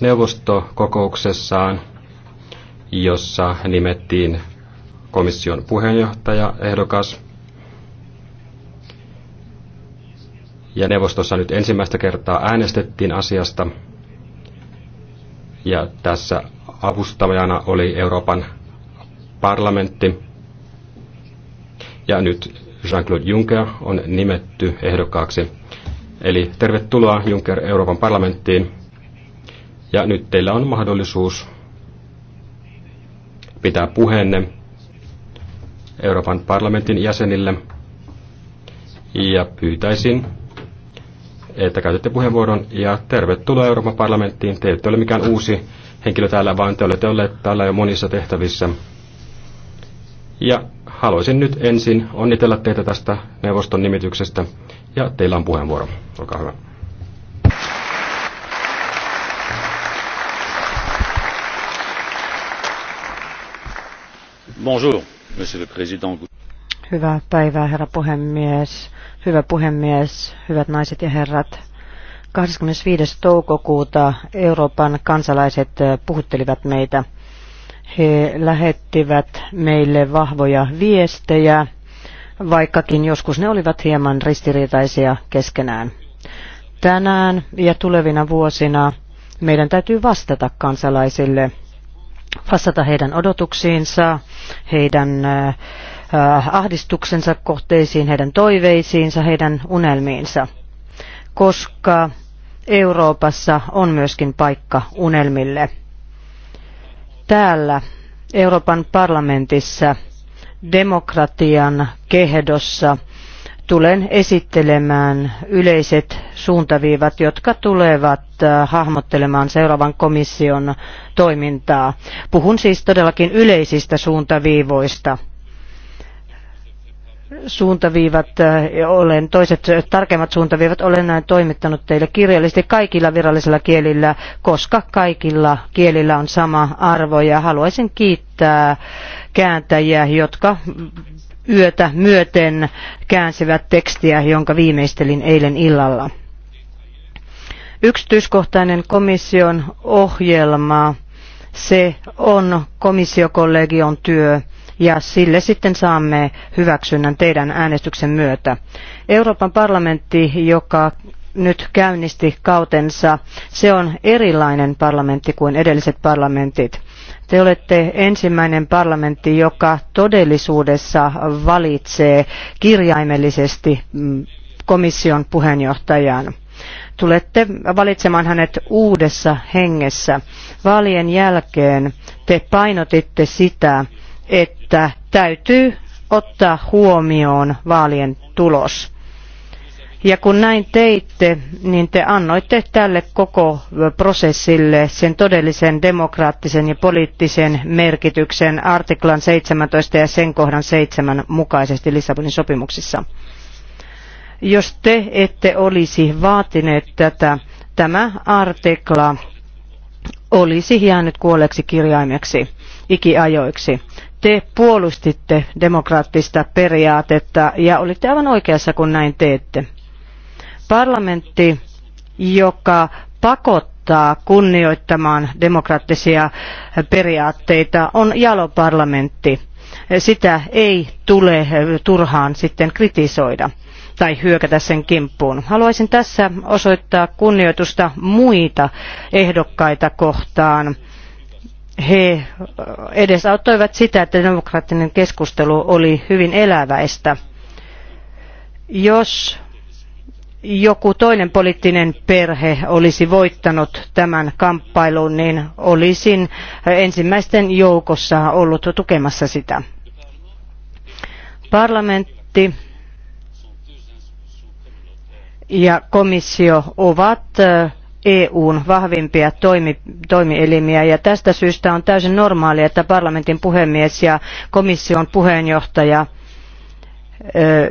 neuvostokokouksessaan, jossa nimettiin komission puheenjohtaja ehdokas. Ja neuvostossa nyt ensimmäistä kertaa äänestettiin asiasta. Ja tässä avustajana oli Euroopan parlamentti. Ja nyt Jean-Claude Juncker on nimetty ehdokkaaksi. Eli tervetuloa Juncker Euroopan parlamenttiin. Ja nyt teillä on mahdollisuus pitää puheenne Euroopan parlamentin jäsenille. Ja pyytäisin, että käytätte puheenvuoron ja tervetuloa Euroopan parlamenttiin. Te ette ole mikään uusi henkilö täällä, vaan te olette olleet täällä jo monissa tehtävissä. Ja haluaisin nyt ensin onnitella teitä tästä neuvoston nimityksestä ja teillä on puheenvuoro. Olkaa hyvä. Bonjour, monsieur le président. Hyvää päivää, herra puhemies. Hyvä puhemies, hyvät naiset ja herrat. 25. toukokuuta Euroopan kansalaiset puhuttelivat meitä. He lähettivät meille vahvoja viestejä, vaikkakin joskus ne olivat hieman ristiriitaisia keskenään. Tänään ja tulevina vuosina meidän täytyy vastata kansalaisille vastata heidän odotuksiinsa, heidän ahdistuksensa kohteisiin, heidän toiveisiinsa, heidän unelmiinsa, koska Euroopassa on myöskin paikka unelmille. Täällä Euroopan parlamentissa demokratian kehdossa tulen esittelemään yleiset suuntaviivat, jotka tulevat äh, hahmottelemaan seuraavan komission toimintaa. Puhun siis todellakin yleisistä suuntaviivoista suuntaviivat, äh, olen, toiset tarkemmat suuntaviivat olen näin toimittanut teille kirjallisesti kaikilla virallisilla kielillä, koska kaikilla kielillä on sama arvo ja haluaisin kiittää kääntäjiä, jotka yötä myöten käänsivät tekstiä, jonka viimeistelin eilen illalla. Yksityiskohtainen komission ohjelma, se on komissiokollegion työ ja sille sitten saamme hyväksynnän teidän äänestyksen myötä. Euroopan parlamentti, joka nyt käynnisti kautensa, se on erilainen parlamentti kuin edelliset parlamentit. Te olette ensimmäinen parlamentti, joka todellisuudessa valitsee kirjaimellisesti mm, komission puheenjohtajan tulette valitsemaan hänet uudessa hengessä. Vaalien jälkeen te painotitte sitä, että täytyy ottaa huomioon vaalien tulos. Ja kun näin teitte, niin te annoitte tälle koko prosessille sen todellisen demokraattisen ja poliittisen merkityksen artiklan 17 ja sen kohdan 7 mukaisesti Lissabonin sopimuksissa. Jos te ette olisi vaatineet tätä, tämä artikla olisi jäänyt kuolleeksi kirjaimeksi ikiajoiksi. Te puolustitte demokraattista periaatetta ja olitte aivan oikeassa, kun näin teette. Parlamentti, joka pakottaa kunnioittamaan demokraattisia periaatteita, on jaloparlamentti. Sitä ei tule turhaan sitten kritisoida tai hyökätä sen kimppuun. Haluaisin tässä osoittaa kunnioitusta muita ehdokkaita kohtaan. He edesauttoivat sitä, että demokraattinen keskustelu oli hyvin eläväistä. Jos joku toinen poliittinen perhe olisi voittanut tämän kamppailun, niin olisin ensimmäisten joukossa ollut tukemassa sitä. Parlamentti ja komissio ovat EUn vahvimpia toimi, toimielimiä ja tästä syystä on täysin normaalia, että parlamentin puhemies ja komission puheenjohtaja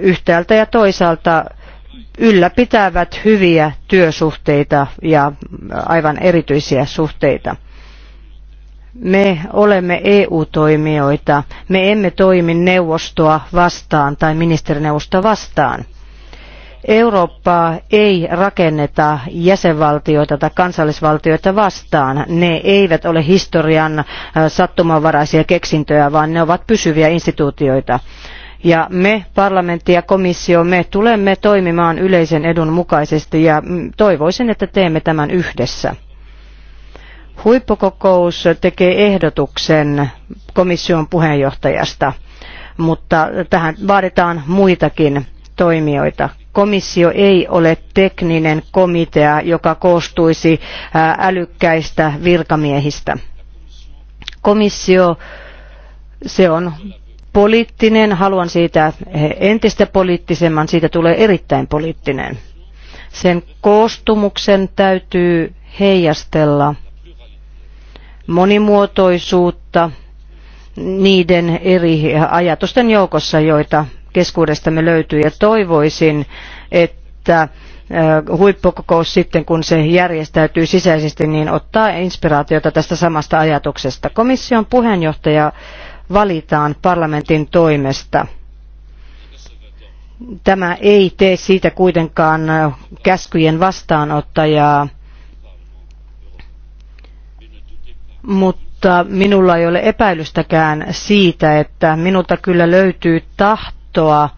yhtäältä ja toisaalta ylläpitävät hyviä työsuhteita ja aivan erityisiä suhteita. Me olemme EU-toimijoita. Me emme toimi neuvostoa vastaan tai ministerineuvosta vastaan. Eurooppaa ei rakenneta jäsenvaltioita tai kansallisvaltioita vastaan. Ne eivät ole historian äh, sattumanvaraisia keksintöjä, vaan ne ovat pysyviä instituutioita. Ja me, parlamentti ja komissio, me tulemme toimimaan yleisen edun mukaisesti ja mm, toivoisin, että teemme tämän yhdessä. Huippukokous tekee ehdotuksen komission puheenjohtajasta, mutta tähän vaaditaan muitakin toimijoita. Komissio ei ole tekninen komitea, joka koostuisi älykkäistä virkamiehistä. Komissio, se on poliittinen, haluan siitä entistä poliittisemman, siitä tulee erittäin poliittinen. Sen koostumuksen täytyy heijastella monimuotoisuutta niiden eri ajatusten joukossa, joita keskuudestamme löytyy. Ja toivoisin, että huippukokous sitten, kun se järjestäytyy sisäisesti, niin ottaa inspiraatiota tästä samasta ajatuksesta. Komission puheenjohtaja valitaan parlamentin toimesta. Tämä ei tee siitä kuitenkaan käskyjen vastaanottajaa, mutta minulla ei ole epäilystäkään siitä, että minulta kyllä löytyy tahtoa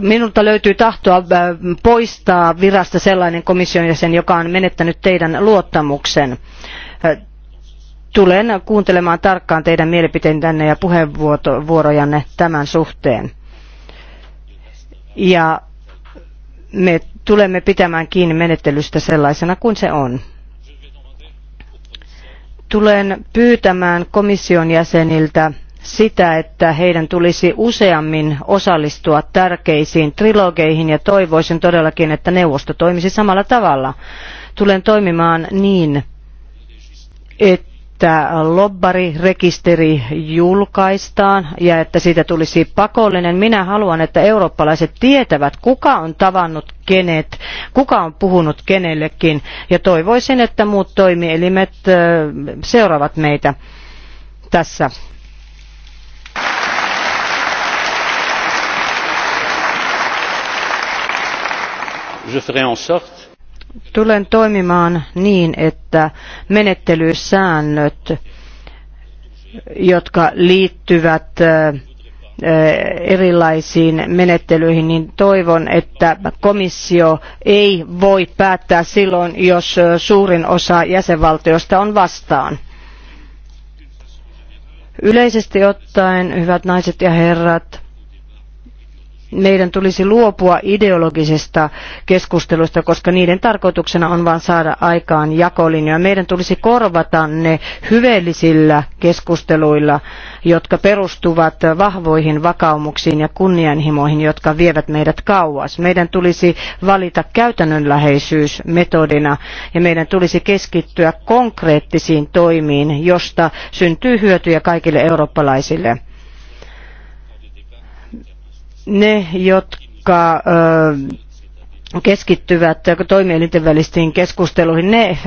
minulta löytyy tahtoa poistaa virasta sellainen komission jäsen, joka on menettänyt teidän luottamuksen. Tulen kuuntelemaan tarkkaan teidän mielipiteitänne ja puheenvuorojanne tämän suhteen. Ja me tulemme pitämään kiinni menettelystä sellaisena kuin se on. Tulen pyytämään komission jäseniltä sitä, että heidän tulisi useammin osallistua tärkeisiin trilogeihin ja toivoisin todellakin, että neuvosto toimisi samalla tavalla. Tulen toimimaan niin, että lobbarirekisteri julkaistaan ja että siitä tulisi pakollinen. Minä haluan, että eurooppalaiset tietävät, kuka on tavannut kenet, kuka on puhunut kenellekin ja toivoisin, että muut toimielimet seuraavat meitä tässä Tulen toimimaan niin, että menettelysäännöt, jotka liittyvät erilaisiin menettelyihin, niin toivon, että komissio ei voi päättää silloin, jos suurin osa jäsenvaltioista on vastaan. Yleisesti ottaen, hyvät naiset ja herrat, meidän tulisi luopua ideologisista keskusteluista, koska niiden tarkoituksena on vain saada aikaan jakolinjoja. Meidän tulisi korvata ne hyveellisillä keskusteluilla, jotka perustuvat vahvoihin vakaumuksiin ja kunnianhimoihin, jotka vievät meidät kauas. Meidän tulisi valita käytännönläheisyys metodina ja meidän tulisi keskittyä konkreettisiin toimiin, josta syntyy hyötyjä kaikille eurooppalaisille ne, jotka keskittyvät toimielinten välisiin keskusteluihin, ne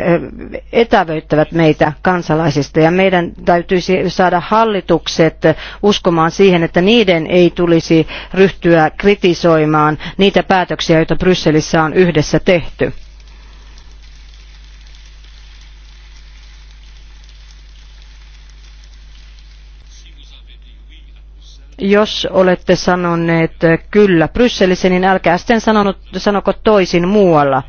etävöittävät meitä kansalaisista ja meidän täytyisi saada hallitukset uskomaan siihen, että niiden ei tulisi ryhtyä kritisoimaan niitä päätöksiä, joita Brysselissä on yhdessä tehty. Jos olette sanoneet äh, kyllä Brysselissä, niin älkää sitten sanonut, sanoko toisin muualla.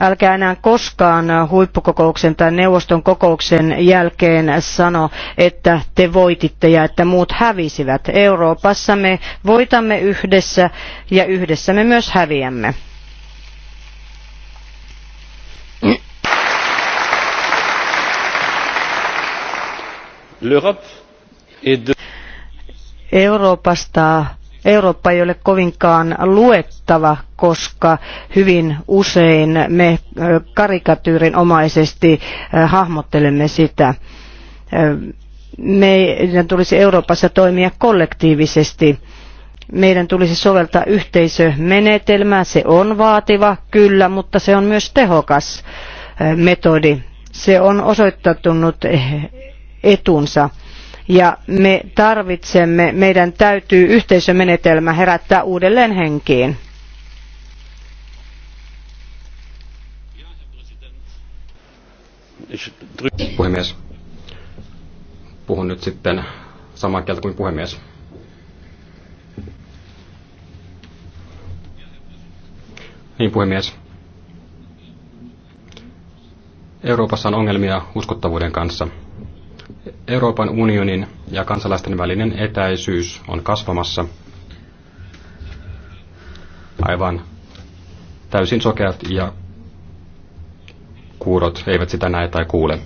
Älkää enää koskaan huippukokouksen tai neuvoston kokouksen jälkeen sano, että te voititte ja että muut hävisivät. Euroopassa me voitamme yhdessä ja yhdessä me myös häviämme. L'Europe est de Euroopasta Eurooppa ei ole kovinkaan luettava, koska hyvin usein me karikatyyrinomaisesti hahmottelemme sitä. Meidän tulisi Euroopassa toimia kollektiivisesti. Meidän tulisi soveltaa yhteisömenetelmää. Se on vaativa, kyllä, mutta se on myös tehokas metodi. Se on osoittanut etunsa ja me tarvitsemme, meidän täytyy yhteisömenetelmä herättää uudelleen henkiin. Puhemies. Puhun nyt sitten samaa kieltä kuin puhemies. Niin puhemies. Euroopassa on ongelmia uskottavuuden kanssa. Euroopan unionin ja kansalaisten välinen etäisyys on kasvamassa aivan täysin sokeat ja kuurot eivät sitä näe tai kuule.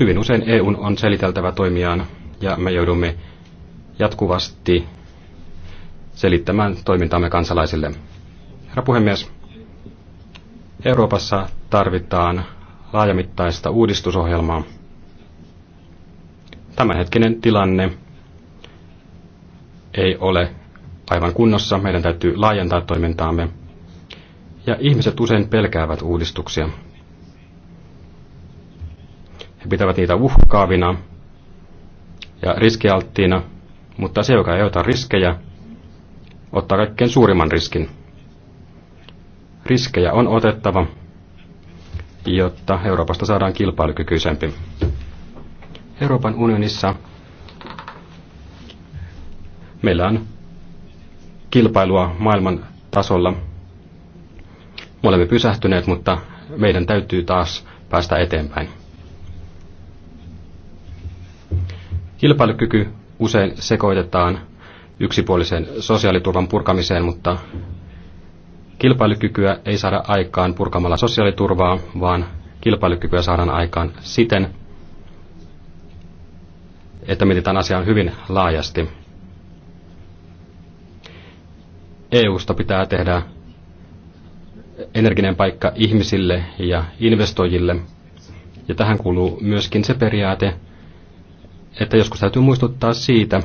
Hyvin usein EU on seliteltävä toimiaan ja me joudumme jatkuvasti selittämään toimintaamme kansalaisille. Herra puhemies, Euroopassa tarvitaan laajamittaista uudistusohjelmaa – tämänhetkinen tilanne ei ole aivan kunnossa. Meidän täytyy laajentaa toimintaamme. Ja ihmiset usein pelkäävät uudistuksia. He pitävät niitä uhkaavina ja riskialttiina, mutta se, joka ei ota riskejä, ottaa kaikkein suurimman riskin. Riskejä on otettava, jotta Euroopasta saadaan kilpailukykyisempi. Euroopan unionissa meillä on kilpailua maailman tasolla. Me olemme pysähtyneet, mutta meidän täytyy taas päästä eteenpäin. Kilpailukyky usein sekoitetaan yksipuolisen sosiaaliturvan purkamiseen, mutta kilpailukykyä ei saada aikaan purkamalla sosiaaliturvaa, vaan kilpailukykyä saadaan aikaan siten, että mietitään asiaa hyvin laajasti. EUsta pitää tehdä energinen paikka ihmisille ja investoijille. Ja tähän kuuluu myöskin se periaate, että joskus täytyy muistuttaa siitä,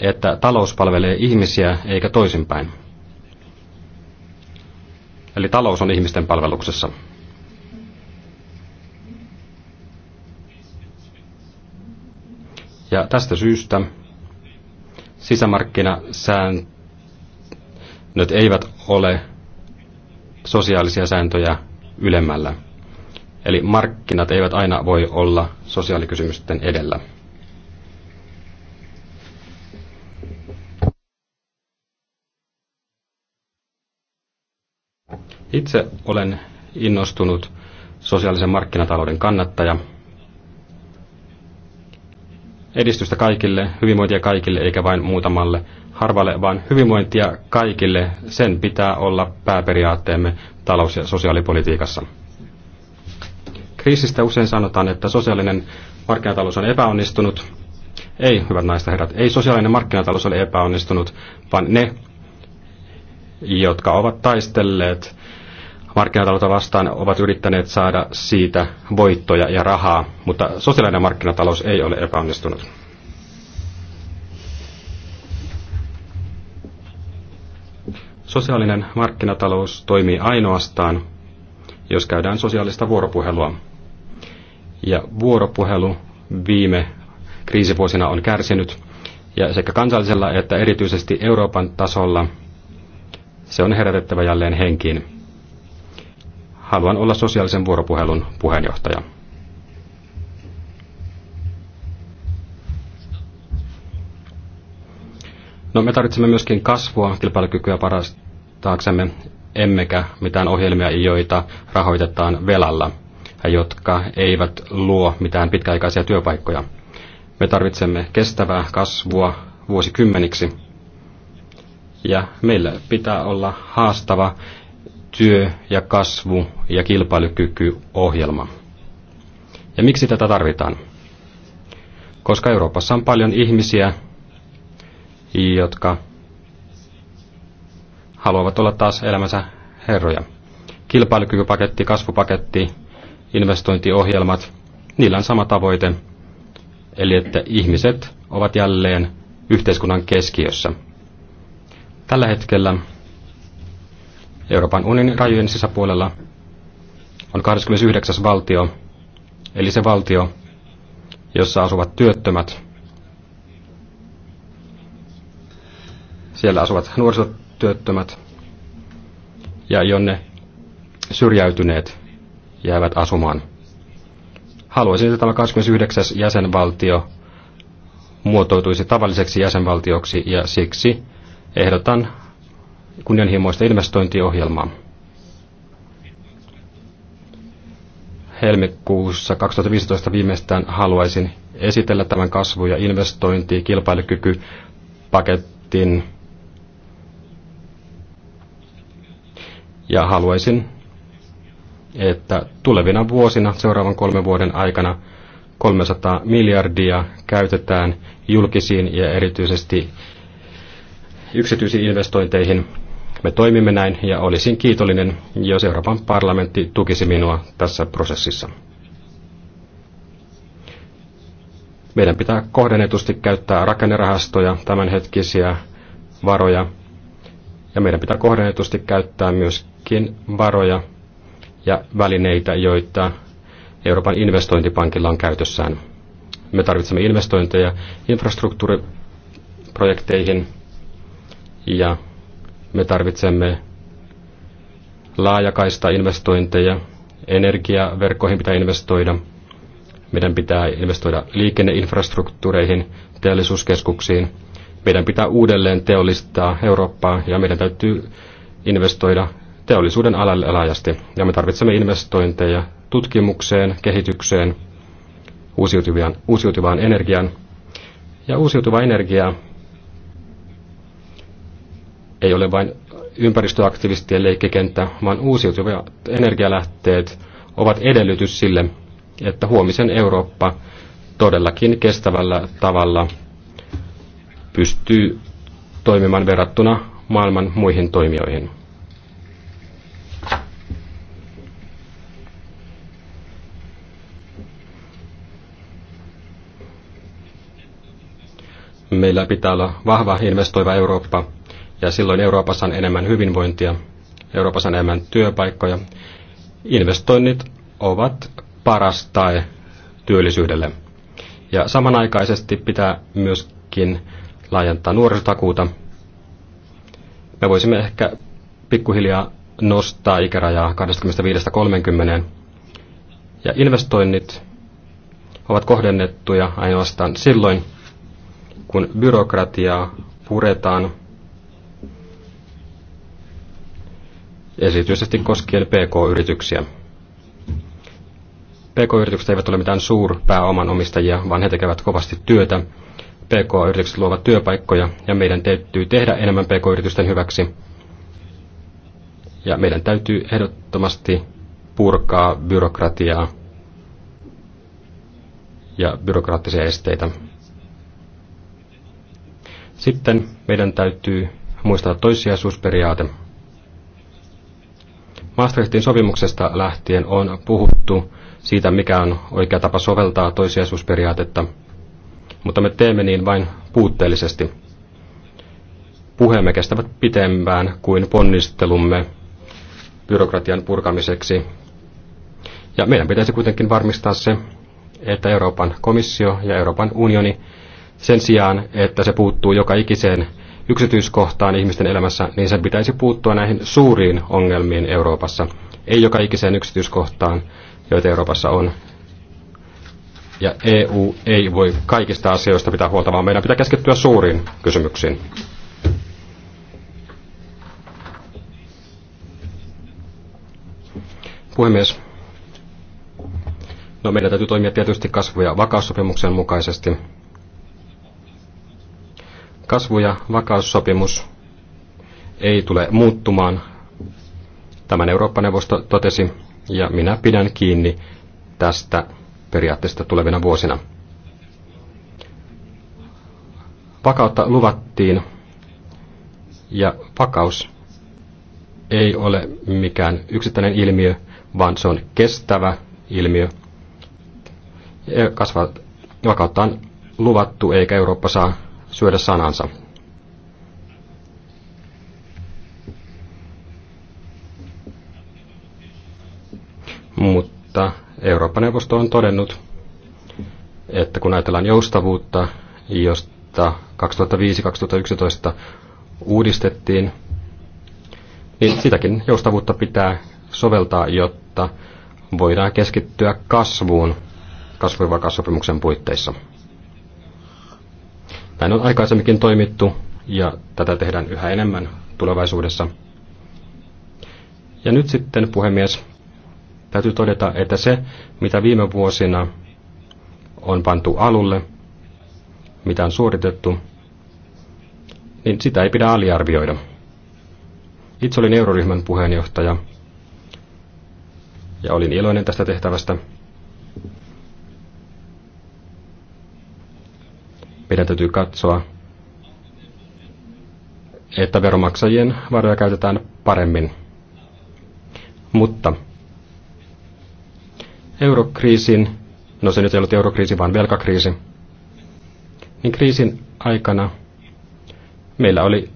että talous palvelee ihmisiä eikä toisinpäin. Eli talous on ihmisten palveluksessa. Ja tästä syystä sisämarkkinasäännöt eivät ole sosiaalisia sääntöjä ylemmällä. Eli markkinat eivät aina voi olla sosiaalikysymysten edellä. Itse olen innostunut sosiaalisen markkinatalouden kannattaja – edistystä kaikille, hyvinvointia kaikille, eikä vain muutamalle harvalle, vaan hyvinvointia kaikille. Sen pitää olla pääperiaatteemme talous- ja sosiaalipolitiikassa. Kriisistä usein sanotaan, että sosiaalinen markkinatalous on epäonnistunut. Ei, hyvät naiset herrat, ei sosiaalinen markkinatalous ole epäonnistunut, vaan ne, jotka ovat taistelleet markkinataloutta vastaan ovat yrittäneet saada siitä voittoja ja rahaa, mutta sosiaalinen markkinatalous ei ole epäonnistunut. Sosiaalinen markkinatalous toimii ainoastaan, jos käydään sosiaalista vuoropuhelua. Ja vuoropuhelu viime kriisivuosina on kärsinyt, ja sekä kansallisella että erityisesti Euroopan tasolla se on herätettävä jälleen henkiin haluan olla sosiaalisen vuoropuhelun puheenjohtaja. No, me tarvitsemme myöskin kasvua, kilpailukykyä parastaaksemme, emmekä mitään ohjelmia, joita rahoitetaan velalla ja jotka eivät luo mitään pitkäaikaisia työpaikkoja. Me tarvitsemme kestävää kasvua vuosikymmeniksi. Ja meillä pitää olla haastava työ ja kasvu ja kilpailukyky ohjelma. Ja miksi tätä tarvitaan? Koska Euroopassa on paljon ihmisiä, jotka haluavat olla taas elämänsä herroja. Kilpailukykypaketti, kasvupaketti, investointiohjelmat, niillä on sama tavoite, eli että ihmiset ovat jälleen yhteiskunnan keskiössä. Tällä hetkellä Euroopan unionin rajojen sisäpuolella on 29. valtio, eli se valtio, jossa asuvat työttömät. Siellä asuvat nuorisotyöttömät ja jonne syrjäytyneet jäävät asumaan. Haluaisin, että tämä 29. jäsenvaltio muotoituisi tavalliseksi jäsenvaltioksi ja siksi ehdotan kunnianhimoista investointiohjelmaa. Helmikuussa 2015 viimeistään haluaisin esitellä tämän kasvu- ja investointi- kilpailukykypaketin. Ja haluaisin, että tulevina vuosina, seuraavan kolmen vuoden aikana, 300 miljardia käytetään julkisiin ja erityisesti yksityisiin investointeihin me toimimme näin ja olisin kiitollinen, jos Euroopan parlamentti tukisi minua tässä prosessissa. Meidän pitää kohdennetusti käyttää rakennerahastoja, tämänhetkisiä varoja, ja meidän pitää kohdennetusti käyttää myöskin varoja ja välineitä, joita Euroopan investointipankilla on käytössään. Me tarvitsemme investointeja infrastruktuuriprojekteihin ja me tarvitsemme laajakaista investointeja, energiaverkkoihin pitää investoida, meidän pitää investoida liikenneinfrastruktuureihin, teollisuuskeskuksiin, meidän pitää uudelleen teollistaa Eurooppaa ja meidän täytyy investoida teollisuuden alalle laajasti. Ja me tarvitsemme investointeja tutkimukseen, kehitykseen, uusiutuvaan, uusiutuvaan energiaan. Ja uusiutuva energia ei ole vain ympäristöaktivistien leikkikenttä, vaan uusiutuvat energialähteet ovat edellytys sille, että huomisen Eurooppa todellakin kestävällä tavalla pystyy toimimaan verrattuna maailman muihin toimijoihin. Meillä pitää olla vahva investoiva Eurooppa, ja silloin Euroopassa on enemmän hyvinvointia, Euroopassa on enemmän työpaikkoja. Investoinnit ovat paras tae työllisyydelle. Ja samanaikaisesti pitää myöskin laajentaa nuorisotakuuta. Me voisimme ehkä pikkuhiljaa nostaa ikärajaa 25-30. Ja investoinnit ovat kohdennettuja ainoastaan silloin, kun byrokratiaa puretaan – erityisesti koskien PK-yrityksiä. PK-yritykset eivät ole mitään suurpääoman omistajia, vaan he tekevät kovasti työtä. PK-yritykset luovat työpaikkoja ja meidän täytyy tehdä enemmän PK-yritysten hyväksi. Ja meidän täytyy ehdottomasti purkaa byrokratiaa ja byrokraattisia esteitä. Sitten meidän täytyy muistaa toissijaisuusperiaate. Maastrichtin sopimuksesta lähtien on puhuttu siitä, mikä on oikea tapa soveltaa toisiaisuusperiaatetta, mutta me teemme niin vain puutteellisesti. Puheemme kestävät pitempään kuin ponnistelumme byrokratian purkamiseksi. Ja meidän pitäisi kuitenkin varmistaa se, että Euroopan komissio ja Euroopan unioni sen sijaan, että se puuttuu joka ikiseen yksityiskohtaan ihmisten elämässä, niin sen pitäisi puuttua näihin suuriin ongelmiin Euroopassa, ei joka ikiseen yksityiskohtaan, joita Euroopassa on. Ja EU ei voi kaikista asioista pitää huolta, vaan meidän pitää keskittyä suuriin kysymyksiin. Puhemies, no meidän täytyy toimia tietysti kasvu- ja vakaussopimuksen mukaisesti – Kasvu- ja vakaussopimus ei tule muuttumaan. Tämän Eurooppa-neuvosto totesi, ja minä pidän kiinni tästä periaatteesta tulevina vuosina. Vakautta luvattiin, ja vakaus ei ole mikään yksittäinen ilmiö, vaan se on kestävä ilmiö. Kasvat, vakautta on luvattu, eikä Eurooppa saa syödä sanansa. Mutta Eurooppa-neuvosto on todennut, että kun ajatellaan joustavuutta, josta 2005-2011 uudistettiin, niin sitäkin joustavuutta pitää soveltaa, jotta voidaan keskittyä kasvuun kasvu- ja puitteissa. Näin on aikaisemminkin toimittu ja tätä tehdään yhä enemmän tulevaisuudessa. Ja nyt sitten, puhemies, täytyy todeta, että se, mitä viime vuosina on pantu alulle, mitä on suoritettu, niin sitä ei pidä aliarvioida. Itse olin euroryhmän puheenjohtaja ja olin iloinen tästä tehtävästä. Meidän täytyy katsoa, että veromaksajien varoja käytetään paremmin. Mutta eurokriisin, no se nyt ei ollut eurokriisi, vaan velkakriisi, niin kriisin aikana meillä oli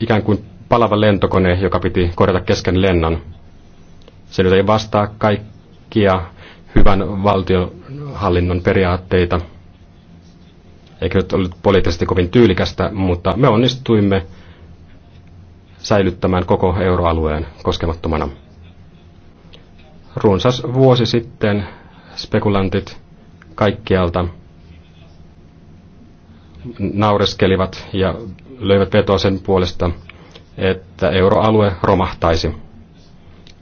ikään kuin palava lentokone, joka piti korjata kesken lennon. Se nyt ei vastaa kaikkia hyvän valtiohallinnon periaatteita eikä nyt ollut poliittisesti kovin tyylikästä, mutta me onnistuimme säilyttämään koko euroalueen koskemattomana. Runsas vuosi sitten spekulantit kaikkialta naureskelivat ja löivät vetoa sen puolesta, että euroalue romahtaisi.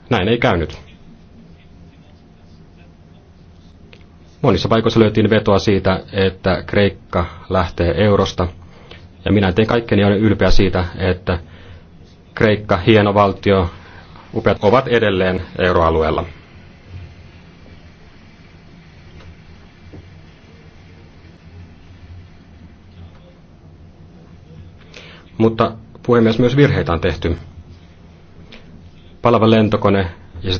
Näin ei käynyt. Monissa paikoissa löytiin vetoa siitä, että Kreikka lähtee eurosta. Ja minä teen kaikkeni olen ylpeä siitä, että Kreikka, hieno valtio, upeat ovat edelleen euroalueella. Mutta puhemies, myös virheitä on tehty. Palava lentokone,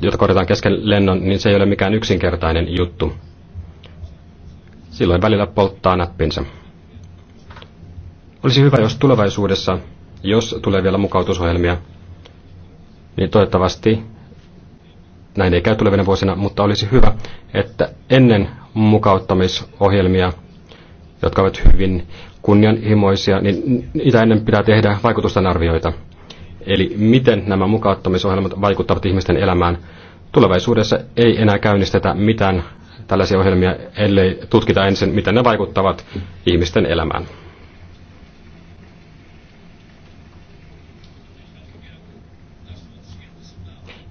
jota korjataan kesken lennon, niin se ei ole mikään yksinkertainen juttu silloin välillä polttaa näppinsä. Olisi hyvä, jos tulevaisuudessa, jos tulee vielä mukautusohjelmia, niin toivottavasti näin ei käy tulevina vuosina, mutta olisi hyvä, että ennen mukauttamisohjelmia, jotka ovat hyvin kunnianhimoisia, niin niitä ennen pitää tehdä vaikutusten arvioita. Eli miten nämä mukauttamisohjelmat vaikuttavat ihmisten elämään. Tulevaisuudessa ei enää käynnistetä mitään tällaisia ohjelmia, ellei tutkita ensin, miten ne vaikuttavat ihmisten elämään.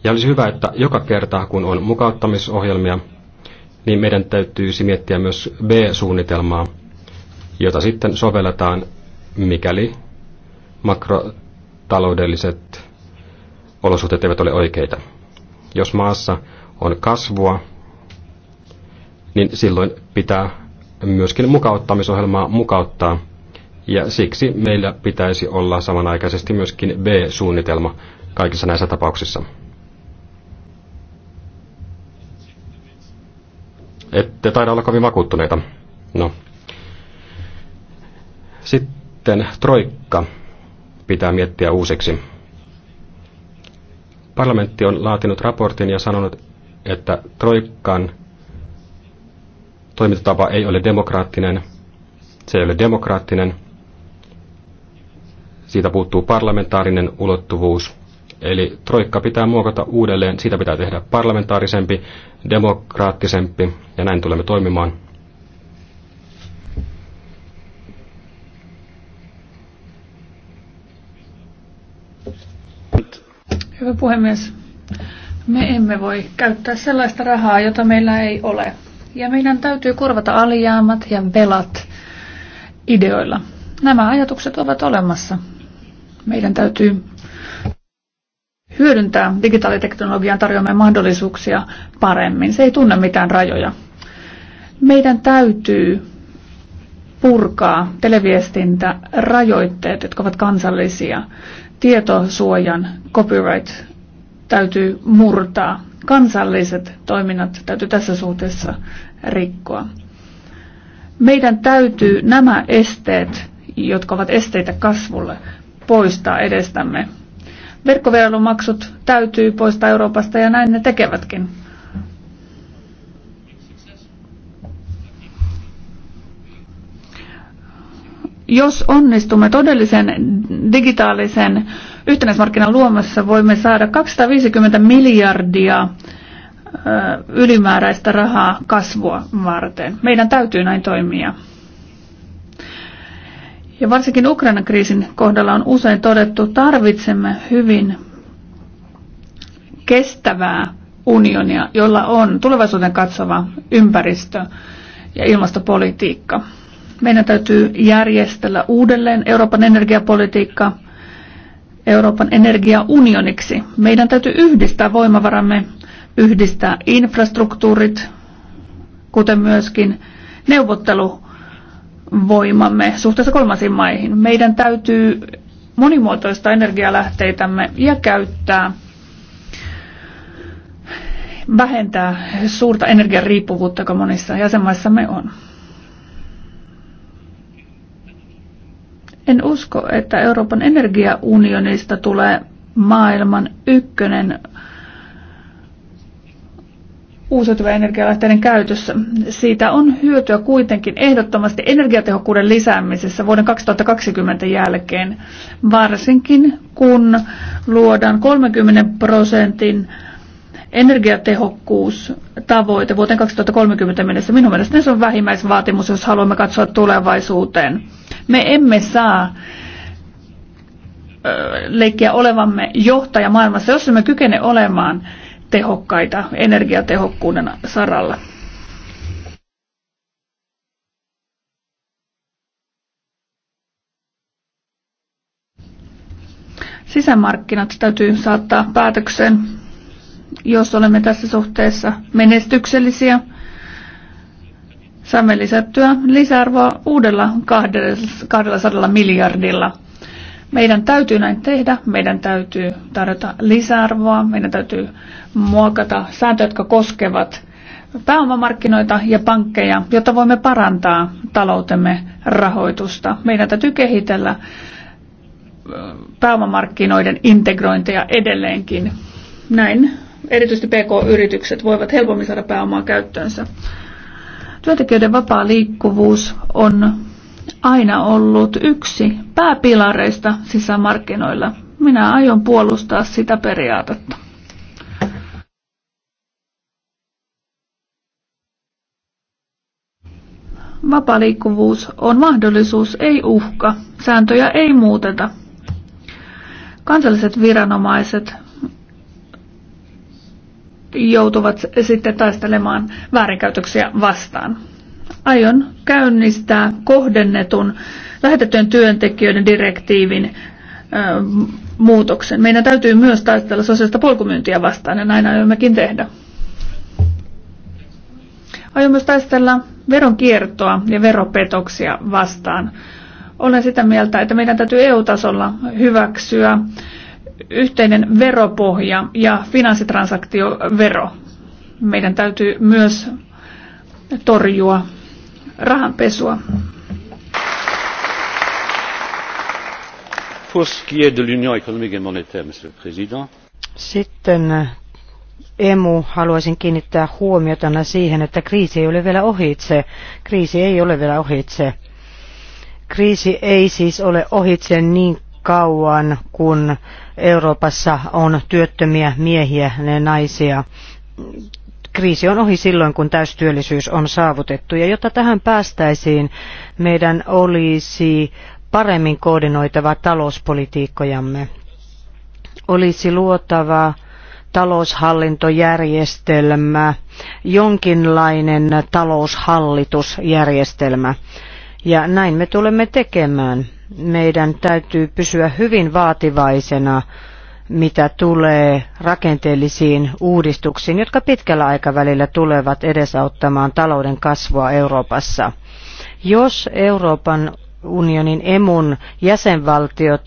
Ja olisi hyvä, että joka kerta, kun on mukauttamisohjelmia, niin meidän täytyisi miettiä myös B-suunnitelmaa, jota sitten sovelletaan, mikäli makrotaloudelliset olosuhteet eivät ole oikeita. Jos maassa on kasvua, niin silloin pitää myöskin mukauttamisohjelmaa mukauttaa. Ja siksi meillä pitäisi olla samanaikaisesti myöskin B-suunnitelma kaikissa näissä tapauksissa. Ette taida olla kovin vakuuttuneita. No. Sitten troikka pitää miettiä uusiksi. Parlamentti on laatinut raportin ja sanonut, että troikkaan toimintatapa ei ole demokraattinen. Se ei ole demokraattinen. Siitä puuttuu parlamentaarinen ulottuvuus. Eli troikka pitää muokata uudelleen, siitä pitää tehdä parlamentaarisempi, demokraattisempi ja näin tulemme toimimaan. Hyvä puhemies. Me emme voi käyttää sellaista rahaa, jota meillä ei ole ja meidän täytyy korvata alijäämät ja velat ideoilla. Nämä ajatukset ovat olemassa. Meidän täytyy hyödyntää digitaaliteknologian tarjoamia mahdollisuuksia paremmin. Se ei tunne mitään rajoja. Meidän täytyy purkaa televiestintä rajoitteet, jotka ovat kansallisia. Tietosuojan copyright täytyy murtaa kansalliset toiminnat täytyy tässä suhteessa rikkoa. Meidän täytyy nämä esteet, jotka ovat esteitä kasvulle, poistaa edestämme. Verkkovierailumaksut täytyy poistaa Euroopasta ja näin ne tekevätkin. Jos onnistumme todellisen digitaalisen yhtenäismarkkinan luomassa voimme saada 250 miljardia ylimääräistä rahaa kasvua varten. Meidän täytyy näin toimia. Ja varsinkin Ukrainan kriisin kohdalla on usein todettu, tarvitsemme hyvin kestävää unionia, jolla on tulevaisuuden katsova ympäristö ja ilmastopolitiikka. Meidän täytyy järjestellä uudelleen Euroopan energiapolitiikka Euroopan energiaunioniksi. Meidän täytyy yhdistää voimavaramme, yhdistää infrastruktuurit, kuten myöskin neuvotteluvoimamme suhteessa kolmansiin maihin. Meidän täytyy monimuotoista energialähteitämme ja käyttää vähentää suurta energiariippuvuutta, joka monissa jäsenmaissamme on. En usko, että Euroopan energiaunionista tulee maailman ykkönen uusiutuvien energialähteiden käytössä. Siitä on hyötyä kuitenkin ehdottomasti energiatehokkuuden lisäämisessä vuoden 2020 jälkeen, varsinkin kun luodaan 30 prosentin energiatehokkuustavoite vuoteen 2030 mennessä. Minun mielestäni se on vähimmäisvaatimus, jos haluamme katsoa tulevaisuuteen. Me emme saa leikkiä olevamme johtaja maailmassa, jos emme kykene olemaan tehokkaita energiatehokkuuden saralla. Sisämarkkinat täytyy saattaa päätökseen jos olemme tässä suhteessa menestyksellisiä, saamme lisättyä lisäarvoa uudella 200 miljardilla. Meidän täytyy näin tehdä, meidän täytyy tarjota lisäarvoa, meidän täytyy muokata sääntöjä, jotka koskevat pääomamarkkinoita ja pankkeja, jotta voimme parantaa taloutemme rahoitusta. Meidän täytyy kehitellä pääomamarkkinoiden integrointia edelleenkin. Näin erityisesti PK-yritykset voivat helpommin saada pääomaa käyttöönsä. Työntekijöiden vapaa liikkuvuus on aina ollut yksi pääpilareista sisämarkkinoilla. Minä aion puolustaa sitä periaatetta. Vapaa liikkuvuus on mahdollisuus, ei uhka. Sääntöjä ei muuteta. Kansalliset viranomaiset joutuvat sitten taistelemaan väärinkäytöksiä vastaan. Aion käynnistää kohdennetun lähetettyjen työntekijöiden direktiivin ö, muutoksen. Meidän täytyy myös taistella sosiaalista polkumyyntiä vastaan ja näin aiommekin tehdä. Aion myös taistella veronkiertoa ja veropetoksia vastaan. Olen sitä mieltä, että meidän täytyy EU-tasolla hyväksyä yhteinen veropohja ja finanssitransaktiovero. Meidän täytyy myös torjua rahanpesua. Sitten eh, emu haluaisin kiinnittää huomiota siihen, että kriisi ei ole vielä ohitse. Kriisi ei ole vielä ohitse. Kriisi ei siis ole ohitse niin kauan, kuin. Euroopassa on työttömiä miehiä ja naisia. Kriisi on ohi silloin, kun täystyöllisyys on saavutettu. Ja jotta tähän päästäisiin, meidän olisi paremmin koordinoitava talouspolitiikkojamme. Olisi luotava taloushallintojärjestelmä, jonkinlainen taloushallitusjärjestelmä. Ja näin me tulemme tekemään meidän täytyy pysyä hyvin vaativaisena, mitä tulee rakenteellisiin uudistuksiin, jotka pitkällä aikavälillä tulevat edesauttamaan talouden kasvua Euroopassa. Jos Euroopan unionin emun jäsenvaltiot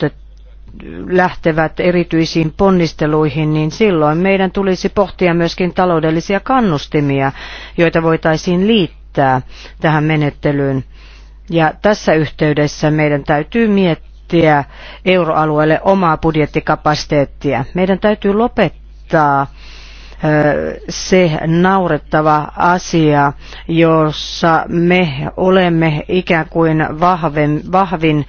lähtevät erityisiin ponnisteluihin, niin silloin meidän tulisi pohtia myöskin taloudellisia kannustimia, joita voitaisiin liittää tähän menettelyyn. Ja tässä yhteydessä meidän täytyy miettiä euroalueelle omaa budjettikapasiteettia. Meidän täytyy lopettaa se naurettava asia, jossa me olemme ikään kuin vahvin, vahvin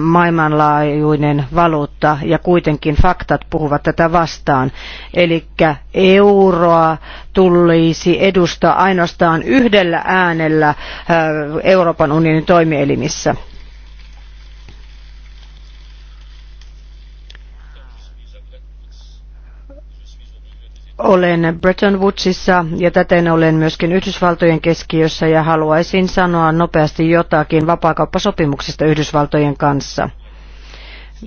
maailmanlaajuinen valuutta ja kuitenkin faktat puhuvat tätä vastaan. Eli euroa tulisi edustaa ainoastaan yhdellä äänellä Euroopan unionin toimielimissä. Olen Bretton Woodsissa ja täten olen myöskin Yhdysvaltojen keskiössä ja haluaisin sanoa nopeasti jotakin vapaakauppasopimuksesta Yhdysvaltojen kanssa.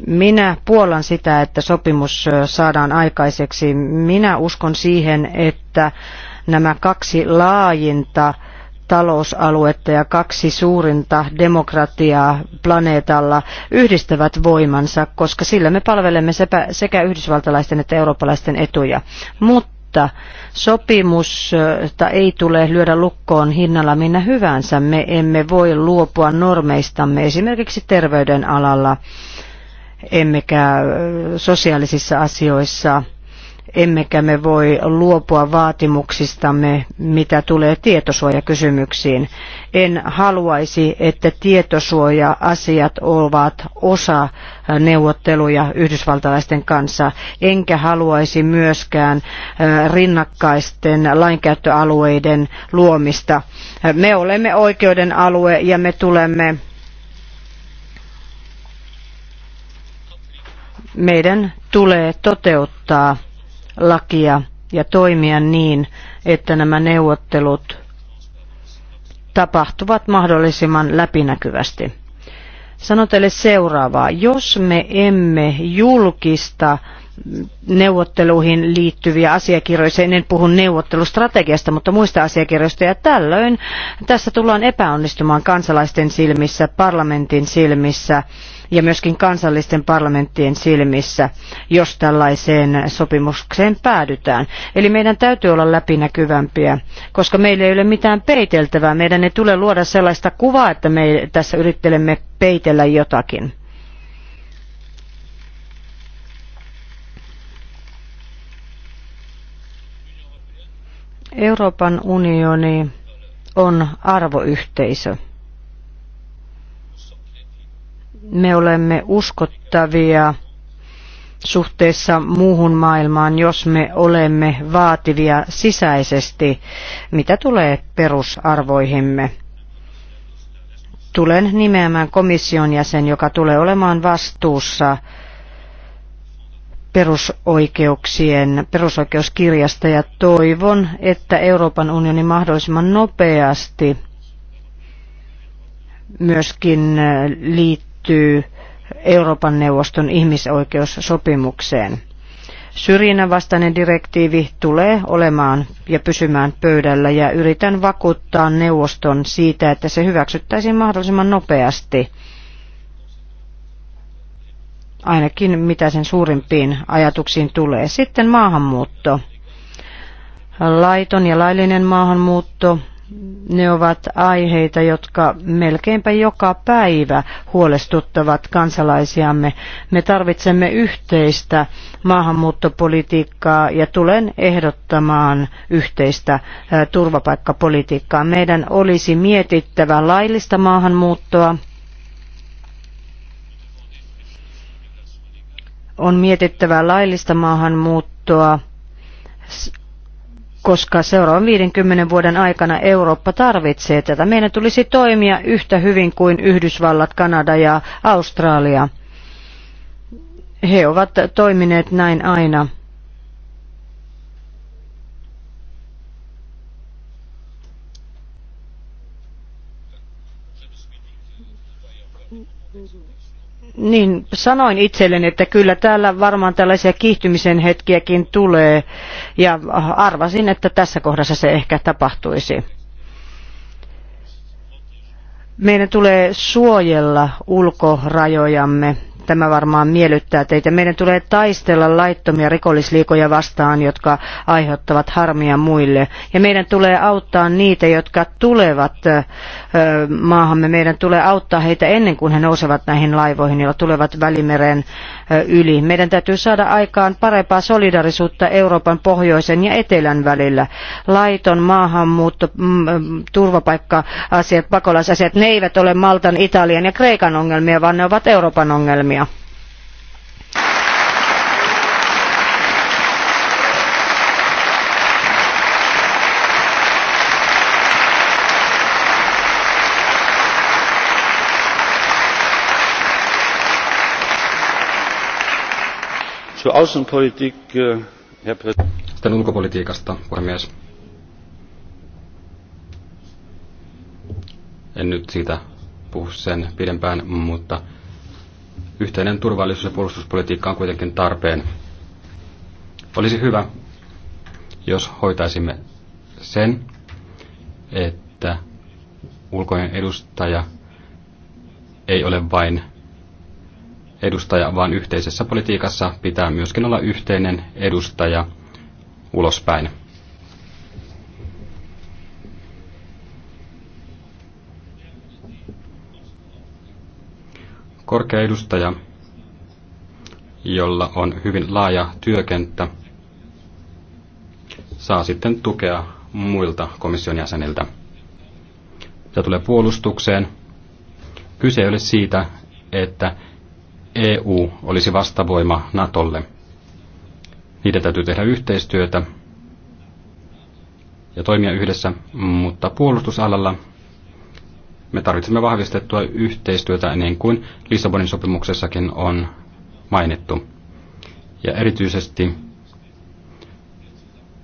Minä puolan sitä, että sopimus saadaan aikaiseksi. Minä uskon siihen, että nämä kaksi laajinta talousaluetta ja kaksi suurinta demokratiaa planeetalla yhdistävät voimansa, koska sillä me palvelemme sekä yhdysvaltalaisten että eurooppalaisten etuja. Mutta sopimusta ei tule lyödä lukkoon hinnalla minä hyvänsä. Me emme voi luopua normeistamme esimerkiksi terveyden alalla, emmekä sosiaalisissa asioissa – emmekä me voi luopua vaatimuksistamme, mitä tulee tietosuojakysymyksiin. En haluaisi, että tietosuoja-asiat ovat osa neuvotteluja yhdysvaltalaisten kanssa, enkä haluaisi myöskään rinnakkaisten lainkäyttöalueiden luomista. Me olemme oikeuden alue ja me tulemme meidän tulee toteuttaa lakia ja toimia niin, että nämä neuvottelut tapahtuvat mahdollisimman läpinäkyvästi. Sano teille seuraavaa. Jos me emme julkista neuvotteluihin liittyviä asiakirjoja. En puhu neuvottelustrategiasta, mutta muista asiakirjoista. Ja tällöin tässä tullaan epäonnistumaan kansalaisten silmissä, parlamentin silmissä ja myöskin kansallisten parlamenttien silmissä, jos tällaiseen sopimukseen päädytään. Eli meidän täytyy olla läpinäkyvämpiä, koska meillä ei ole mitään peiteltävää. Meidän ei tule luoda sellaista kuvaa, että me tässä yrittelemme peitellä jotakin. Euroopan unioni on arvoyhteisö. Me olemme uskottavia suhteessa muuhun maailmaan, jos me olemme vaativia sisäisesti, mitä tulee perusarvoihimme. Tulen nimeämään komission jäsen, joka tulee olemaan vastuussa perusoikeuksien, perusoikeuskirjasta ja toivon, että Euroopan unioni mahdollisimman nopeasti myöskin äh, liittyy Euroopan neuvoston ihmisoikeussopimukseen. Syrjinnän vastainen direktiivi tulee olemaan ja pysymään pöydällä ja yritän vakuuttaa neuvoston siitä, että se hyväksyttäisiin mahdollisimman nopeasti ainakin mitä sen suurimpiin ajatuksiin tulee. Sitten maahanmuutto. Laiton ja laillinen maahanmuutto, ne ovat aiheita, jotka melkeinpä joka päivä huolestuttavat kansalaisiamme. Me tarvitsemme yhteistä maahanmuuttopolitiikkaa ja tulen ehdottamaan yhteistä turvapaikkapolitiikkaa. Meidän olisi mietittävä laillista maahanmuuttoa, on mietittävä laillista maahanmuuttoa, koska seuraavan 50 vuoden aikana Eurooppa tarvitsee tätä. Meidän tulisi toimia yhtä hyvin kuin Yhdysvallat, Kanada ja Australia. He ovat toimineet näin aina. Niin, sanoin itselleni, että kyllä täällä varmaan tällaisia kiihtymisen hetkiäkin tulee ja arvasin, että tässä kohdassa se ehkä tapahtuisi. Meidän tulee suojella ulkorajojamme tämä varmaan miellyttää teitä. Meidän tulee taistella laittomia rikollisliikoja vastaan, jotka aiheuttavat harmia muille. Ja meidän tulee auttaa niitä, jotka tulevat maahamme. Meidän tulee auttaa heitä ennen kuin he nousevat näihin laivoihin, joilla tulevat Välimeren yli. Meidän täytyy saada aikaan parempaa solidarisuutta Euroopan pohjoisen ja etelän välillä. Laiton maahanmuutto, mm, turvapaikka-asiat, pakolaisasiat, ne eivät ole Maltan, Italian ja Kreikan ongelmia, vaan ne ovat Euroopan ongelmia. Äh, Sitten ulkopolitiikasta, puhemies. En nyt siitä puhu sen pidempään, mutta yhteinen turvallisuus- ja puolustuspolitiikka on kuitenkin tarpeen. Olisi hyvä, jos hoitaisimme sen, että ulkoinen edustaja ei ole vain edustaja, vaan yhteisessä politiikassa pitää myöskin olla yhteinen edustaja ulospäin. Korkea edustaja, jolla on hyvin laaja työkenttä, saa sitten tukea muilta komission jäseniltä. Mitä tulee puolustukseen, kyse ei ole siitä, että EU olisi vastavoima Natolle. Niiden täytyy tehdä yhteistyötä ja toimia yhdessä, mutta puolustusalalla me tarvitsemme vahvistettua yhteistyötä niin kuin Lissabonin sopimuksessakin on mainittu. Ja erityisesti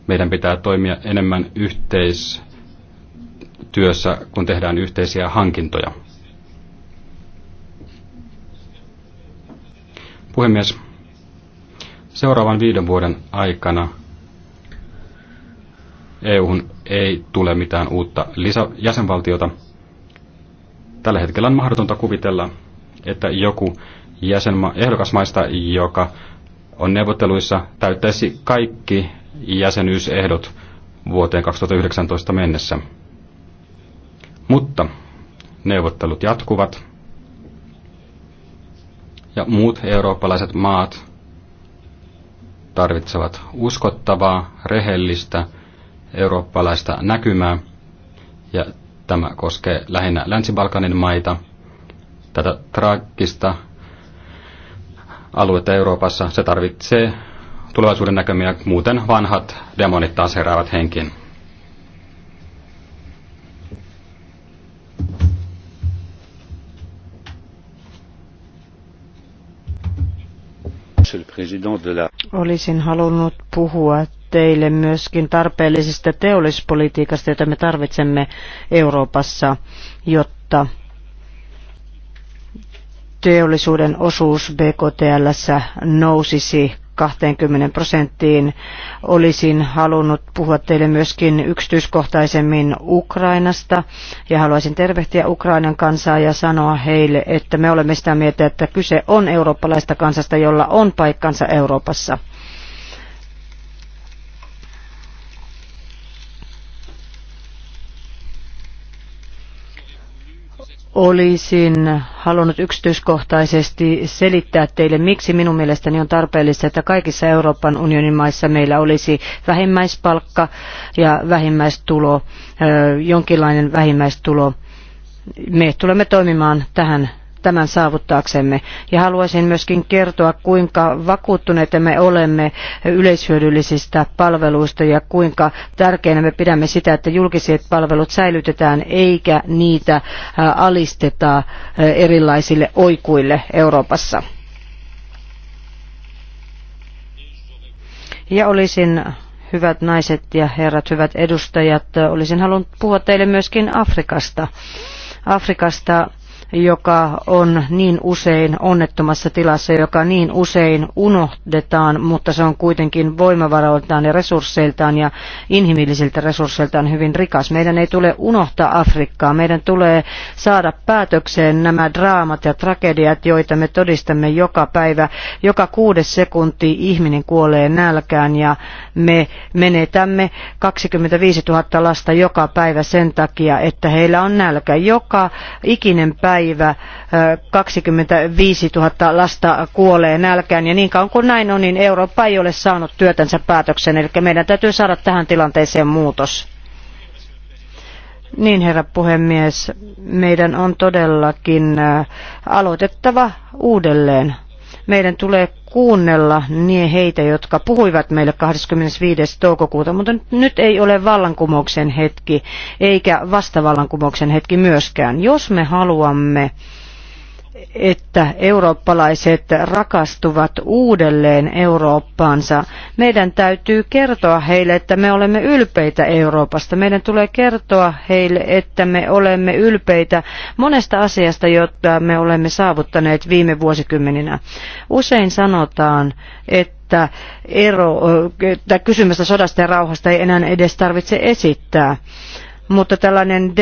meidän pitää toimia enemmän yhteistyössä, kun tehdään yhteisiä hankintoja. Puhemies, seuraavan viiden vuoden aikana EUhun ei tule mitään uutta lisä- jäsenvaltiota. Tällä hetkellä on mahdotonta kuvitella, että joku jäsenma- ehdokasmaista, joka on neuvotteluissa, täyttäisi kaikki jäsenyysehdot vuoteen 2019 mennessä. Mutta neuvottelut jatkuvat ja muut eurooppalaiset maat tarvitsevat uskottavaa, rehellistä, eurooppalaista näkymää, ja tämä koskee lähinnä Länsi-Balkanin maita, tätä traagista aluetta Euroopassa. Se tarvitsee tulevaisuuden näkymiä, muuten vanhat demonit taas heräävät henkiin. Olisin halunnut puhua teille myöskin tarpeellisesta teollispolitiikasta, jota me tarvitsemme Euroopassa, jotta teollisuuden osuus BKTL nousisi 20 prosenttiin. Olisin halunnut puhua teille myöskin yksityiskohtaisemmin Ukrainasta ja haluaisin tervehtiä Ukrainan kansaa ja sanoa heille, että me olemme sitä mieltä, että kyse on eurooppalaista kansasta, jolla on paikkansa Euroopassa. olisin halunnut yksityiskohtaisesti selittää teille, miksi minun mielestäni on tarpeellista, että kaikissa Euroopan unionin maissa meillä olisi vähimmäispalkka ja vähimmäistulo, jonkinlainen vähimmäistulo. Me tulemme toimimaan tähän tämän saavuttaaksemme. Ja haluaisin myöskin kertoa, kuinka vakuuttuneita me olemme yleishyödyllisistä palveluista ja kuinka tärkeänä me pidämme sitä, että julkiset palvelut säilytetään eikä niitä äh, alisteta äh, erilaisille oikuille Euroopassa. Ja olisin hyvät naiset ja herrat, hyvät edustajat, äh, olisin halunnut puhua teille myöskin Afrikasta. Afrikasta, joka on niin usein onnettomassa tilassa, joka niin usein unohdetaan, mutta se on kuitenkin voimavaroiltaan ja resursseiltaan ja inhimillisiltä resursseiltaan hyvin rikas. Meidän ei tule unohtaa Afrikkaa, meidän tulee saada päätökseen nämä draamat ja tragediat, joita me todistamme joka päivä. Joka kuudes sekunti ihminen kuolee nälkään ja me menetämme 25 000 lasta joka päivä sen takia, että heillä on nälkä. Joka ikinen päivä päivä 25 000 lasta kuolee nälkään ja niin kauan kuin näin on, niin Eurooppa ei ole saanut työtänsä päätöksen, eli meidän täytyy saada tähän tilanteeseen muutos. Niin herra puhemies, meidän on todellakin aloitettava uudelleen. Meidän tulee kuunnella nie heitä, jotka puhuivat meille 25. toukokuuta, mutta nyt ei ole vallankumouksen hetki, eikä vastavallankumouksen hetki myöskään. Jos me haluamme että eurooppalaiset rakastuvat uudelleen Eurooppaansa. Meidän täytyy kertoa heille, että me olemme ylpeitä Euroopasta. Meidän tulee kertoa heille, että me olemme ylpeitä monesta asiasta, jota me olemme saavuttaneet viime vuosikymmeninä. Usein sanotaan, että ero, että kysymystä sodasta ja rauhasta ei enää edes tarvitse esittää mutta tällainen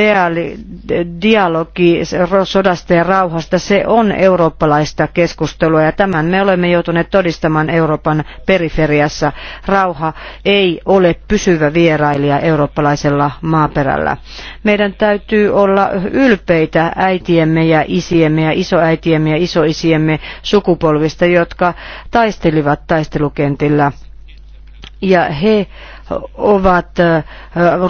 dialogi sodasta ja rauhasta, se on eurooppalaista keskustelua ja tämän me olemme joutuneet todistamaan Euroopan periferiassa. Rauha ei ole pysyvä vierailija eurooppalaisella maaperällä. Meidän täytyy olla ylpeitä äitiemme ja isiemme ja isoäitiemme ja isoisiemme sukupolvista, jotka taistelivat taistelukentillä ja he ovat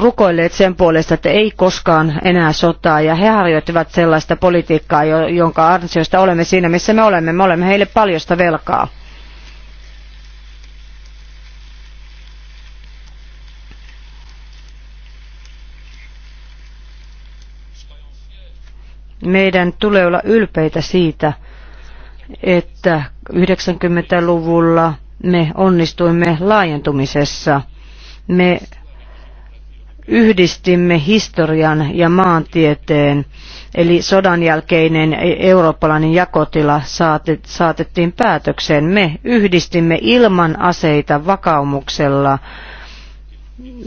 rukoilleet sen puolesta, että ei koskaan enää sotaa. Ja he harjoittivat sellaista politiikkaa, jonka ansiosta olemme siinä, missä me olemme. Me olemme heille paljosta velkaa. meidän tulee olla ylpeitä siitä, että 90-luvulla me onnistuimme laajentumisessa – me yhdistimme historian ja maantieteen, eli sodan jälkeinen eurooppalainen jakotila saatettiin päätökseen. Me yhdistimme ilman aseita vakaumuksella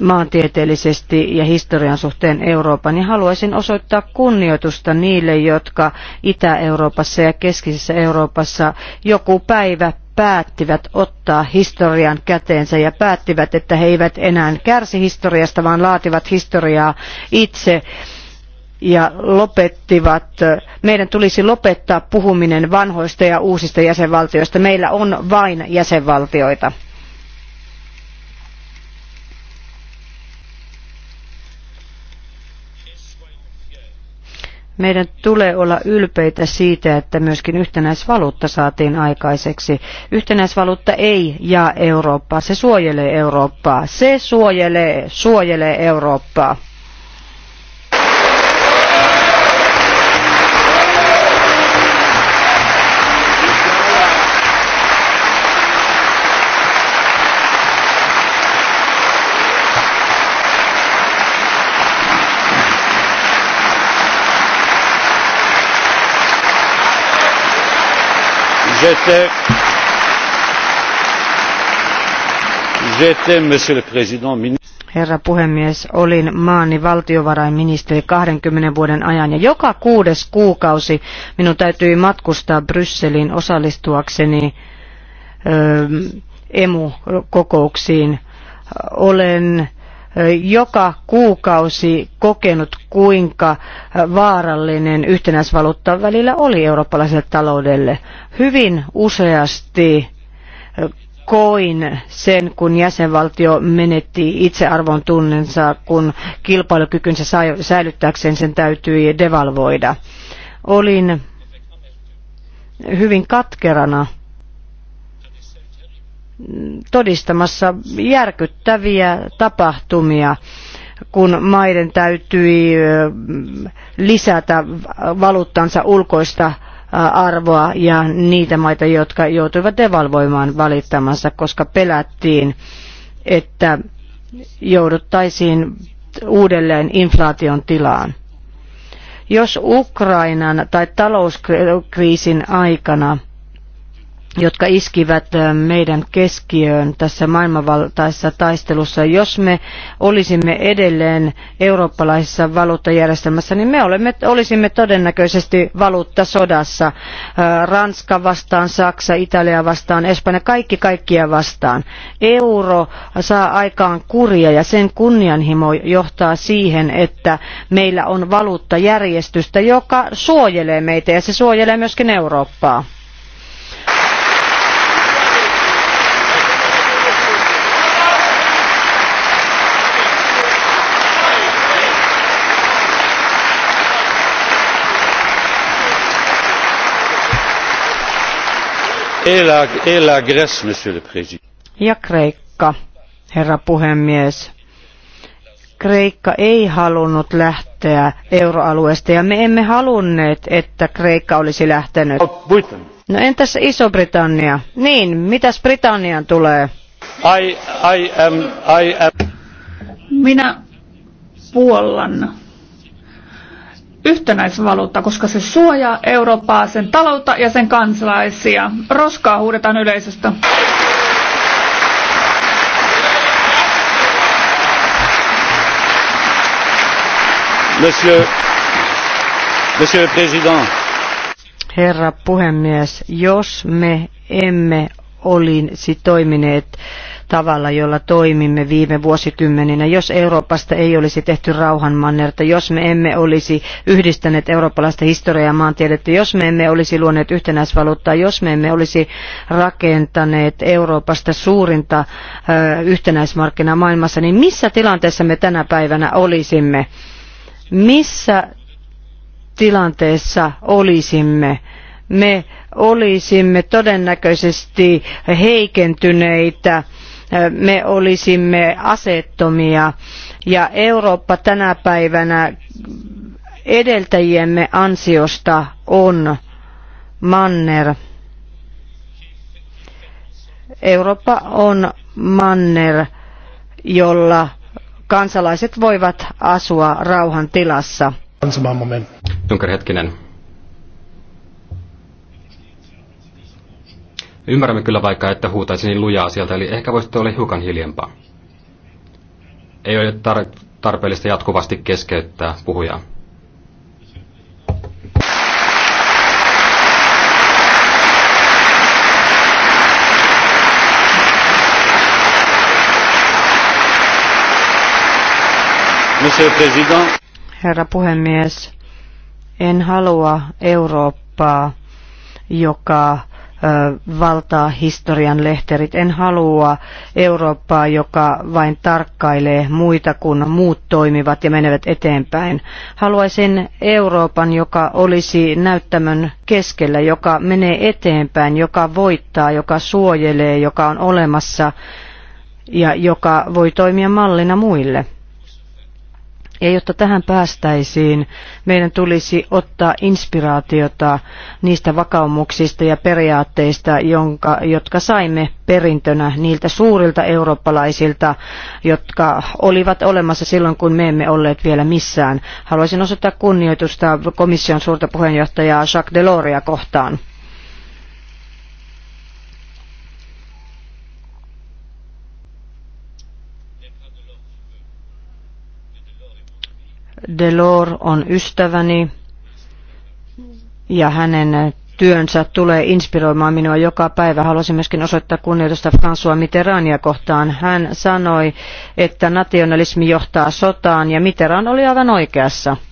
maantieteellisesti ja historian suhteen Euroopan, Ja haluaisin osoittaa kunnioitusta niille, jotka Itä-Euroopassa ja Keskisessä Euroopassa joku päivä päättivät ottaa historian käteensä ja päättivät, että he eivät enää kärsi historiasta, vaan laativat historiaa itse ja lopettivat. Meidän tulisi lopettaa puhuminen vanhoista ja uusista jäsenvaltioista. Meillä on vain jäsenvaltioita. Meidän tulee olla ylpeitä siitä, että myöskin yhtenäisvaluutta saatiin aikaiseksi. Yhtenäisvaluutta ei jaa Eurooppaa, se suojelee Eurooppaa. Se suojelee, suojelee Eurooppaa. j'étais herra puhemies, olin maani valtiovarainministeri 20 vuoden ajan ja joka kuudes kuukausi minun täytyi matkustaa Brysseliin osallistuakseni emu-kokouksiin. Olen joka kuukausi kokenut, kuinka vaarallinen yhtenäisvaluutta välillä oli eurooppalaiselle taloudelle. Hyvin useasti koin sen, kun jäsenvaltio menetti itsearvon tunnensa, kun kilpailukykynsä säilyttääkseen sen täytyi devalvoida. Olin hyvin katkerana todistamassa järkyttäviä tapahtumia kun maiden täytyi lisätä valuuttansa ulkoista arvoa ja niitä maita, jotka joutuivat devalvoimaan valittamansa, koska pelättiin, että jouduttaisiin uudelleen inflaation tilaan. Jos Ukrainan tai talouskriisin aikana jotka iskivät meidän keskiöön tässä maailmanvaltaisessa taistelussa. Jos me olisimme edelleen eurooppalaisessa valuuttajärjestelmässä, niin me olemme, olisimme todennäköisesti valuuttasodassa. Ranska vastaan, Saksa, Italia vastaan, Espanja, kaikki kaikkia vastaan. Euro saa aikaan kuria ja sen kunnianhimo johtaa siihen, että meillä on valuuttajärjestystä, joka suojelee meitä ja se suojelee myöskin Eurooppaa. Ja Kreikka, herra puhemies. Kreikka ei halunnut lähteä euroalueesta ja me emme halunneet, että Kreikka olisi lähtenyt. No entäs Iso-Britannia? Niin, mitäs Britannian tulee? I, I am, I am. Minä puollan yhtenäisvaluutta, koska se suojaa Eurooppaa, sen taloutta ja sen kansalaisia. Roskaa huudetaan yleisöstä. Monsieur, Monsieur le Président. Herra puhemies, jos me emme olisi toimineet tavalla, jolla toimimme viime vuosikymmeninä. Jos Euroopasta ei olisi tehty rauhanmannerta, jos me emme olisi yhdistäneet eurooppalaista historiaa ja maantiedettä, jos me emme olisi luoneet yhtenäisvaluuttaa, jos me emme olisi rakentaneet Euroopasta suurinta ö, yhtenäismarkkinaa maailmassa, niin missä tilanteessa me tänä päivänä olisimme? Missä tilanteessa olisimme? me olisimme todennäköisesti heikentyneitä me olisimme aseettomia. Ja Eurooppa tänä päivänä edeltäjiemme ansiosta on manner. Eurooppa on manner, jolla kansalaiset voivat asua rauhan tilassa. hetkinen. Ymmärrämme kyllä vaikka, että huutaisi niin lujaa sieltä, eli ehkä voisitte olla hiukan hiljempaa. Ei ole tar- tarpeellista jatkuvasti keskeyttää puhujaa. Herra puhemies, en halua Eurooppaa, joka valtaa historian lehterit. En halua Eurooppaa, joka vain tarkkailee muita, kun muut toimivat ja menevät eteenpäin. Haluaisin Euroopan, joka olisi näyttämön keskellä, joka menee eteenpäin, joka voittaa, joka suojelee, joka on olemassa ja joka voi toimia mallina muille. Ja jotta tähän päästäisiin, meidän tulisi ottaa inspiraatiota niistä vakaumuksista ja periaatteista, jonka, jotka saimme perintönä niiltä suurilta eurooppalaisilta, jotka olivat olemassa silloin, kun me emme olleet vielä missään. Haluaisin osoittaa kunnioitusta komission suurta puheenjohtajaa Jacques Deloria kohtaan. Delor on ystäväni ja hänen työnsä tulee inspiroimaan minua joka päivä. Haluaisin myöskin osoittaa kunnioitusta François Mitterrandia kohtaan. Hän sanoi, että nationalismi johtaa sotaan ja Mitterrand oli aivan oikeassa –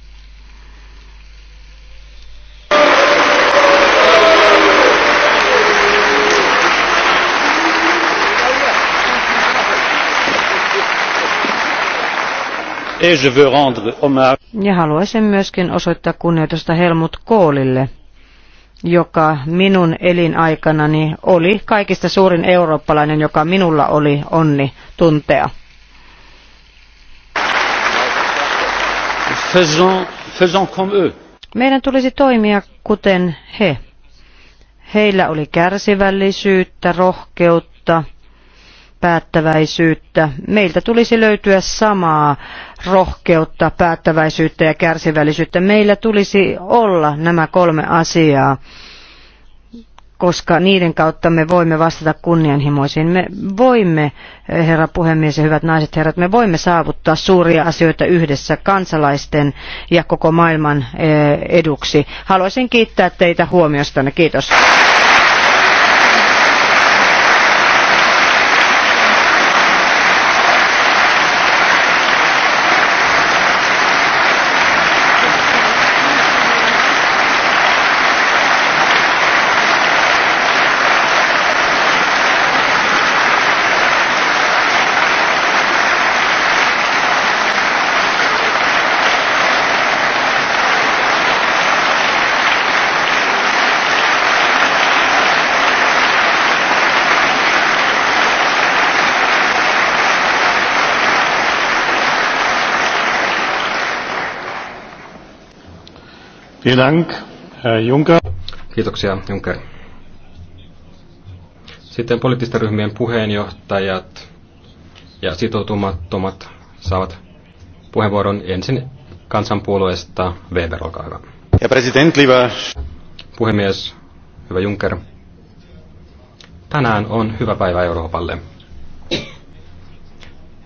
Ja haluaisin myöskin osoittaa kunnioitusta Helmut Koolille, joka minun elinaikanani oli kaikista suurin eurooppalainen, joka minulla oli onni tuntea. Meidän tulisi toimia kuten he. Heillä oli kärsivällisyyttä, rohkeutta, päättäväisyyttä. Meiltä tulisi löytyä samaa rohkeutta, päättäväisyyttä ja kärsivällisyyttä. Meillä tulisi olla nämä kolme asiaa koska niiden kautta me voimme vastata kunnianhimoisiin. Me voimme, herra puhemies ja hyvät naiset herrat, me voimme saavuttaa suuria asioita yhdessä kansalaisten ja koko maailman eh, eduksi. Haluaisin kiittää teitä huomiostanne. Kiitos. Kiitoksia, Juncker. Sitten poliittisten ryhmien puheenjohtajat ja sitoutumattomat saavat puheenvuoron ensin kansanpuolueesta Weber, olkaa hyvä. Ja president Puhemies, hyvä Juncker. Tänään on hyvä päivä Euroopalle.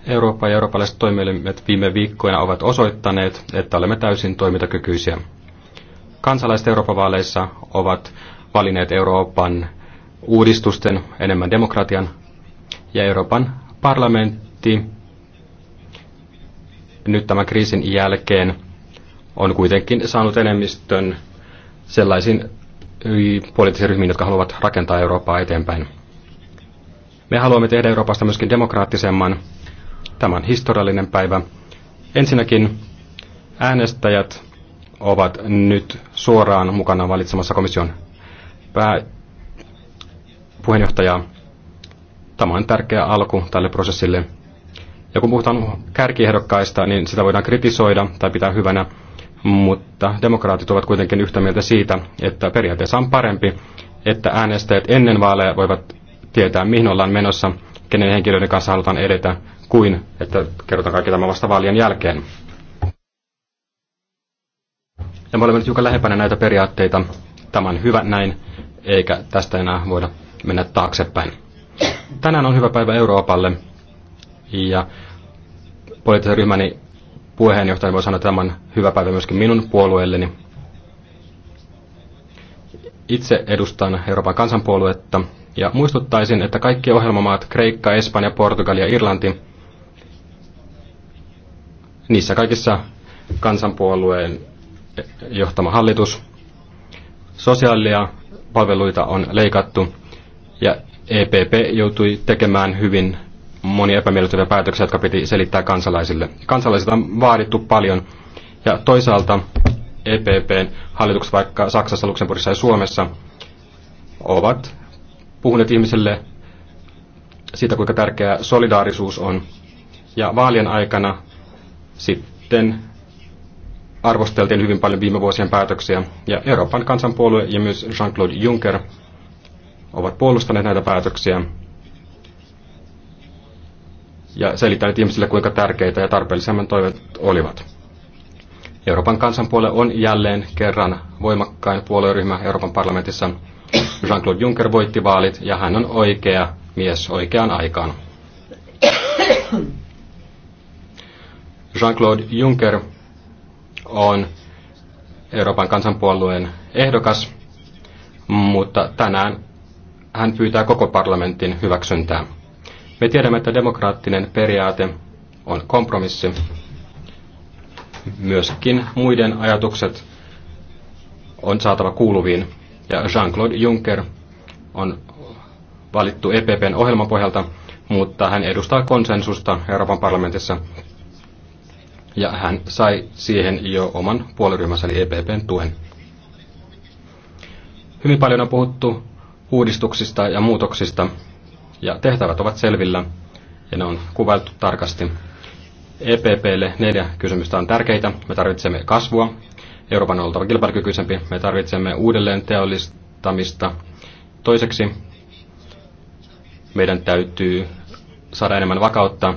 Eurooppa ja eurooppalaiset toimielimet viime viikkoina ovat osoittaneet, että olemme täysin toimintakykyisiä kansalaiset Euroopan vaaleissa ovat valineet Euroopan uudistusten enemmän demokratian ja Euroopan parlamentti nyt tämän kriisin jälkeen on kuitenkin saanut enemmistön sellaisiin poliittisiin ryhmiin, jotka haluavat rakentaa Eurooppaa eteenpäin. Me haluamme tehdä Euroopasta myöskin demokraattisemman. Tämä on historiallinen päivä. Ensinnäkin äänestäjät ovat nyt suoraan mukana valitsemassa komission pääpuheenjohtajaa. Tämä on tärkeä alku tälle prosessille. Ja kun puhutaan kärkiehdokkaista, niin sitä voidaan kritisoida tai pitää hyvänä, mutta demokraatit ovat kuitenkin yhtä mieltä siitä, että periaatteessa on parempi, että äänestäjät ennen vaaleja voivat tietää, mihin ollaan menossa, kenen henkilöiden kanssa halutaan edetä, kuin että kerrotaan kaikki tämä vasta vaalien jälkeen. Ja me olemme nyt hiukan lähempänä näitä periaatteita. Tämä on hyvä näin, eikä tästä enää voida mennä taaksepäin. Tänään on hyvä päivä Euroopalle ja poliittisen ryhmäni puheenjohtaja voi sanoa, että tämä on hyvä päivä myöskin minun puolueelleni. Itse edustan Euroopan kansanpuoluetta ja muistuttaisin, että kaikki ohjelmamaat Kreikka, Espanja, Portugali ja Irlanti, niissä kaikissa kansanpuolueen johtama hallitus. Sosiaalia palveluita on leikattu ja EPP joutui tekemään hyvin monia epämiellyttäviä päätöksiä, jotka piti selittää kansalaisille. Kansalaisilta on vaadittu paljon ja toisaalta EPPn hallitukset vaikka Saksassa, Luxemburgissa ja Suomessa ovat puhuneet ihmisille siitä, kuinka tärkeää solidaarisuus on. Ja vaalien aikana sitten arvosteltiin hyvin paljon viime vuosien päätöksiä, ja Euroopan kansanpuolue ja myös Jean-Claude Juncker ovat puolustaneet näitä päätöksiä ja selittäneet ihmisille, kuinka tärkeitä ja tarpeellisemmat toiveet olivat. Euroopan kansanpuolue on jälleen kerran voimakkain puolueryhmä Euroopan parlamentissa. Jean-Claude Juncker voitti vaalit ja hän on oikea mies oikeaan aikaan. Jean-Claude Juncker on Euroopan kansanpuolueen ehdokas, mutta tänään hän pyytää koko parlamentin hyväksyntää. Me tiedämme, että demokraattinen periaate on kompromissi. Myöskin muiden ajatukset on saatava kuuluviin. Ja Jean-Claude Juncker on valittu EPPn ohjelman pohjalta, mutta hän edustaa konsensusta Euroopan parlamentissa ja hän sai siihen jo oman puoliryhmänsä eli EPPn tuen. Hyvin paljon on puhuttu uudistuksista ja muutoksista, ja tehtävät ovat selvillä, ja ne on kuvailtu tarkasti. EPPlle neljä kysymystä on tärkeitä. Me tarvitsemme kasvua, Euroopan on oltava kilpailukykyisempi, me tarvitsemme uudelleen teollistamista. Toiseksi meidän täytyy saada enemmän vakautta.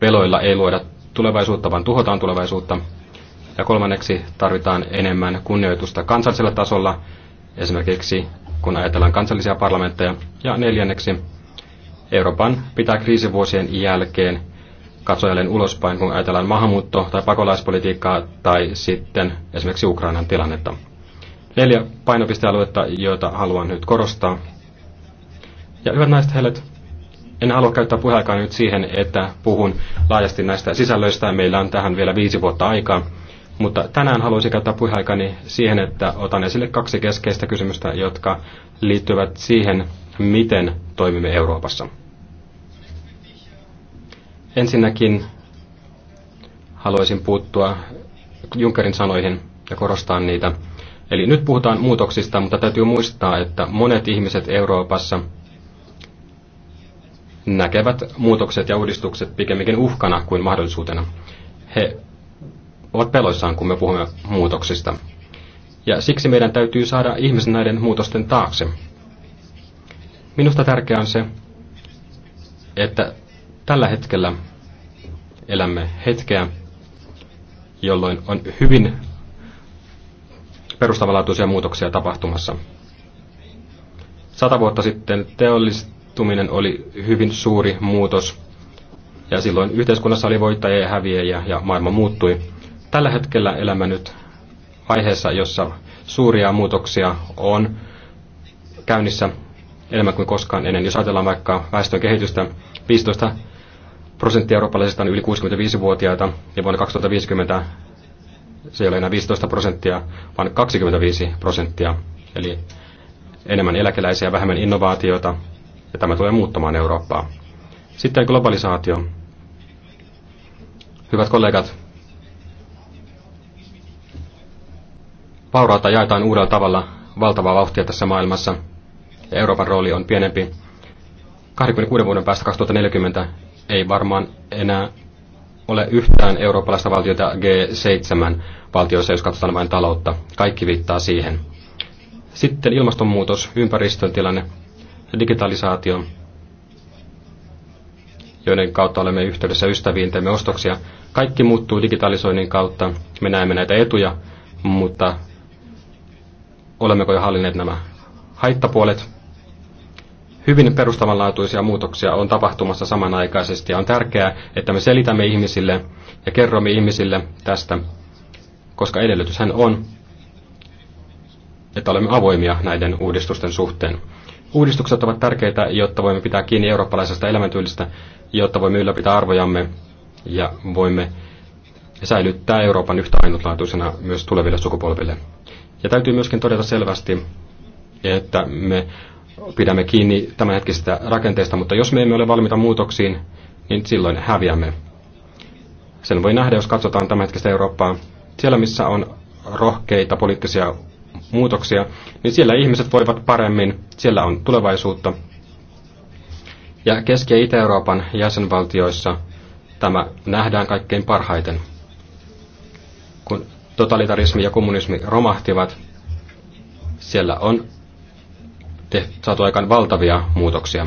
peloilla ei luoda tulevaisuutta, vaan tuhotaan tulevaisuutta. Ja kolmanneksi tarvitaan enemmän kunnioitusta kansallisella tasolla, esimerkiksi kun ajatellaan kansallisia parlamentteja. Ja neljänneksi Euroopan pitää kriisivuosien jälkeen katsojalleen ulospäin, kun ajatellaan maahanmuutto- tai pakolaispolitiikkaa tai sitten esimerkiksi Ukrainan tilannetta. Neljä painopistealuetta, joita haluan nyt korostaa. Ja hyvät naiset heille, en halua käyttää puheaikaa nyt siihen, että puhun laajasti näistä sisällöistä. Meillä on tähän vielä viisi vuotta aikaa. Mutta tänään haluaisin käyttää puheaikani siihen, että otan esille kaksi keskeistä kysymystä, jotka liittyvät siihen, miten toimimme Euroopassa. Ensinnäkin haluaisin puuttua Junckerin sanoihin ja korostaa niitä. Eli nyt puhutaan muutoksista, mutta täytyy muistaa, että monet ihmiset Euroopassa – näkevät muutokset ja uudistukset pikemminkin uhkana kuin mahdollisuutena. He ovat peloissaan, kun me puhumme muutoksista. Ja siksi meidän täytyy saada ihmisen näiden muutosten taakse. Minusta tärkeää on se, että tällä hetkellä elämme hetkeä, jolloin on hyvin perustavanlaatuisia muutoksia tapahtumassa. Sata vuotta sitten teollista muuttuminen oli hyvin suuri muutos. Ja silloin yhteiskunnassa oli voittajia ja häviäjiä ja maailma muuttui. Tällä hetkellä elämä nyt vaiheessa, jossa suuria muutoksia on käynnissä enemmän kuin koskaan ennen. Jos ajatellaan vaikka väestön kehitystä, 15 prosenttia eurooppalaisista on yli 65-vuotiaita ja vuonna 2050 se ei ole enää 15 prosenttia, vaan 25 prosenttia. Eli enemmän eläkeläisiä, vähemmän innovaatioita ja tämä tulee muuttamaan Eurooppaa. Sitten globalisaatio. Hyvät kollegat, vaurautta jaetaan uudella tavalla valtavaa vauhtia tässä maailmassa ja Euroopan rooli on pienempi. 26 vuoden päästä 2040 ei varmaan enää ole yhtään eurooppalaista valtiota G7-valtioissa, jos katsotaan vain taloutta. Kaikki viittaa siihen. Sitten ilmastonmuutos, ympäristön tilanne digitalisaatio, joiden kautta olemme yhteydessä ystäviin, teemme ostoksia. Kaikki muuttuu digitalisoinnin kautta. Me näemme näitä etuja, mutta olemmeko jo hallinneet nämä haittapuolet? Hyvin perustavanlaatuisia muutoksia on tapahtumassa samanaikaisesti ja on tärkeää, että me selitämme ihmisille ja kerromme ihmisille tästä, koska edellytyshän on, että olemme avoimia näiden uudistusten suhteen. Uudistukset ovat tärkeitä, jotta voimme pitää kiinni eurooppalaisesta elämäntyylistä, jotta voimme ylläpitää arvojamme ja voimme säilyttää Euroopan yhtä ainutlaatuisena myös tuleville sukupolville. Ja täytyy myöskin todeta selvästi, että me pidämme kiinni tämänhetkisistä rakenteista, mutta jos me emme ole valmiita muutoksiin, niin silloin häviämme. Sen voi nähdä, jos katsotaan tämänhetkistä Eurooppaa. Siellä, missä on rohkeita poliittisia muutoksia, niin siellä ihmiset voivat paremmin, siellä on tulevaisuutta. Ja Keski- ja Itä-Euroopan jäsenvaltioissa tämä nähdään kaikkein parhaiten. Kun totalitarismi ja kommunismi romahtivat, siellä on tehty, saatu aikaan valtavia muutoksia.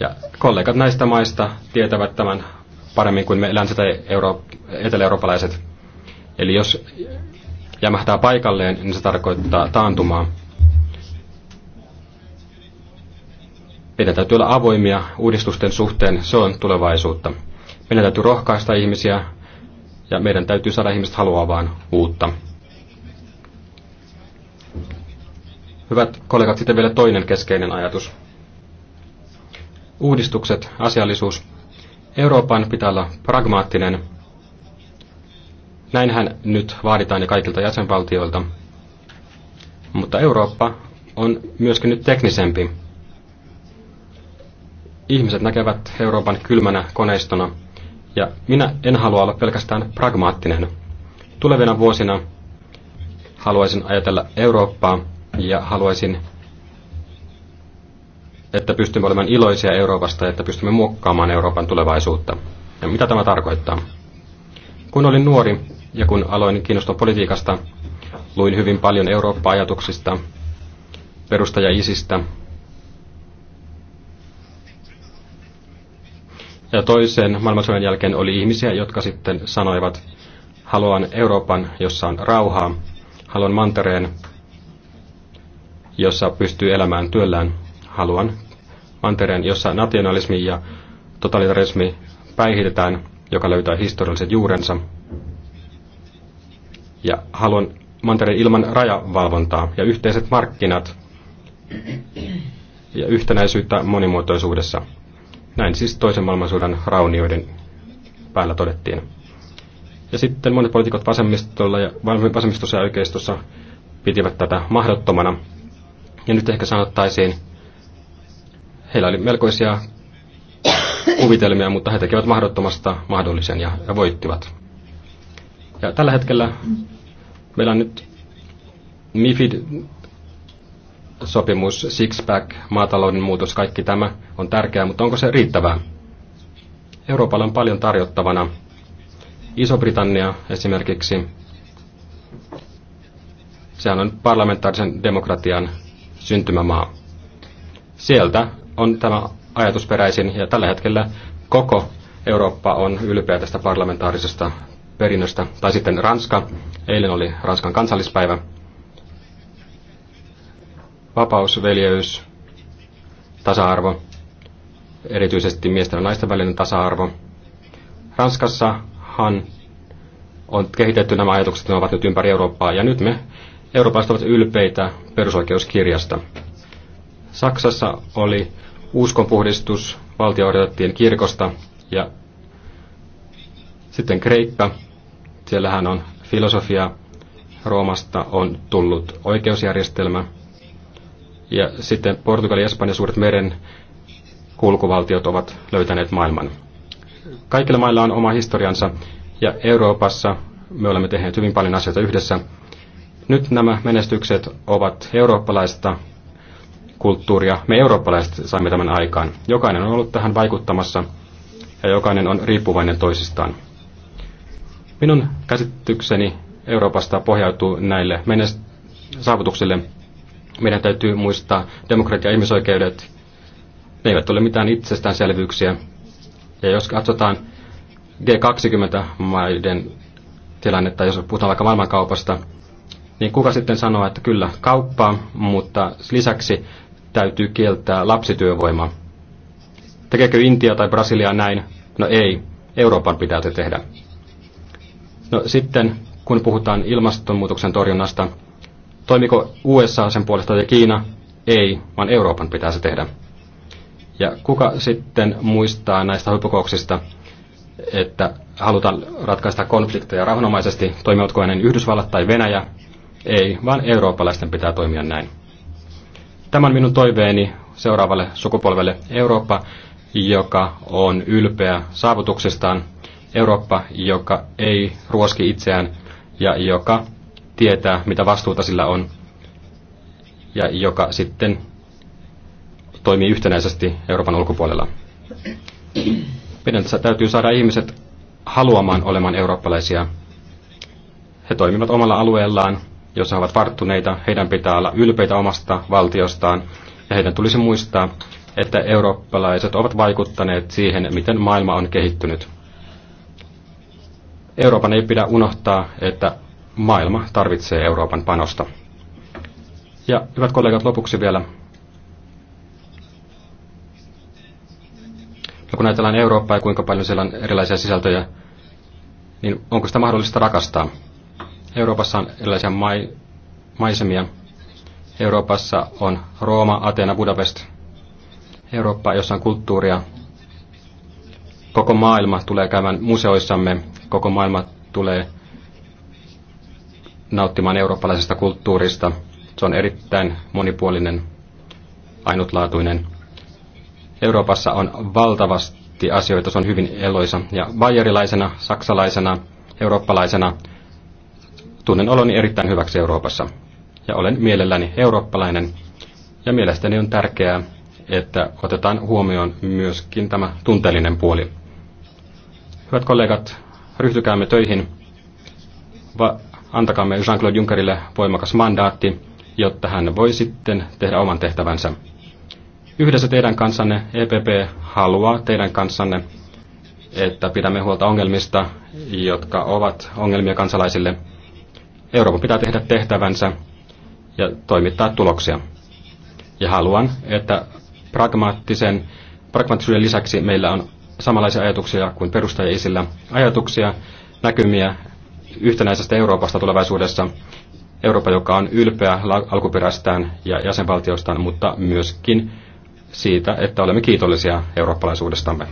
Ja kollegat näistä maista tietävät tämän paremmin kuin me länsi- tai euro- etelä-eurooppalaiset. Eli jos jämähtää paikalleen, niin se tarkoittaa taantumaa. Meidän täytyy olla avoimia uudistusten suhteen, se on tulevaisuutta. Meidän täytyy rohkaista ihmisiä ja meidän täytyy saada ihmiset haluavaan uutta. Hyvät kollegat, sitten vielä toinen keskeinen ajatus. Uudistukset, asiallisuus. Euroopan pitää olla pragmaattinen Näinhän nyt vaaditaan ja kaikilta jäsenvaltioilta. Mutta Eurooppa on myöskin nyt teknisempi. Ihmiset näkevät Euroopan kylmänä koneistona, ja minä en halua olla pelkästään pragmaattinen. Tulevina vuosina haluaisin ajatella Eurooppaa ja haluaisin, että pystymme olemaan iloisia Euroopasta ja että pystymme muokkaamaan Euroopan tulevaisuutta. Ja mitä tämä tarkoittaa? Kun olin nuori, ja kun aloin kiinnostua politiikasta, luin hyvin paljon Eurooppa-ajatuksista, perustajaisistä. Ja toisen maailmansodan jälkeen oli ihmisiä, jotka sitten sanoivat, haluan Euroopan, jossa on rauhaa, haluan mantereen, jossa pystyy elämään työllään, haluan mantereen, jossa nationalismi ja totalitarismi päihitetään, joka löytää historialliset juurensa ja haluan mantereen ilman rajavalvontaa ja yhteiset markkinat ja yhtenäisyyttä monimuotoisuudessa. Näin siis toisen maailmansodan raunioiden päällä todettiin. Ja sitten monet poliitikot vasemmistolla ja, vasemmistossa ja oikeistossa pitivät tätä mahdottomana. Ja nyt ehkä sanottaisiin, heillä oli melkoisia kuvitelmia, mutta he tekivät mahdottomasta mahdollisen ja, ja voittivat. Ja tällä hetkellä meillä on nyt MIFID-sopimus, six-pack, maatalouden muutos, kaikki tämä on tärkeää, mutta onko se riittävää? Euroopalla on paljon tarjottavana. Iso-Britannia esimerkiksi, sehän on parlamentaarisen demokratian syntymämaa. Sieltä on tämä ajatusperäisin ja tällä hetkellä koko Eurooppa on ylpeä tästä parlamentaarisesta perinnöstä. Tai sitten Ranska. Eilen oli Ranskan kansallispäivä. Vapaus, veljeys, tasa-arvo, erityisesti miesten ja naisten välinen tasa-arvo. Ranskassahan on kehitetty nämä ajatukset, ne ovat nyt ympäri Eurooppaa, ja nyt me eurooppalaiset ovat ylpeitä perusoikeuskirjasta. Saksassa oli uskonpuhdistus, valtio odotettiin kirkosta, ja sitten Kreikka, Siellähän on filosofia, Roomasta on tullut oikeusjärjestelmä. Ja sitten Portugali, Espanja, suuret meren kulkuvaltiot ovat löytäneet maailman. Kaikilla mailla on oma historiansa ja Euroopassa me olemme tehneet hyvin paljon asioita yhdessä. Nyt nämä menestykset ovat eurooppalaista kulttuuria. Me eurooppalaiset saimme tämän aikaan. Jokainen on ollut tähän vaikuttamassa ja jokainen on riippuvainen toisistaan. Minun käsitykseni Euroopasta pohjautuu näille menest- saavutuksille. Meidän täytyy muistaa demokratia- ja ihmisoikeudet. Ne eivät ole mitään itsestäänselvyyksiä. Ja jos katsotaan G20-maiden tilannetta, jos puhutaan vaikka maailmankaupasta, niin kuka sitten sanoo, että kyllä kauppaa, mutta lisäksi täytyy kieltää lapsityövoima. Tekeekö Intia tai Brasilia näin? No ei, Euroopan pitää se tehdä. No sitten, kun puhutaan ilmastonmuutoksen torjunnasta, toimiko USA sen puolesta ja Kiina? Ei, vaan Euroopan pitää se tehdä. Ja kuka sitten muistaa näistä huippukouksista, että halutaan ratkaista konflikteja rauhanomaisesti, toimivatko ennen Yhdysvallat tai Venäjä? Ei, vaan eurooppalaisten pitää toimia näin. Tämän minun toiveeni seuraavalle sukupolvelle Eurooppa, joka on ylpeä saavutuksistaan, Eurooppa, joka ei ruoski itseään ja joka tietää, mitä vastuuta sillä on ja joka sitten toimii yhtenäisesti Euroopan ulkopuolella. Meidän täytyy saada ihmiset haluamaan olemaan eurooppalaisia. He toimivat omalla alueellaan, jos he ovat varttuneita, heidän pitää olla ylpeitä omasta valtiostaan ja heidän tulisi muistaa, että eurooppalaiset ovat vaikuttaneet siihen, miten maailma on kehittynyt. Euroopan ei pidä unohtaa, että maailma tarvitsee Euroopan panosta. Ja hyvät kollegat, lopuksi vielä. Ja no, kun ajatellaan Eurooppaa ja kuinka paljon siellä on erilaisia sisältöjä, niin onko sitä mahdollista rakastaa? Euroopassa on erilaisia mai, maisemia. Euroopassa on Rooma, Atena, Budapest. Eurooppa, jossa on kulttuuria. Koko maailma tulee käymään museoissamme koko maailma tulee nauttimaan eurooppalaisesta kulttuurista. Se on erittäin monipuolinen, ainutlaatuinen. Euroopassa on valtavasti asioita, se on hyvin eloisa. Ja bayerilaisena, saksalaisena, eurooppalaisena tunnen oloni erittäin hyväksi Euroopassa. Ja olen mielelläni eurooppalainen. Ja mielestäni on tärkeää, että otetaan huomioon myöskin tämä tunteellinen puoli. Hyvät kollegat, ryhtykäämme töihin, va- antakaamme Jean-Claude Junckerille voimakas mandaatti, jotta hän voi sitten tehdä oman tehtävänsä. Yhdessä teidän kanssanne EPP haluaa teidän kanssanne, että pidämme huolta ongelmista, jotka ovat ongelmia kansalaisille. Euroopan pitää tehdä tehtävänsä ja toimittaa tuloksia. Ja haluan, että pragmaattisen, pragmaattisuuden lisäksi meillä on samanlaisia ajatuksia kuin isillä ajatuksia, näkymiä yhtenäisestä Euroopasta tulevaisuudessa. Eurooppa, joka on ylpeä alkuperästään ja jäsenvaltiostaan, mutta myöskin siitä, että olemme kiitollisia eurooppalaisuudestamme.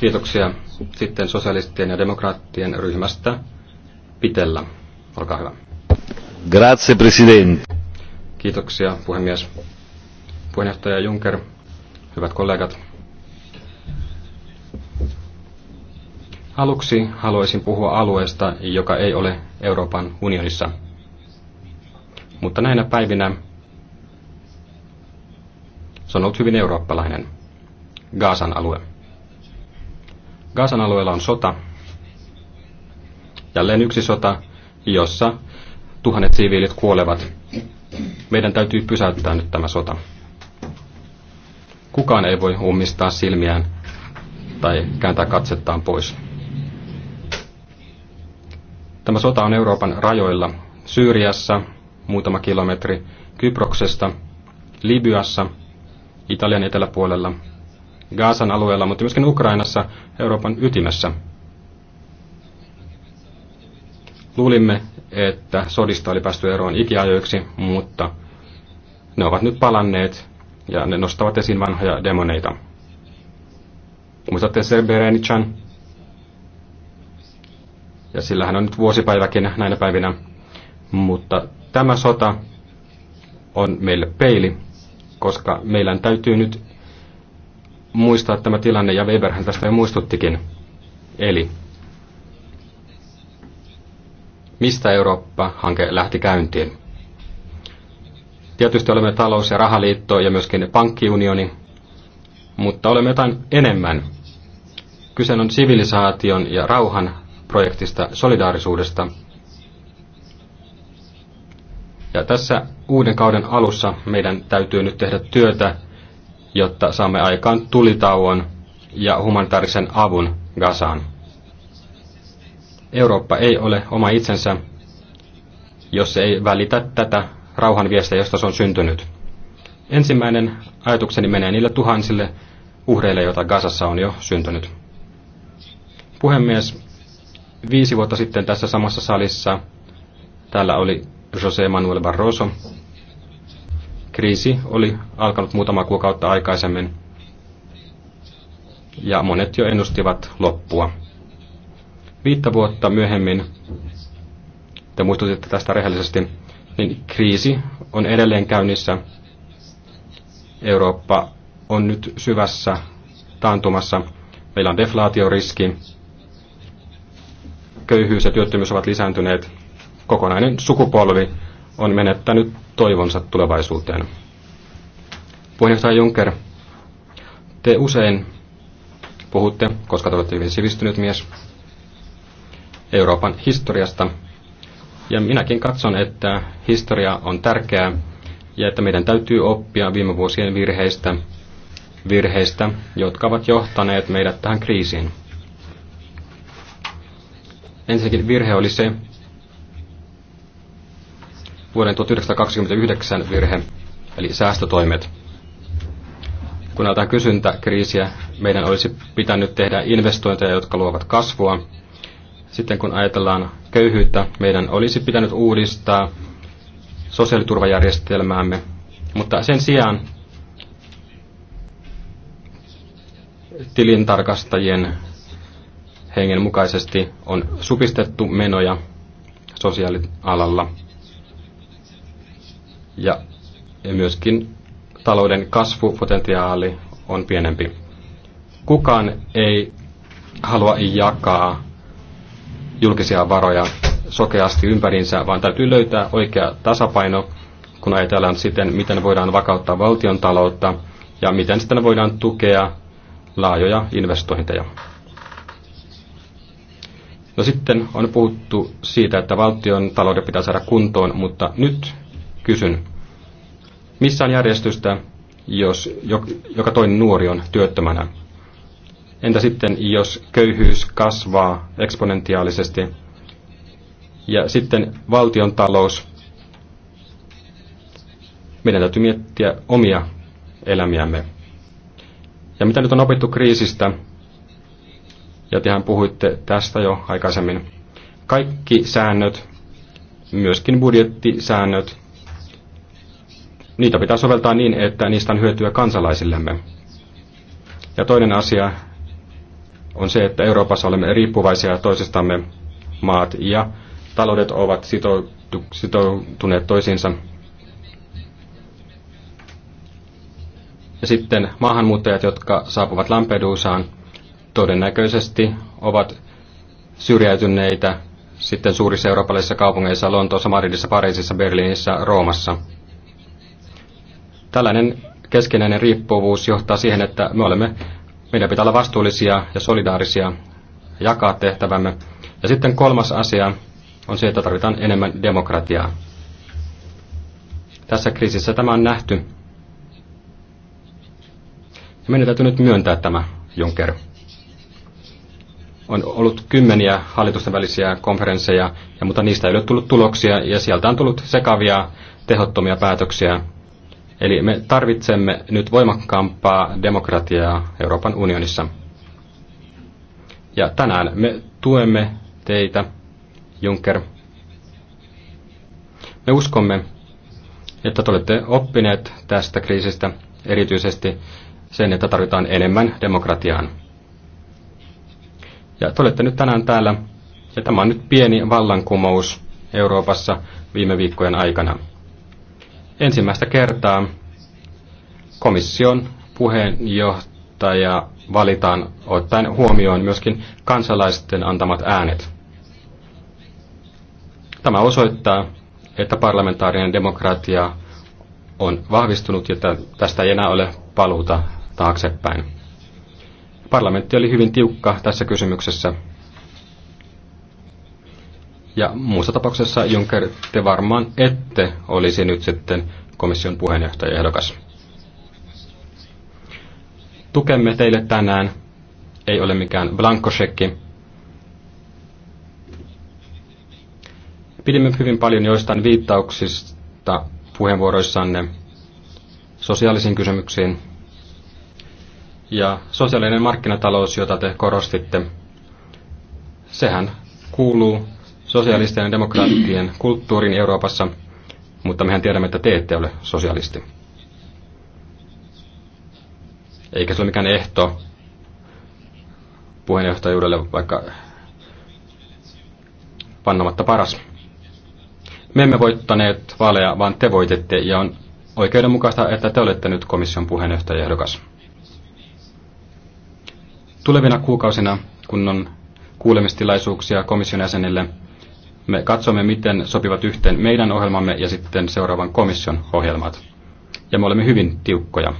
Kiitoksia sitten sosialistien ja demokraattien ryhmästä Pitellä. Olkaa hyvä. Grazie, president. Kiitoksia, puhemies. Puheenjohtaja Juncker, hyvät kollegat. Aluksi haluaisin puhua alueesta, joka ei ole Euroopan unionissa. Mutta näinä päivinä se on ollut hyvin eurooppalainen, Gaasan alue. Kasan alueella on sota, jälleen yksi sota, jossa tuhannet siviilit kuolevat. Meidän täytyy pysäyttää nyt tämä sota. Kukaan ei voi ummistaa silmiään tai kääntää katsettaan pois. Tämä sota on Euroopan rajoilla, Syyriassa muutama kilometri, Kyproksesta, Libyassa, Italian eteläpuolella Gaasan alueella, mutta myöskin Ukrainassa, Euroopan ytimessä. Luulimme, että sodista oli päästy eroon ikiajoiksi, mutta ne ovat nyt palanneet ja ne nostavat esiin vanhoja demoneita. Muistatte Serberenichan? Ja hän on nyt vuosipäiväkin näinä päivinä. Mutta tämä sota on meille peili, koska meidän täytyy nyt muistaa tämä tilanne, ja Weberhän tästä jo muistuttikin. Eli mistä Eurooppa-hanke lähti käyntiin? Tietysti olemme talous- ja rahaliitto ja myöskin pankkiunioni, mutta olemme jotain enemmän. Kyse on sivilisaation ja rauhan projektista, solidaarisuudesta. Ja tässä uuden kauden alussa meidän täytyy nyt tehdä työtä jotta saamme aikaan tulitauon ja humanitaarisen avun Gazaan. Eurooppa ei ole oma itsensä, jos se ei välitä tätä rauhanviestä, josta se on syntynyt. Ensimmäinen ajatukseni menee niille tuhansille uhreille, joita Gazassa on jo syntynyt. Puhemies, viisi vuotta sitten tässä samassa salissa täällä oli José Manuel Barroso, Kriisi oli alkanut muutama kuukautta aikaisemmin ja monet jo ennustivat loppua. Viittä vuotta myöhemmin, te muistutitte tästä rehellisesti, niin kriisi on edelleen käynnissä. Eurooppa on nyt syvässä taantumassa. Meillä on deflaatioriski. Köyhyys ja työttömyys ovat lisääntyneet. Kokonainen sukupolvi on menettänyt toivonsa tulevaisuuteen. Puheenjohtaja Juncker, te usein puhutte, koska te olette hyvin sivistynyt mies, Euroopan historiasta. Ja minäkin katson, että historia on tärkeää ja että meidän täytyy oppia viime vuosien virheistä, virheistä, jotka ovat johtaneet meidät tähän kriisiin. Ensinnäkin virhe oli se, vuoden 1929 virhe, eli säästötoimet. Kun näytetään kysyntäkriisiä, meidän olisi pitänyt tehdä investointeja, jotka luovat kasvua. Sitten kun ajatellaan köyhyyttä, meidän olisi pitänyt uudistaa sosiaaliturvajärjestelmäämme, mutta sen sijaan tilintarkastajien hengen mukaisesti on supistettu menoja sosiaalialalla ja myöskin talouden kasvupotentiaali on pienempi. Kukaan ei halua jakaa julkisia varoja sokeasti ympärinsä vaan täytyy löytää oikea tasapaino, kun ajatellaan sitten miten voidaan vakauttaa valtion taloutta ja miten sitten voidaan tukea laajoja investointeja. No sitten on puhuttu siitä, että valtion talouden pitää saada kuntoon, mutta nyt kysyn, missä on järjestystä, jos joka toinen nuori on työttömänä? Entä sitten, jos köyhyys kasvaa eksponentiaalisesti? Ja sitten valtion talous. Meidän täytyy miettiä omia elämiämme. Ja mitä nyt on opittu kriisistä, ja tehän puhuitte tästä jo aikaisemmin, kaikki säännöt, myöskin budjettisäännöt, niitä pitää soveltaa niin, että niistä on hyötyä kansalaisillemme. Ja toinen asia on se, että Euroopassa olemme riippuvaisia toisistamme maat ja taloudet ovat sitoutuneet toisiinsa. Ja sitten maahanmuuttajat, jotka saapuvat Lampedusaan, todennäköisesti ovat syrjäytyneitä sitten suurissa eurooppalaisissa kaupungeissa, Lontoossa, Madridissa, Pariisissa, Berliinissä, Roomassa – Tällainen keskinäinen riippuvuus johtaa siihen, että me olemme, meidän pitää olla vastuullisia ja solidaarisia, jakaa tehtävämme. Ja sitten kolmas asia on se, että tarvitaan enemmän demokratiaa. Tässä kriisissä tämä on nähty. Ja meidän täytyy nyt myöntää tämä, Juncker. On ollut kymmeniä hallitusten välisiä konferensseja, mutta niistä ei ole tullut tuloksia, ja sieltä on tullut sekavia, tehottomia päätöksiä, Eli me tarvitsemme nyt voimakkaampaa demokratiaa Euroopan unionissa. Ja tänään me tuemme teitä, Juncker. Me uskomme, että te olette oppineet tästä kriisistä erityisesti sen, että tarvitaan enemmän demokratiaan. Ja te olette nyt tänään täällä, ja tämä on nyt pieni vallankumous Euroopassa viime viikkojen aikana. Ensimmäistä kertaa komission puheenjohtaja valitaan ottaen huomioon myöskin kansalaisten antamat äänet. Tämä osoittaa, että parlamentaarinen demokratia on vahvistunut ja tästä ei enää ole paluuta taaksepäin. Parlamentti oli hyvin tiukka tässä kysymyksessä ja muussa tapauksessa, Juncker, te varmaan ette olisi nyt sitten komission ehdokas. Tukemme teille tänään ei ole mikään blankosekki. Pidimme hyvin paljon joistain viittauksista puheenvuoroissanne sosiaalisiin kysymyksiin. Ja sosiaalinen markkinatalous, jota te korostitte, sehän kuuluu sosialistien ja demokraattien kulttuurin Euroopassa, mutta mehän tiedämme, että te ette ole sosialisti. Eikä se ole mikään ehto puheenjohtajuudelle, vaikka pannamatta paras. Me emme voittaneet vaaleja, vaan te voititte ja on oikeudenmukaista, että te olette nyt komission puheenjohtajaehdokas. Tulevina kuukausina, kun on kuulemistilaisuuksia komission jäsenille, me katsomme, miten sopivat yhteen meidän ohjelmamme ja sitten seuraavan komission ohjelmat. Ja me olemme hyvin tiukkoja.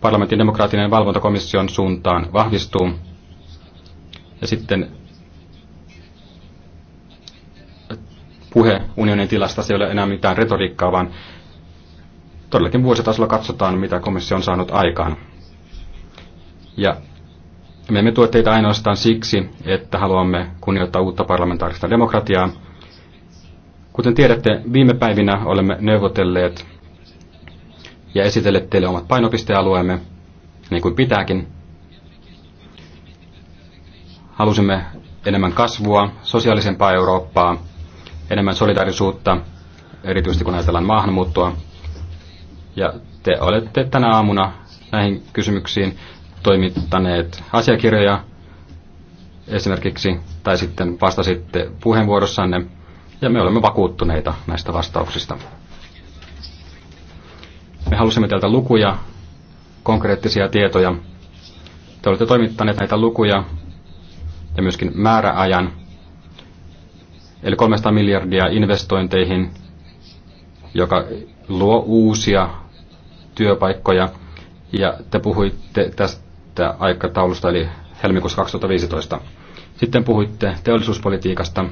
Parlamentin demokraattinen valvontakomission suuntaan vahvistuu. Ja sitten puhe unionin tilasta, se ei ole enää mitään retoriikkaa, vaan todellakin vuositasolla katsotaan, mitä komissio on saanut aikaan. Ja me emme tue teitä ainoastaan siksi, että haluamme kunnioittaa uutta parlamentaarista demokratiaa. Kuten tiedätte, viime päivinä olemme neuvotelleet ja esitelleet teille omat painopistealueemme, niin kuin pitääkin. Halusimme enemmän kasvua, sosiaalisempaa Eurooppaa, enemmän solidaarisuutta, erityisesti kun ajatellaan maahanmuuttoa. Ja te olette tänä aamuna näihin kysymyksiin toimittaneet asiakirjoja esimerkiksi, tai sitten vastasitte puheenvuorossanne, ja me olemme vakuuttuneita näistä vastauksista. Me halusimme teiltä lukuja, konkreettisia tietoja. Te olette toimittaneet näitä lukuja ja myöskin määräajan, eli 300 miljardia investointeihin, joka luo uusia työpaikkoja. Ja te puhuitte tästä tästä aikataulusta, eli helmikuussa 2015. Sitten puhuitte teollisuuspolitiikasta.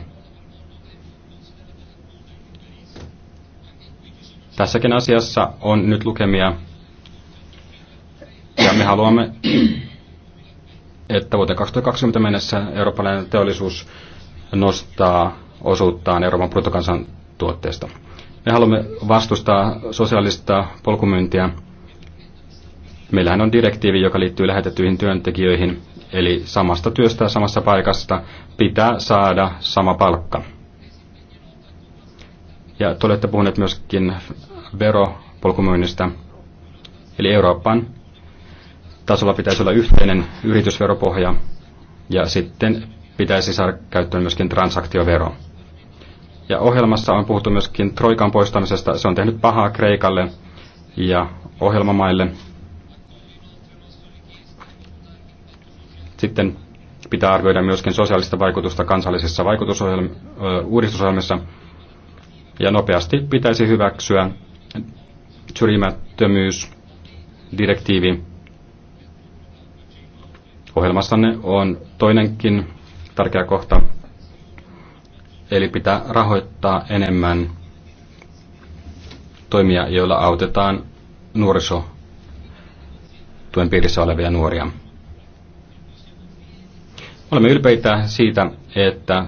Tässäkin asiassa on nyt lukemia, ja me haluamme, että vuoteen 2020 mennessä eurooppalainen teollisuus nostaa osuuttaan Euroopan bruttokansantuotteesta. Me haluamme vastustaa sosiaalista polkumyyntiä Meillähän on direktiivi, joka liittyy lähetettyihin työntekijöihin, eli samasta työstä ja samassa paikasta pitää saada sama palkka. Ja te olette puhuneet myöskin veropolkumyynnistä, eli Euroopan tasolla pitäisi olla yhteinen yritysveropohja, ja sitten pitäisi saada käyttöön myöskin transaktiovero. Ja ohjelmassa on puhuttu myöskin Troikan poistamisesta. Se on tehnyt pahaa Kreikalle ja ohjelmamaille, Sitten pitää arvioida myöskin sosiaalista vaikutusta kansallisessa uudistusohjelmassa. Ja nopeasti pitäisi hyväksyä syrjimättömyysdirektiivi. Ohjelmassanne on toinenkin tärkeä kohta, eli pitää rahoittaa enemmän toimia, joilla autetaan nuorisotuen piirissä olevia nuoria. Olemme ylpeitä siitä, että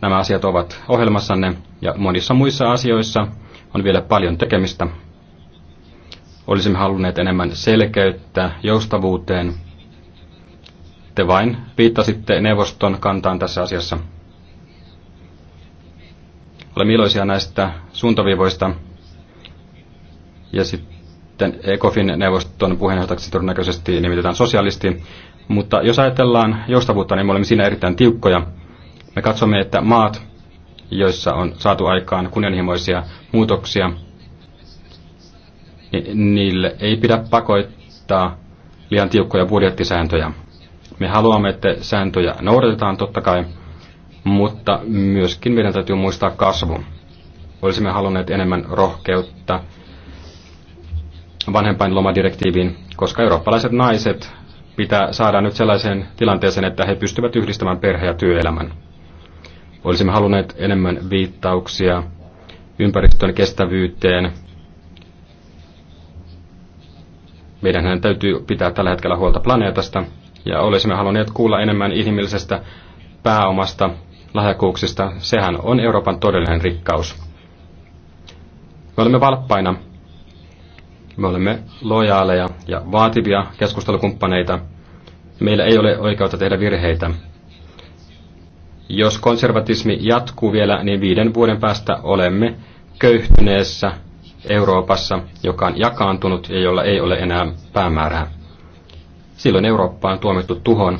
nämä asiat ovat ohjelmassanne ja monissa muissa asioissa on vielä paljon tekemistä. Olisimme halunneet enemmän selkeyttä joustavuuteen. Te vain viittasitte neuvoston kantaan tässä asiassa. Olemme iloisia näistä suuntaviivoista. Ja sitten ECOFIN neuvoston puheenjohtajaksi todennäköisesti nimitetään sosialisti, mutta jos ajatellaan joustavuutta, niin me olemme siinä erittäin tiukkoja. Me katsomme, että maat, joissa on saatu aikaan kunnianhimoisia muutoksia, niin niille ei pidä pakoittaa liian tiukkoja budjettisääntöjä. Me haluamme, että sääntöjä noudatetaan totta kai, mutta myöskin meidän täytyy muistaa kasvu. Olisimme halunneet enemmän rohkeutta vanhempainlomadirektiiviin, koska eurooppalaiset naiset pitää saada nyt sellaiseen tilanteeseen, että he pystyvät yhdistämään perhe- ja työelämän. Olisimme halunneet enemmän viittauksia ympäristön kestävyyteen. Meidän täytyy pitää tällä hetkellä huolta planeetasta, ja olisimme halunneet kuulla enemmän inhimillisestä pääomasta, lahjakuuksista. Sehän on Euroopan todellinen rikkaus. Me olemme valppaina me olemme lojaaleja ja vaativia keskustelukumppaneita. Meillä ei ole oikeutta tehdä virheitä. Jos konservatismi jatkuu vielä, niin viiden vuoden päästä olemme köyhtyneessä Euroopassa, joka on jakaantunut ja jolla ei ole enää päämäärää. Silloin Eurooppa on tuomittu tuhon,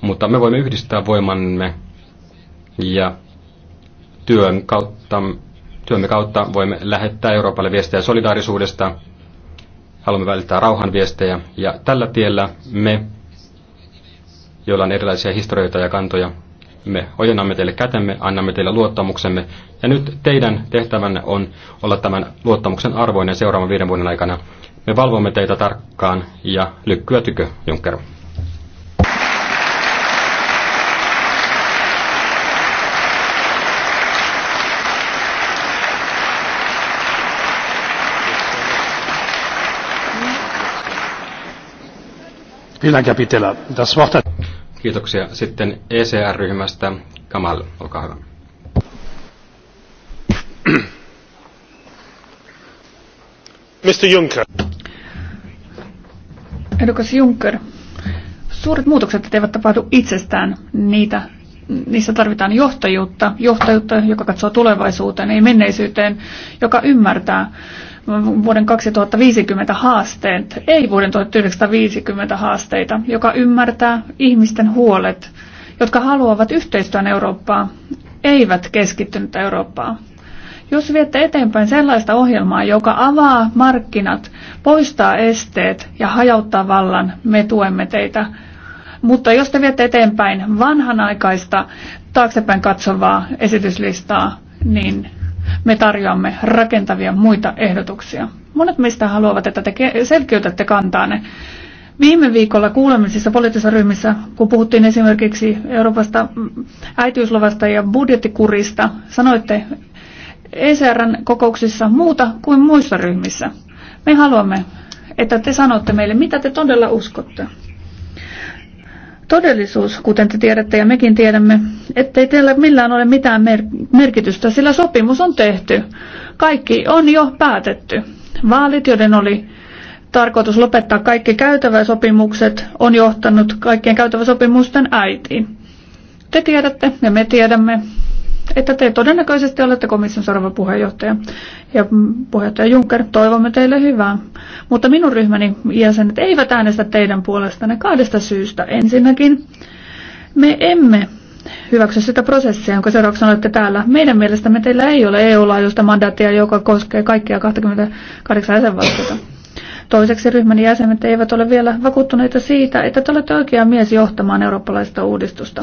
mutta me voimme yhdistää voimamme ja työn kautta, työmme kautta voimme lähettää Euroopalle viestejä solidaarisuudesta, haluamme välittää rauhanviestejä ja tällä tiellä me, joilla on erilaisia historioita ja kantoja, me ojennamme teille kätemme, annamme teille luottamuksemme ja nyt teidän tehtävänne on olla tämän luottamuksen arvoinen seuraavan viiden vuoden aikana. Me valvomme teitä tarkkaan ja lykkyä tykö, Juncker. Kiitoksia. Sitten ECR-ryhmästä Kamal, olkaa hyvä. Mr. Juncker. Edukas Juncker, suuret muutokset eivät tapahdu itsestään. Niitä, niissä tarvitaan johtajuutta, johtajuutta, joka katsoo tulevaisuuteen, ei menneisyyteen, joka ymmärtää, vuoden 2050 haasteet, ei vuoden 1950 haasteita, joka ymmärtää ihmisten huolet, jotka haluavat yhteistyön Eurooppaa, eivät keskittynyt Eurooppaa. Jos viette eteenpäin sellaista ohjelmaa, joka avaa markkinat, poistaa esteet ja hajauttaa vallan, me tuemme teitä. Mutta jos te viette eteenpäin vanhanaikaista, taaksepäin katsovaa esityslistaa, niin me tarjoamme rakentavia muita ehdotuksia. Monet meistä haluavat, että te selkeytätte kantaanne. Viime viikolla kuulemisissa poliittisissa ryhmissä, kun puhuttiin esimerkiksi Euroopasta äitiysluvasta ja budjettikurista, sanoitte ECRn kokouksissa muuta kuin muissa ryhmissä. Me haluamme, että te sanotte meille, mitä te todella uskotte. Todellisuus, kuten te tiedätte ja mekin tiedämme, ettei teillä millään ole mitään merkitystä, sillä sopimus on tehty. Kaikki on jo päätetty. Vaalit, joiden oli tarkoitus lopettaa kaikki käytäväsopimukset, on johtanut kaikkien käytäväsopimusten äitiin. Te tiedätte ja me tiedämme, että te todennäköisesti olette komission seuraava puheenjohtaja. Ja puheenjohtaja Juncker, toivomme teille hyvää. Mutta minun ryhmäni jäsenet eivät äänestä teidän puolestanne kahdesta syystä. Ensinnäkin me emme hyväksy sitä prosessia, jonka seurauksena olette täällä. Meidän mielestämme teillä ei ole EU-laajuista mandaattia, joka koskee kaikkia 28 jäsenvaltiota. Toiseksi ryhmän jäsenet eivät ole vielä vakuuttuneita siitä, että te olette oikea mies johtamaan eurooppalaista uudistusta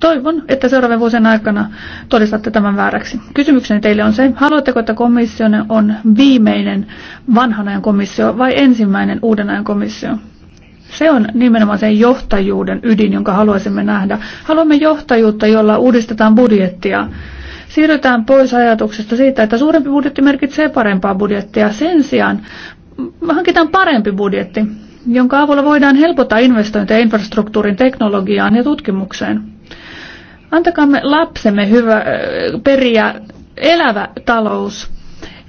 Toivon, että seuraavien vuosien aikana todistatte tämän vääräksi. Kysymykseni teille on se, haluatteko, että komissio on viimeinen vanhan ajan komissio vai ensimmäinen uuden ajan komissio? Se on nimenomaan sen johtajuuden ydin, jonka haluaisimme nähdä. Haluamme johtajuutta, jolla uudistetaan budjettia. Siirrytään pois ajatuksesta siitä, että suurempi budjetti merkitsee parempaa budjettia. Sen sijaan hankitaan parempi budjetti, jonka avulla voidaan helpottaa investointeja infrastruktuurin, teknologiaan ja tutkimukseen. Antakaamme lapsemme hyvä periä elävä talous,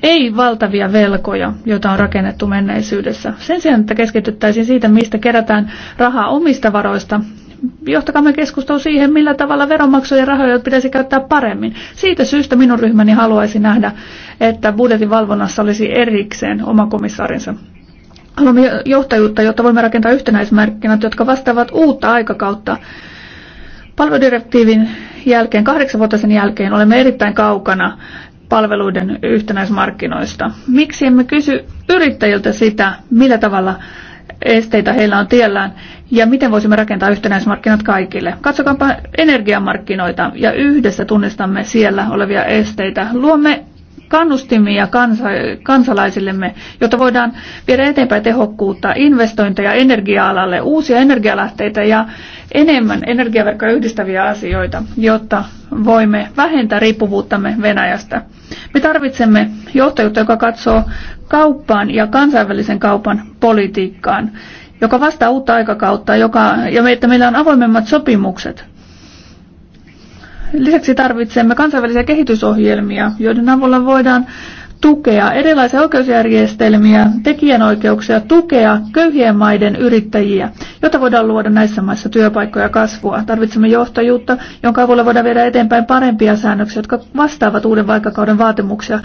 ei valtavia velkoja, joita on rakennettu menneisyydessä. Sen sijaan, että keskityttäisiin siitä, mistä kerätään rahaa omista varoista, me keskustelu siihen, millä tavalla veronmaksujen rahoja pitäisi käyttää paremmin. Siitä syystä minun ryhmäni haluaisi nähdä, että budjetin valvonnassa olisi erikseen oma komissaarinsa. Haluamme johtajuutta, jotta voimme rakentaa yhtenäismarkkinat, jotka vastaavat uutta aikakautta Palveludirektiivin jälkeen, kahdeksan vuotta sen jälkeen, olemme erittäin kaukana palveluiden yhtenäismarkkinoista. Miksi emme kysy yrittäjiltä sitä, millä tavalla esteitä heillä on tiellään ja miten voisimme rakentaa yhtenäismarkkinat kaikille. Katsokaapa energiamarkkinoita ja yhdessä tunnistamme siellä olevia esteitä. Luomme kannustimia kansa, kansalaisillemme, jotta voidaan viedä eteenpäin tehokkuutta, investointeja energia-alalle, uusia energialähteitä ja enemmän energiaverkkoja yhdistäviä asioita, jotta voimme vähentää riippuvuuttamme Venäjästä. Me tarvitsemme johtajuutta, joka katsoo kauppaan ja kansainvälisen kaupan politiikkaan, joka vastaa uutta aikakautta joka, ja että meillä on avoimemmat sopimukset Lisäksi tarvitsemme kansainvälisiä kehitysohjelmia, joiden avulla voidaan tukea erilaisia oikeusjärjestelmiä, tekijänoikeuksia, tukea köyhien maiden yrittäjiä, jotta voidaan luoda näissä maissa työpaikkoja ja kasvua. Tarvitsemme johtajuutta, jonka avulla voidaan viedä eteenpäin parempia säännöksiä, jotka vastaavat uuden vaikkakauden vaatimuksia.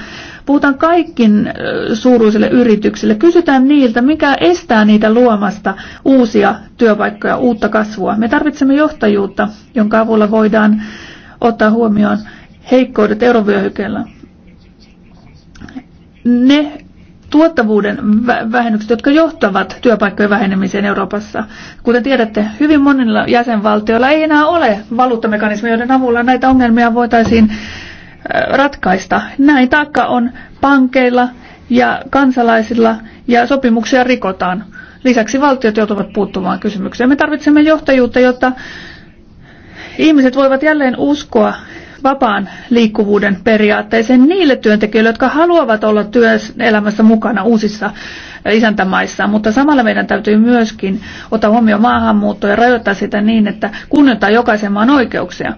Puhutaan kaikkin suuruisille yrityksille. Kysytään niiltä, mikä estää niitä luomasta uusia työpaikkoja, uutta kasvua. Me tarvitsemme johtajuutta, jonka avulla voidaan ottaa huomioon heikkoudet eurovyöhykkeellä. Ne tuottavuuden vähennykset, jotka johtavat työpaikkojen vähenemiseen Euroopassa. Kuten tiedätte, hyvin monilla jäsenvaltioilla ei enää ole valuuttamekanismeja, joiden avulla näitä ongelmia voitaisiin äh, ratkaista. Näin taakka on pankeilla ja kansalaisilla ja sopimuksia rikotaan. Lisäksi valtiot joutuvat puuttumaan kysymykseen. Me tarvitsemme johtajuutta, jotta ihmiset voivat jälleen uskoa vapaan liikkuvuuden periaatteeseen niille työntekijöille, jotka haluavat olla työelämässä mukana uusissa isäntämaissa, mutta samalla meidän täytyy myöskin ottaa huomioon maahanmuutto ja rajoittaa sitä niin, että kunnioittaa jokaisen maan oikeuksia.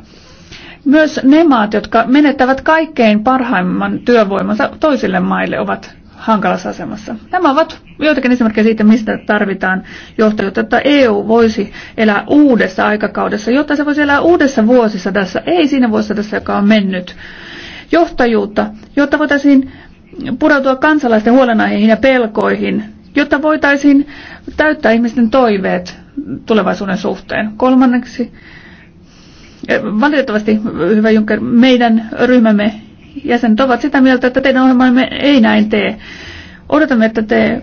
Myös ne maat, jotka menettävät kaikkein parhaimman työvoimansa toisille maille, ovat hankalassa asemassa. Nämä ovat joitakin esimerkkejä siitä, mistä tarvitaan johtajuutta, että EU voisi elää uudessa aikakaudessa, jotta se voisi elää uudessa vuosissa tässä, ei siinä vuosissa tässä, joka on mennyt. Johtajuutta, jotta voitaisiin pureutua kansalaisten huolenaiheihin ja pelkoihin, jotta voitaisiin täyttää ihmisten toiveet tulevaisuuden suhteen. Kolmanneksi, eh, valitettavasti, hyvä Juncker, meidän ryhmämme jäsenet ovat sitä mieltä, että teidän ohjelmanne ei näin tee. Odotamme, että te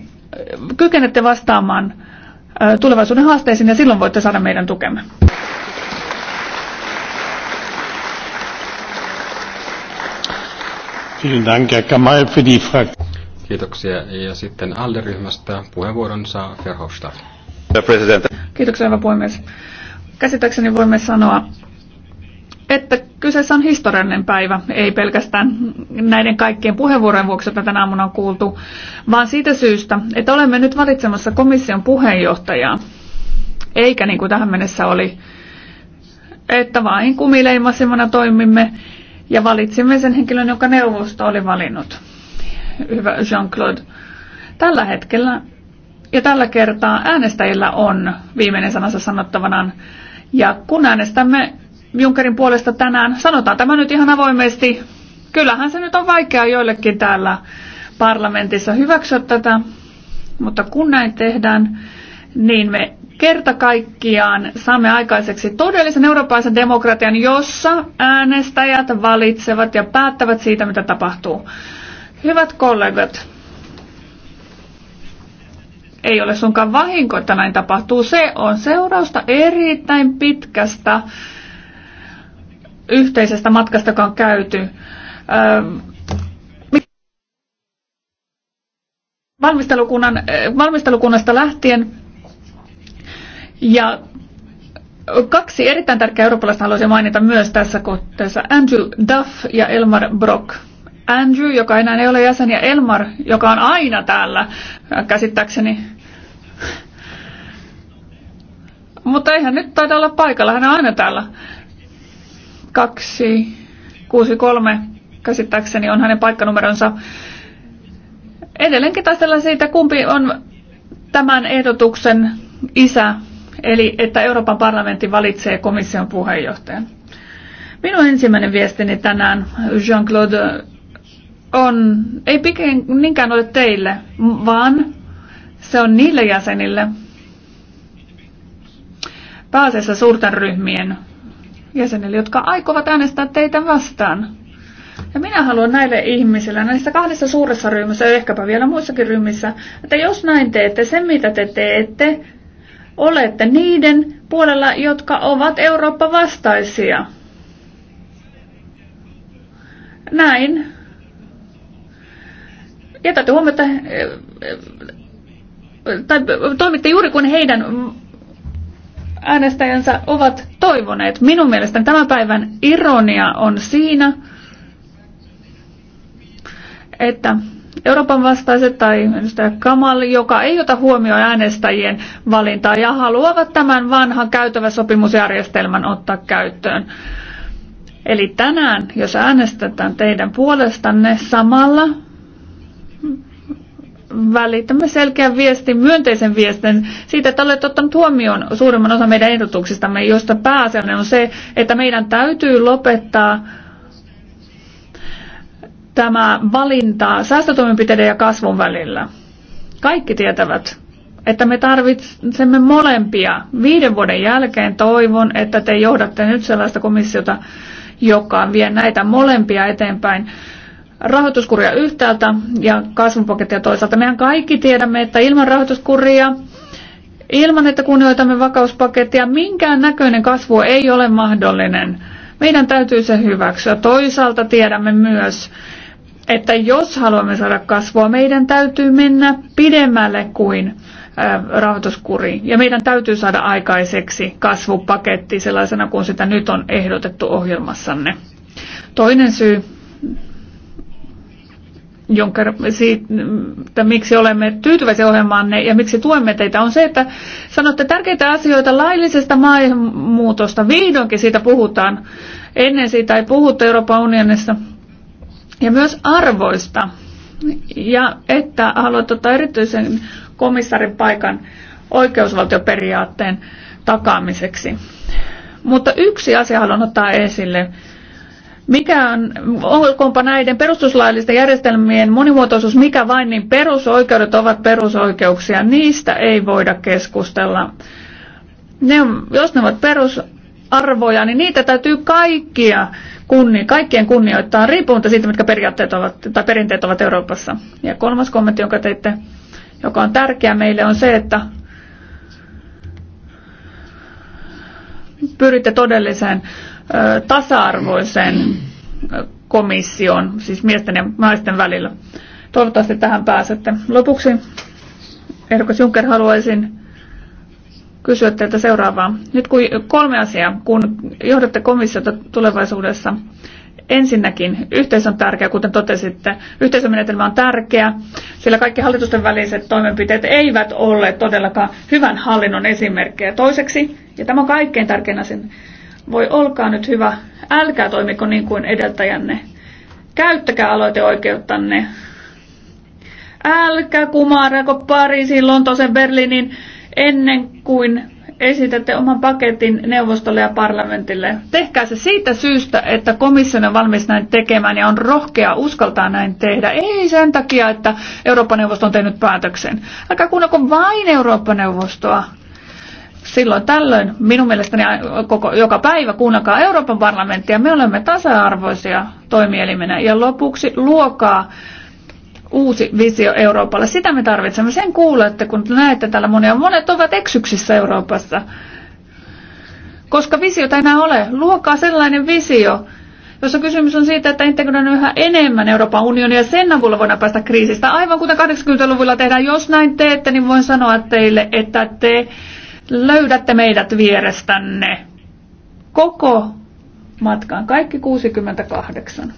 kykenette vastaamaan tulevaisuuden haasteisiin ja silloin voitte saada meidän tukemme. Kiitoksia. Ja sitten ALDE-ryhmästä puheenvuoron saa Verhofstadt. Kiitoksia, hyvä puhemies. Käsittääkseni voimme sanoa, että kyseessä on historiallinen päivä, ei pelkästään näiden kaikkien puheenvuorojen vuoksi, joita tänä aamuna on kuultu, vaan siitä syystä, että olemme nyt valitsemassa komission puheenjohtajaa, eikä niin kuin tähän mennessä oli, että vain kumileimasimana toimimme ja valitsimme sen henkilön, joka neuvosto oli valinnut. Hyvä Jean-Claude. Tällä hetkellä ja tällä kertaa äänestäjillä on viimeinen sanansa sanottavanaan. Ja kun äänestämme Junkerin puolesta tänään. Sanotaan tämä nyt ihan avoimesti. Kyllähän se nyt on vaikeaa joillekin täällä parlamentissa hyväksyä tätä, mutta kun näin tehdään, niin me kerta kaikkiaan saamme aikaiseksi todellisen eurooppalaisen demokratian, jossa äänestäjät valitsevat ja päättävät siitä, mitä tapahtuu. Hyvät kollegat, ei ole sunkaan vahinko, että näin tapahtuu. Se on seurausta erittäin pitkästä yhteisestä matkasta, joka on käyty. Valmistelukunnan, valmistelukunnasta lähtien ja kaksi erittäin tärkeää eurooppalaista haluaisin mainita myös tässä kohteessa. Andrew Duff ja Elmar Brock. Andrew, joka enää ei ole jäsen, ja Elmar, joka on aina täällä, käsittääkseni. Mutta eihän nyt taida olla paikalla, hän on aina täällä. 2, 6, 3 käsittääkseni on hänen paikkanumeronsa. Edelleenkin taistellaan siitä, kumpi on tämän ehdotuksen isä, eli että Euroopan parlamentti valitsee komission puheenjohtajan. Minun ensimmäinen viestini tänään, Jean-Claude, on, ei pikin, niinkään ole teille, vaan se on niille jäsenille, pääasiassa suurten ryhmien jäsenille, jotka aikovat äänestää teitä vastaan. Ja minä haluan näille ihmisille, näissä kahdessa suuressa ryhmässä ja ehkäpä vielä muissakin ryhmissä, että jos näin teette, se mitä te teette, olette niiden puolella, jotka ovat Eurooppa-vastaisia. Näin. Ja täytyy huomata, eh, eh, tai toimitte juuri kun heidän äänestäjänsä ovat toivoneet. Minun mielestäni tämän päivän ironia on siinä, että Euroopan vastaiset tai edustaja Kamal, joka ei ota huomioon äänestäjien valintaa ja haluavat tämän vanhan sopimusjärjestelmän ottaa käyttöön. Eli tänään, jos äänestetään teidän puolestanne samalla, välittämme selkeän viestin, myönteisen viestin siitä, että olet ottanut huomioon suurimman osan meidän ehdotuksistamme, josta pääasiallinen on se, että meidän täytyy lopettaa tämä valinta säästötoimenpiteiden ja kasvun välillä. Kaikki tietävät, että me tarvitsemme molempia. Viiden vuoden jälkeen toivon, että te johdatte nyt sellaista komissiota, joka vie näitä molempia eteenpäin rahoituskuria yhtäältä ja kasvupakettia toisaalta. Mehän kaikki tiedämme, että ilman rahoituskuria, ilman että kunnioitamme vakauspakettia, minkään näköinen kasvu ei ole mahdollinen. Meidän täytyy se hyväksyä. Toisaalta tiedämme myös, että jos haluamme saada kasvua, meidän täytyy mennä pidemmälle kuin rahoituskuri. Ja meidän täytyy saada aikaiseksi kasvupaketti sellaisena kuin sitä nyt on ehdotettu ohjelmassanne. Toinen syy jonka, siitä, miksi olemme tyytyväisiä ohjelmaanne ja miksi tuemme teitä, on se, että sanotte tärkeitä asioita laillisesta maahanmuutosta. Vihdoinkin siitä puhutaan. Ennen siitä ei puhuttu Euroopan unionissa. Ja myös arvoista. Ja että haluat ottaa erityisen komissarin paikan oikeusvaltioperiaatteen takaamiseksi. Mutta yksi asia haluan ottaa esille mikä on, olkoonpa näiden perustuslaillisten järjestelmien monimuotoisuus mikä vain, niin perusoikeudet ovat perusoikeuksia. Niistä ei voida keskustella. Ne, jos ne ovat perusarvoja, niin niitä täytyy kaikkia kunni, kaikkien kunnioittaa, riippumatta siitä, mitkä periaatteet ovat, tai perinteet ovat Euroopassa. Ja kolmas kommentti, jonka teitte, joka on tärkeä meille, on se, että pyritte todelliseen tasa arvoisen komission, siis miesten ja naisten välillä. Toivottavasti tähän pääsette. Lopuksi ehdokas Juncker haluaisin kysyä teiltä seuraavaa. Nyt kun kolme asiaa, kun johdatte komissiota tulevaisuudessa, ensinnäkin yhteisö on tärkeä, kuten totesitte. Yhteisömenetelmä on tärkeä, sillä kaikki hallitusten väliset toimenpiteet eivät ole todellakaan hyvän hallinnon esimerkkejä. Toiseksi, ja tämä on kaikkein tärkein asia, voi olkaa nyt hyvä, älkää toimiko niin kuin edeltäjänne. Käyttäkää aloiteoikeuttanne. Älkää kumarako pariisiin Lontosen, Berliinin ennen kuin esitätte oman paketin neuvostolle ja parlamentille. Tehkää se siitä syystä, että komissio on valmis näin tekemään ja on rohkea uskaltaa näin tehdä. Ei sen takia, että Euroopan neuvosto on tehnyt päätöksen. Älkää kuunnako vain Euroopan neuvostoa silloin tällöin, minun mielestäni koko, joka päivä, kuunnakaa Euroopan parlamenttia, me olemme tasa-arvoisia toimielimenä ja lopuksi luokaa uusi visio Euroopalle. Sitä me tarvitsemme. Sen kuulette, kun näette täällä monia. Monet ovat eksyksissä Euroopassa, koska visiota ei enää ole. Luokaa sellainen visio, jossa kysymys on siitä, että integroidaan yhä enemmän Euroopan unionia ja sen avulla voidaan päästä kriisistä. Aivan kuten 80-luvulla tehdään, jos näin teette, niin voin sanoa teille, että te löydätte meidät vierestänne koko matkaan, kaikki 68.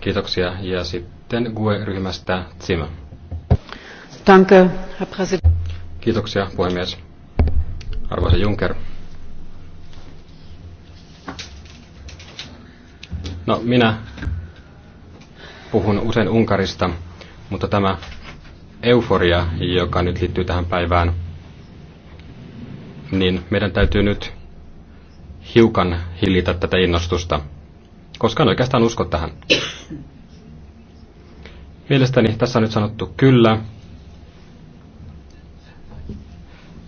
Kiitoksia. Ja sitten GUE-ryhmästä Zimmer. Danke, Herr Kiitoksia, puhemies. Arvoisa Juncker, No, minä puhun usein Unkarista, mutta tämä euforia, joka nyt liittyy tähän päivään, niin meidän täytyy nyt hiukan hillitä tätä innostusta, koska en oikeastaan usko tähän. Mielestäni tässä on nyt sanottu kyllä,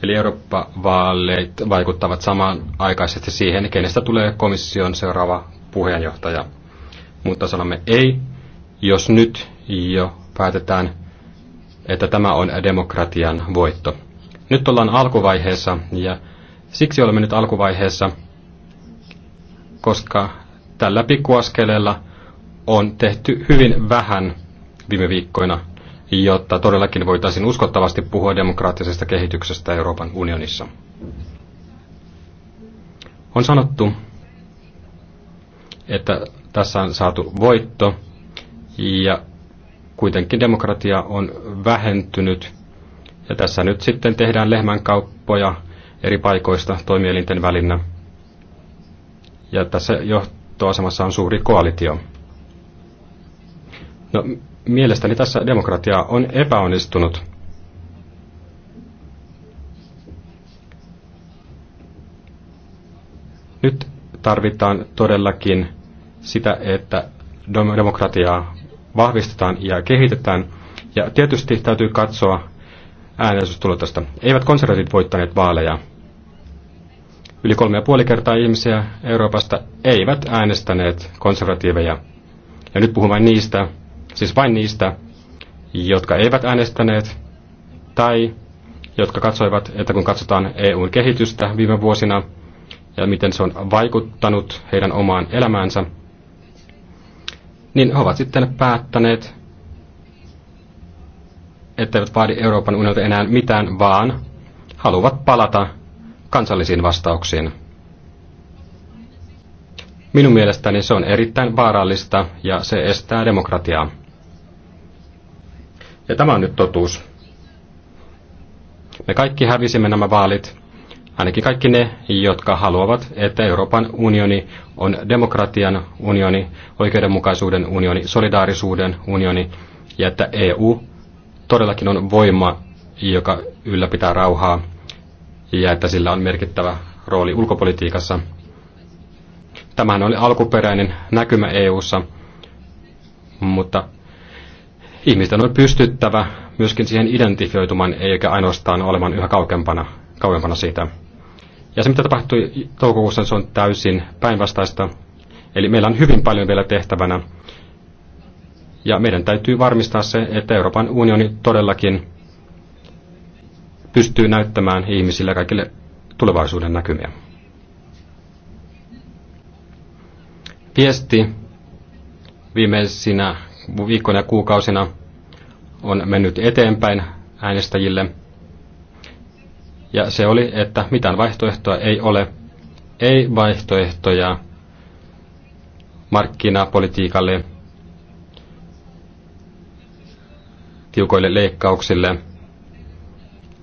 Eli eurooppa vaaleit vaikuttavat samanaikaisesti siihen, kenestä tulee komission seuraava puheenjohtaja. Mutta sanomme ei, jos nyt jo päätetään, että tämä on demokratian voitto. Nyt ollaan alkuvaiheessa ja siksi olemme nyt alkuvaiheessa, koska tällä pikkuaskeleella on tehty hyvin vähän viime viikkoina, jotta todellakin voitaisiin uskottavasti puhua demokraattisesta kehityksestä Euroopan unionissa. On sanottu, että tässä on saatu voitto ja kuitenkin demokratia on vähentynyt. Ja tässä nyt sitten tehdään lehmänkauppoja eri paikoista toimielinten välinä. Ja tässä johtoasemassa on suuri koalitio. No, mielestäni tässä demokratia on epäonnistunut. Nyt tarvitaan todellakin sitä, että demokratiaa vahvistetaan ja kehitetään. Ja tietysti täytyy katsoa äänestystulotosta. Eivät konservatiivit voittaneet vaaleja. Yli kolme ja puoli kertaa ihmisiä Euroopasta eivät äänestäneet konservatiiveja. Ja nyt puhun vain niistä, siis vain niistä, jotka eivät äänestäneet tai jotka katsoivat, että kun katsotaan EUn kehitystä viime vuosina, ja miten se on vaikuttanut heidän omaan elämäänsä, niin he ovat sitten päättäneet, etteivät vaadi Euroopan unelta enää mitään, vaan haluavat palata kansallisiin vastauksiin. Minun mielestäni se on erittäin vaarallista ja se estää demokratiaa. Ja tämä on nyt totuus. Me kaikki hävisimme nämä vaalit ainakin kaikki ne, jotka haluavat, että Euroopan unioni on demokratian unioni, oikeudenmukaisuuden unioni, solidaarisuuden unioni ja että EU todellakin on voima, joka ylläpitää rauhaa ja että sillä on merkittävä rooli ulkopolitiikassa. Tämähän oli alkuperäinen näkymä EU:ssa, mutta ihmisten on pystyttävä myöskin siihen identifioitumaan, eikä ainoastaan olemaan yhä kauempana siitä. Ja se, mitä tapahtui toukokuussa, se on täysin päinvastaista. Eli meillä on hyvin paljon vielä tehtävänä. Ja meidän täytyy varmistaa se, että Euroopan unioni todellakin pystyy näyttämään ihmisille kaikille tulevaisuuden näkymiä. Viesti viimeisinä viikkoina ja kuukausina on mennyt eteenpäin äänestäjille – ja se oli, että mitään vaihtoehtoa ei ole. Ei vaihtoehtoja markkinapolitiikalle, tiukoille leikkauksille,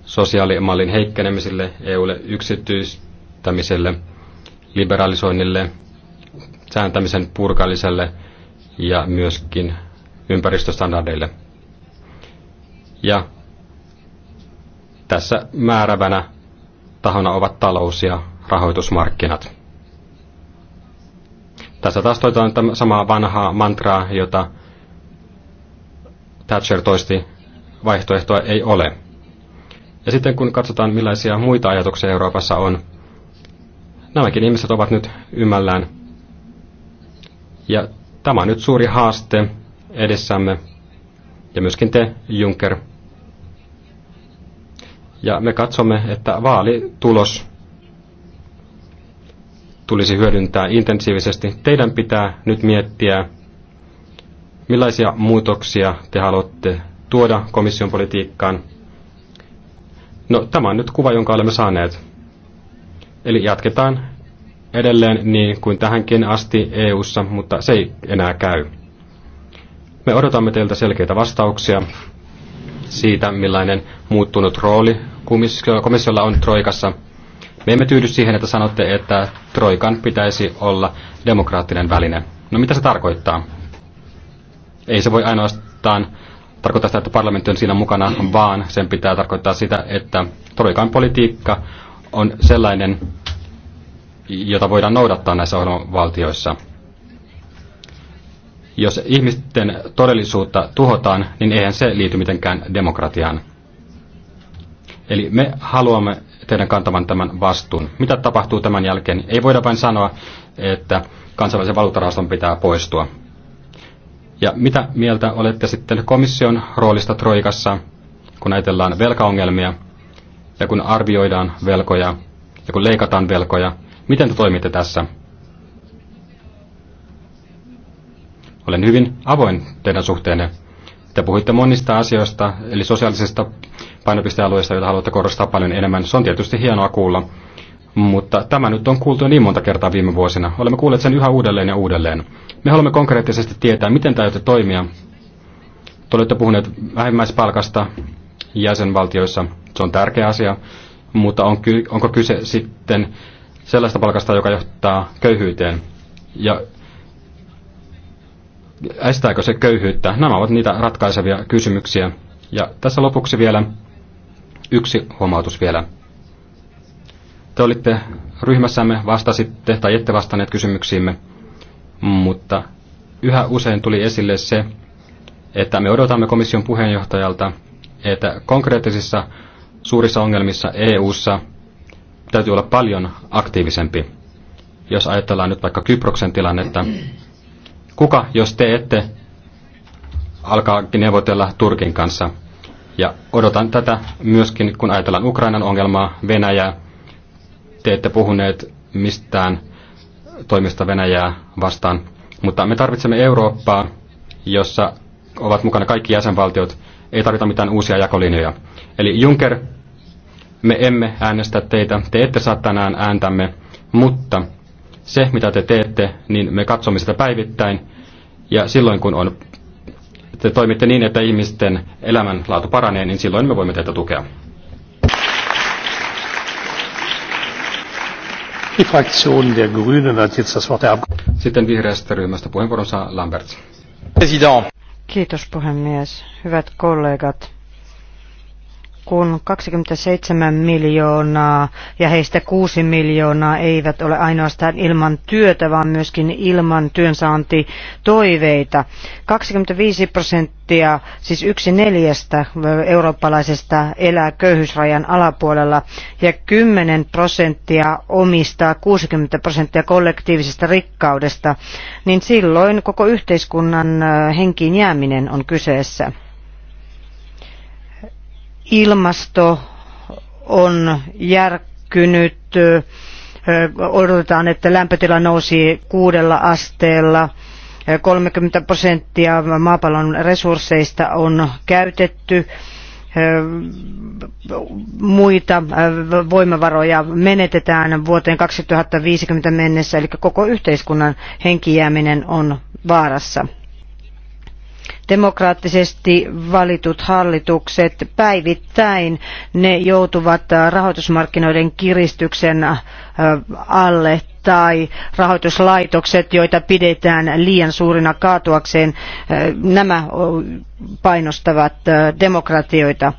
sosiaalimallin heikkenemiselle, EUlle yksityistämiselle, liberalisoinnille, sääntämisen purkalliselle ja myöskin ympäristöstandardeille. Ja tässä määrävänä tahona ovat talous ja rahoitusmarkkinat. Tässä taas toitetaan samaa vanhaa mantraa, jota Thatcher toisti, vaihtoehtoa ei ole. Ja sitten kun katsotaan, millaisia muita ajatuksia Euroopassa on, nämäkin ihmiset ovat nyt ymmällään. Ja tämä on nyt suuri haaste edessämme. Ja myöskin te, Juncker, ja me katsomme, että vaalitulos tulisi hyödyntää intensiivisesti. Teidän pitää nyt miettiä, millaisia muutoksia te haluatte tuoda komission politiikkaan. No, tämä on nyt kuva, jonka olemme saaneet. Eli jatketaan edelleen niin kuin tähänkin asti EU:ssa, mutta se ei enää käy. Me odotamme teiltä selkeitä vastauksia siitä, millainen muuttunut rooli komissiolla on Troikassa. Me emme tyydy siihen, että sanotte, että Troikan pitäisi olla demokraattinen väline. No mitä se tarkoittaa? Ei se voi ainoastaan tarkoittaa sitä, että parlamentti on siinä mukana, vaan sen pitää tarkoittaa sitä, että Troikan politiikka on sellainen, jota voidaan noudattaa näissä ohjelmavaltioissa – jos ihmisten todellisuutta tuhotaan, niin eihän se liity mitenkään demokratiaan. Eli me haluamme teidän kantavan tämän vastuun. Mitä tapahtuu tämän jälkeen? Ei voida vain sanoa, että kansainvälisen valuuttarahaston pitää poistua. Ja mitä mieltä olette sitten komission roolista Troikassa, kun ajatellaan velkaongelmia ja kun arvioidaan velkoja ja kun leikataan velkoja? Miten te toimitte tässä? Olen hyvin avoin teidän suhteenne. Te puhuitte monista asioista, eli sosiaalisista painopistealueista, joita haluatte korostaa paljon enemmän. Se on tietysti hienoa kuulla, mutta tämä nyt on kuultu niin monta kertaa viime vuosina. Olemme kuulleet sen yhä uudelleen ja uudelleen. Me haluamme konkreettisesti tietää, miten te aiotte toimia. Te olette puhuneet vähimmäispalkasta jäsenvaltioissa. Se on tärkeä asia, mutta on ky- onko kyse sitten sellaista palkasta, joka johtaa köyhyyteen? Ja estääkö se köyhyyttä? Nämä ovat niitä ratkaisevia kysymyksiä. Ja tässä lopuksi vielä yksi huomautus vielä. Te olitte ryhmässämme, vastasitte tai ette vastanneet kysymyksiimme, mutta yhä usein tuli esille se, että me odotamme komission puheenjohtajalta, että konkreettisissa suurissa ongelmissa EU:ssa täytyy olla paljon aktiivisempi. Jos ajatellaan nyt vaikka Kyproksen tilannetta, Kuka, jos te ette, alkaa neuvotella Turkin kanssa? Ja odotan tätä myöskin, kun ajatellaan Ukrainan ongelmaa, Venäjää. Te ette puhuneet mistään toimista Venäjää vastaan, mutta me tarvitsemme Eurooppaa, jossa ovat mukana kaikki jäsenvaltiot. Ei tarvita mitään uusia jakolinjoja. Eli Juncker, me emme äänestä teitä, te ette saa tänään ääntämme, mutta se, mitä te teette, niin me katsomme sitä päivittäin. Ja silloin, kun on, te toimitte niin, että ihmisten elämänlaatu paranee, niin silloin me voimme teitä tukea. Sitten vihreästä ryhmästä puheenvuoron saa Lamberts. Kiitos puhemies. Hyvät kollegat kun 27 miljoonaa ja heistä 6 miljoonaa eivät ole ainoastaan ilman työtä, vaan myöskin ilman työnsaantitoiveita. 25 prosenttia, siis yksi neljästä eurooppalaisesta elää köyhyysrajan alapuolella ja 10 prosenttia omistaa 60 prosenttia kollektiivisesta rikkaudesta, niin silloin koko yhteiskunnan henkiin jääminen on kyseessä ilmasto on järkkynyt, odotetaan, että lämpötila nousi kuudella asteella, 30 prosenttia maapallon resursseista on käytetty, muita voimavaroja menetetään vuoteen 2050 mennessä, eli koko yhteiskunnan henkijääminen on vaarassa demokraattisesti valitut hallitukset päivittäin ne joutuvat rahoitusmarkkinoiden kiristyksen äh, alle tai rahoituslaitokset, joita pidetään liian suurina kaatuakseen, nämä painostavat demokratioita.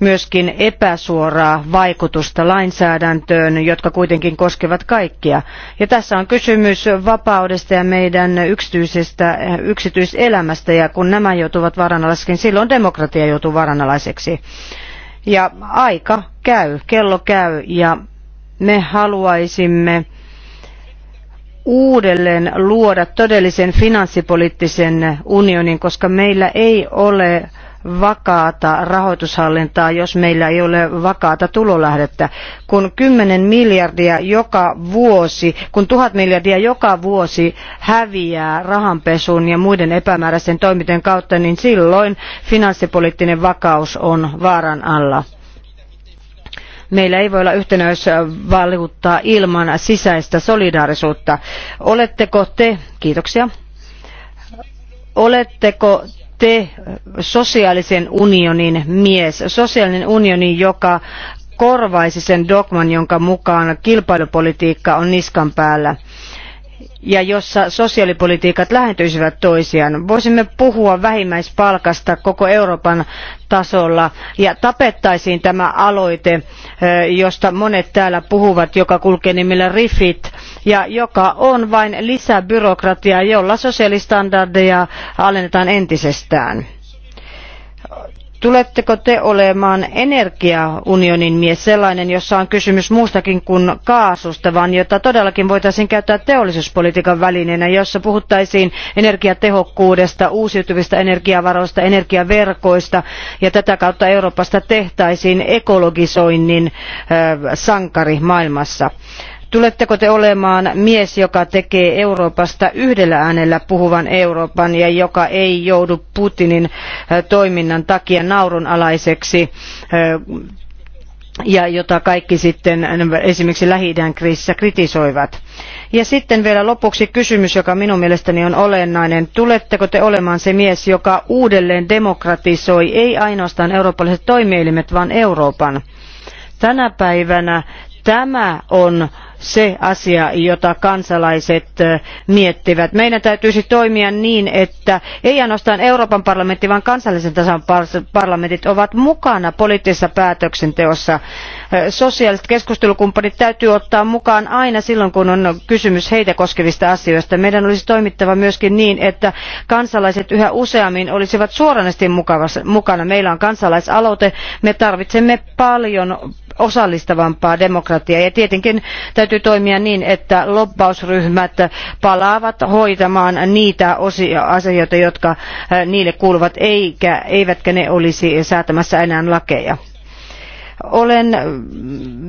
Myöskin epäsuoraa vaikutusta lainsäädäntöön, jotka kuitenkin koskevat kaikkia. Ja tässä on kysymys vapaudesta ja meidän yksityisestä, yksityiselämästä, ja kun nämä joutuvat varanalaiseksi, silloin demokratia joutuu varanalaiseksi. Ja aika käy, kello käy, ja me haluaisimme uudelleen luoda todellisen finanssipoliittisen unionin, koska meillä ei ole vakaata rahoitushallintaa, jos meillä ei ole vakaata tulolähdettä. Kun 10 miljardia joka vuosi, kun 1000 miljardia joka vuosi häviää rahanpesun ja muiden epämääräisten toimintojen kautta, niin silloin finanssipoliittinen vakaus on vaaran alla. Meillä ei voi olla yhtenäisvaluuttaa ilman sisäistä solidaarisuutta. Oletteko te, kiitoksia, oletteko te sosiaalisen unionin mies, sosiaalinen unioni, joka korvaisi sen dogman, jonka mukaan kilpailupolitiikka on niskan päällä ja jossa sosiaalipolitiikat lähentyisivät toisiaan. Voisimme puhua vähimmäispalkasta koko Euroopan tasolla ja tapettaisiin tämä aloite, eh, josta monet täällä puhuvat, joka kulkee nimellä RIFIT ja joka on vain lisäbyrokratiaa, jolla sosiaalistandardeja alennetaan entisestään Tuletteko te olemaan energiaunionin mies sellainen, jossa on kysymys muustakin kuin kaasusta, vaan jota todellakin voitaisiin käyttää teollisuuspolitiikan välineenä, jossa puhuttaisiin energiatehokkuudesta, uusiutuvista energiavaroista, energiaverkoista ja tätä kautta Euroopasta tehtäisiin ekologisoinnin sankari maailmassa. Tuletteko te olemaan mies, joka tekee Euroopasta yhdellä äänellä puhuvan Euroopan ja joka ei joudu Putinin toiminnan takia naurunalaiseksi ja jota kaikki sitten esimerkiksi lähi kriisissä kritisoivat. Ja sitten vielä lopuksi kysymys, joka minun mielestäni on olennainen. Tuletteko te olemaan se mies, joka uudelleen demokratisoi ei ainoastaan eurooppalaiset toimielimet, vaan Euroopan? Tänä päivänä tämä on se asia, jota kansalaiset miettivät. Meidän täytyisi toimia niin, että ei ainoastaan Euroopan parlamentti, vaan kansallisen tasan parlamentit ovat mukana poliittisessa päätöksenteossa. Sosiaaliset keskustelukumppanit täytyy ottaa mukaan aina silloin, kun on kysymys heitä koskevista asioista. Meidän olisi toimittava myöskin niin, että kansalaiset yhä useammin olisivat suoranasti mukana. Meillä on kansalaisaloite. Me tarvitsemme paljon osallistavampaa demokratiaa ja tietenkin täytyy täytyy toimia niin, että lobbausryhmät palaavat hoitamaan niitä asioita, jotka äh, niille kuuluvat, eikä, eivätkä ne olisi säätämässä enää lakeja. Olen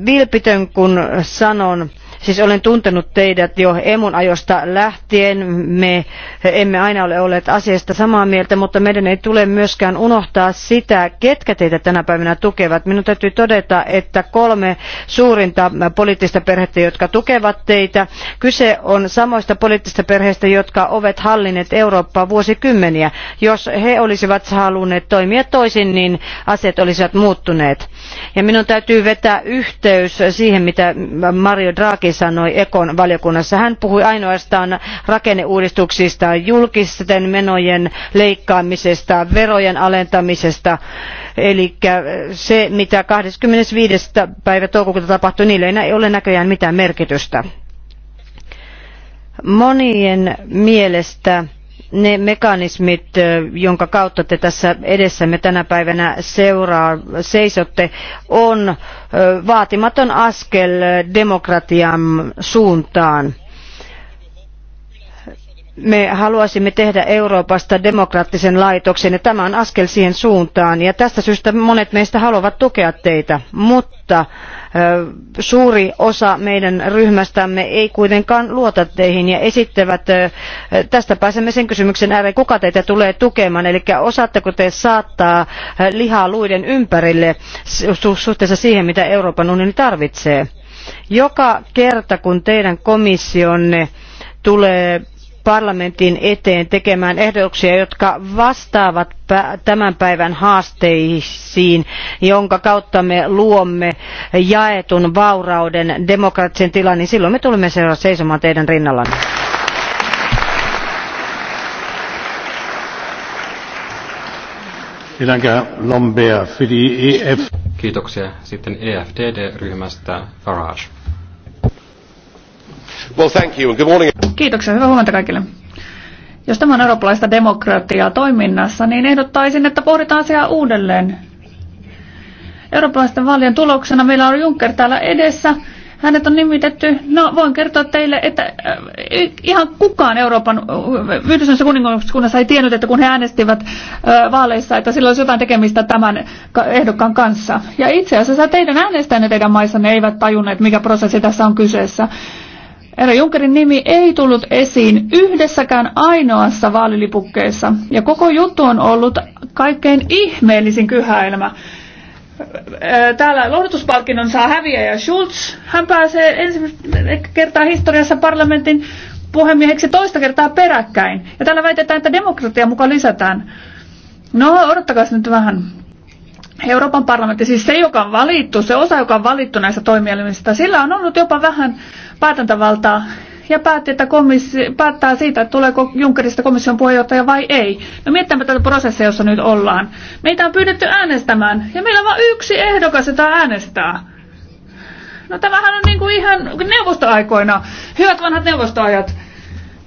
vilpitön, kun sanon, Siis olen tuntenut teidät jo emun ajoista lähtien. Me emme aina ole olleet asiasta samaa mieltä, mutta meidän ei tule myöskään unohtaa sitä, ketkä teitä tänä päivänä tukevat. Minun täytyy todeta, että kolme suurinta poliittista perhettä, jotka tukevat teitä, kyse on samoista poliittista perheistä, jotka ovat hallinneet Eurooppaa vuosikymmeniä. Jos he olisivat halunneet toimia toisin, niin asiat olisivat muuttuneet. Ja minun täytyy vetää yhteys siihen, mitä Mario Draghi sanoi Ekon valiokunnassa. Hän puhui ainoastaan rakenneuudistuksista, julkisten menojen leikkaamisesta, verojen alentamisesta. Eli se, mitä 25. päivä toukokuuta tapahtui, niille ei ole näköjään mitään merkitystä. Monien mielestä ne mekanismit, jonka kautta te tässä edessämme tänä päivänä seuraa, seisotte, on vaatimaton askel demokratian suuntaan me haluaisimme tehdä Euroopasta demokraattisen laitoksen ja tämä on askel siihen suuntaan ja tästä syystä monet meistä haluavat tukea teitä, mutta suuri osa meidän ryhmästämme ei kuitenkaan luota teihin ja esittävät, tästä pääsemme sen kysymyksen ääreen, kuka teitä tulee tukemaan, eli osaatteko te saattaa lihaa luiden ympärille suhteessa siihen, mitä Euroopan unioni tarvitsee. Joka kerta, kun teidän komissionne tulee parlamentin eteen tekemään ehdotuksia, jotka vastaavat tämän päivän haasteisiin, jonka kautta me luomme jaetun vaurauden demokraattisen tilan, niin silloin me tulemme seisomaan teidän rinnallanne. Kiitoksia. Sitten EFDD-ryhmästä e e Farage. Well, thank you and good morning. Kiitoksia, hyvää huomenta kaikille. Jos tämä on eurooppalaista demokratiaa toiminnassa, niin ehdottaisin, että pohditaan asiaa uudelleen. Eurooppalaisten vaalien tuloksena meillä on Juncker täällä edessä. Hänet on nimitetty, no voin kertoa teille, että äh, ihan kukaan Euroopan äh, yhdistyneessä kuningaskunnassa ei tiennyt, että kun he äänestivät äh, vaaleissa, että sillä olisi jotain tekemistä tämän ehdokkaan kanssa. Ja itse asiassa teidän äänestäjänne teidän maissanne eivät tajunneet, mikä prosessi tässä on kyseessä. Herra Junckerin nimi ei tullut esiin yhdessäkään ainoassa vaalilipukkeessa. Ja koko juttu on ollut kaikkein ihmeellisin kyhäelmä. Täällä lohdutuspalkinnon saa häviäjä Schulz. Hän pääsee ensimmäistä kertaa historiassa parlamentin puhemieheksi toista kertaa peräkkäin. Ja täällä väitetään, että demokratia mukaan lisätään. No, odottakaa nyt vähän. Euroopan parlamentti, siis se, joka on valittu, se osa, joka on valittu näistä toimielimistä, sillä on ollut jopa vähän päätäntävaltaa ja päätti, että komissi, päättää siitä, että tuleeko Junckerista komission puheenjohtaja vai ei. No miettimme tätä prosessia, jossa nyt ollaan. Meitä on pyydetty äänestämään ja meillä on vain yksi ehdokas, jota äänestää. No tämähän on niin kuin ihan neuvostoaikoina. Hyvät vanhat neuvostoajat.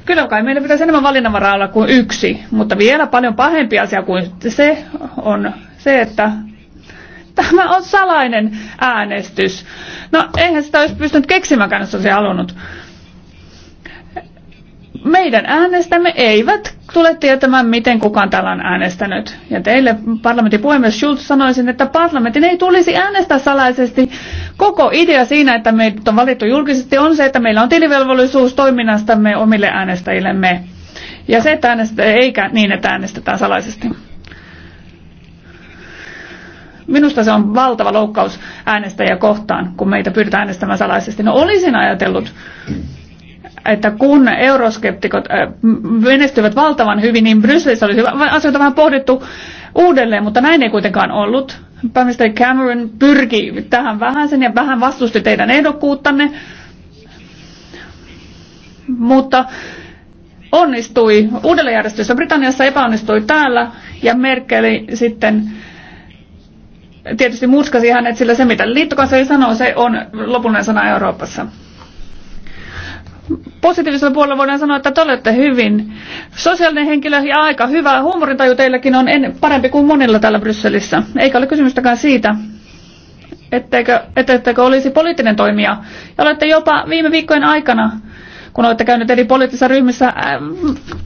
Kyllä kai meillä pitäisi enemmän valinnanvaraa olla kuin yksi, mutta vielä paljon pahempi asia kuin se on se, että tämä on salainen äänestys. No eihän sitä olisi pystynyt keksimään, jos olisi halunnut. Meidän äänestämme eivät tule tietämään, miten kukaan täällä on äänestänyt. Ja teille parlamentin puhemies Schulz sanoisin, että parlamentin ei tulisi äänestää salaisesti. Koko idea siinä, että meidät on valittu julkisesti, on se, että meillä on tilivelvollisuus toiminnastamme omille äänestäjillemme. Ja se, että äänestä, eikä niin, että äänestetään salaisesti. Minusta se on valtava loukkaus äänestäjiä kohtaan, kun meitä pyydetään äänestämään salaisesti. No olisin ajatellut, että kun euroskeptikot äh, menestyvät valtavan hyvin, niin Brysselissä oli hyvä, asioita vähän pohdittu uudelleen, mutta näin ei kuitenkaan ollut. Pääministeri Cameron pyrki tähän vähän sen ja vähän vastusti teidän ehdokkuuttanne, mutta onnistui uudelleenjärjestyssä Britanniassa, epäonnistui täällä ja Merkeli sitten tietysti murskasi hänet, sillä se mitä liittokansleri sanoo, se on lopullinen sana Euroopassa. Positiivisella puolella voidaan sanoa, että te olette hyvin sosiaalinen henkilö ja aika hyvä. Huumorintaju teilläkin on en, parempi kuin monilla täällä Brysselissä. Eikä ole kysymystäkään siitä, etteikö, etteikö olisi poliittinen toimija. Ja olette jopa viime viikkojen aikana, kun olette käyneet eri poliittisissa ryhmissä, ää, äh,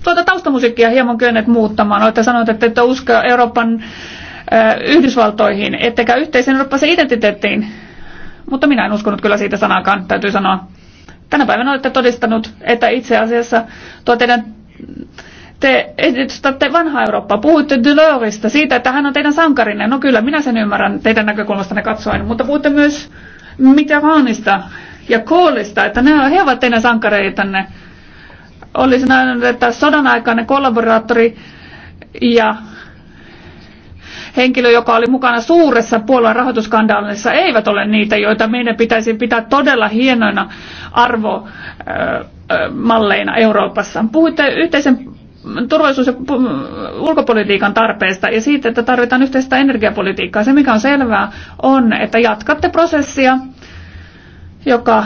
tuota taustamusiikkia hieman kyenneet muuttamaan. Olette sanoneet, että ette usko Euroopan Yhdysvaltoihin, ettekä yhteisen eurooppalaisen identiteettiin. Mutta minä en uskonut kyllä siitä sanaakaan, täytyy sanoa. Tänä päivänä olette todistanut, että itse asiassa tuo teidän te edustatte vanhaa Eurooppaa. Puhutte Delorista siitä, että hän on teidän sankarinne. No kyllä, minä sen ymmärrän teidän näkökulmastanne katsoen. Mutta puhutte myös Mitterrandista ja Koolista, että ne, he ovat teidän sankareitanne. Olisi näin, että sodan aikainen kollaboraattori ja henkilö, joka oli mukana suuressa puolueen rahoitusskandaalissa, eivät ole niitä, joita meidän pitäisi pitää todella hienoina arvomalleina Euroopassa. Puhuitte yhteisen turvallisuus- ja ulkopolitiikan tarpeesta ja siitä, että tarvitaan yhteistä energiapolitiikkaa. Se, mikä on selvää, on, että jatkatte prosessia, joka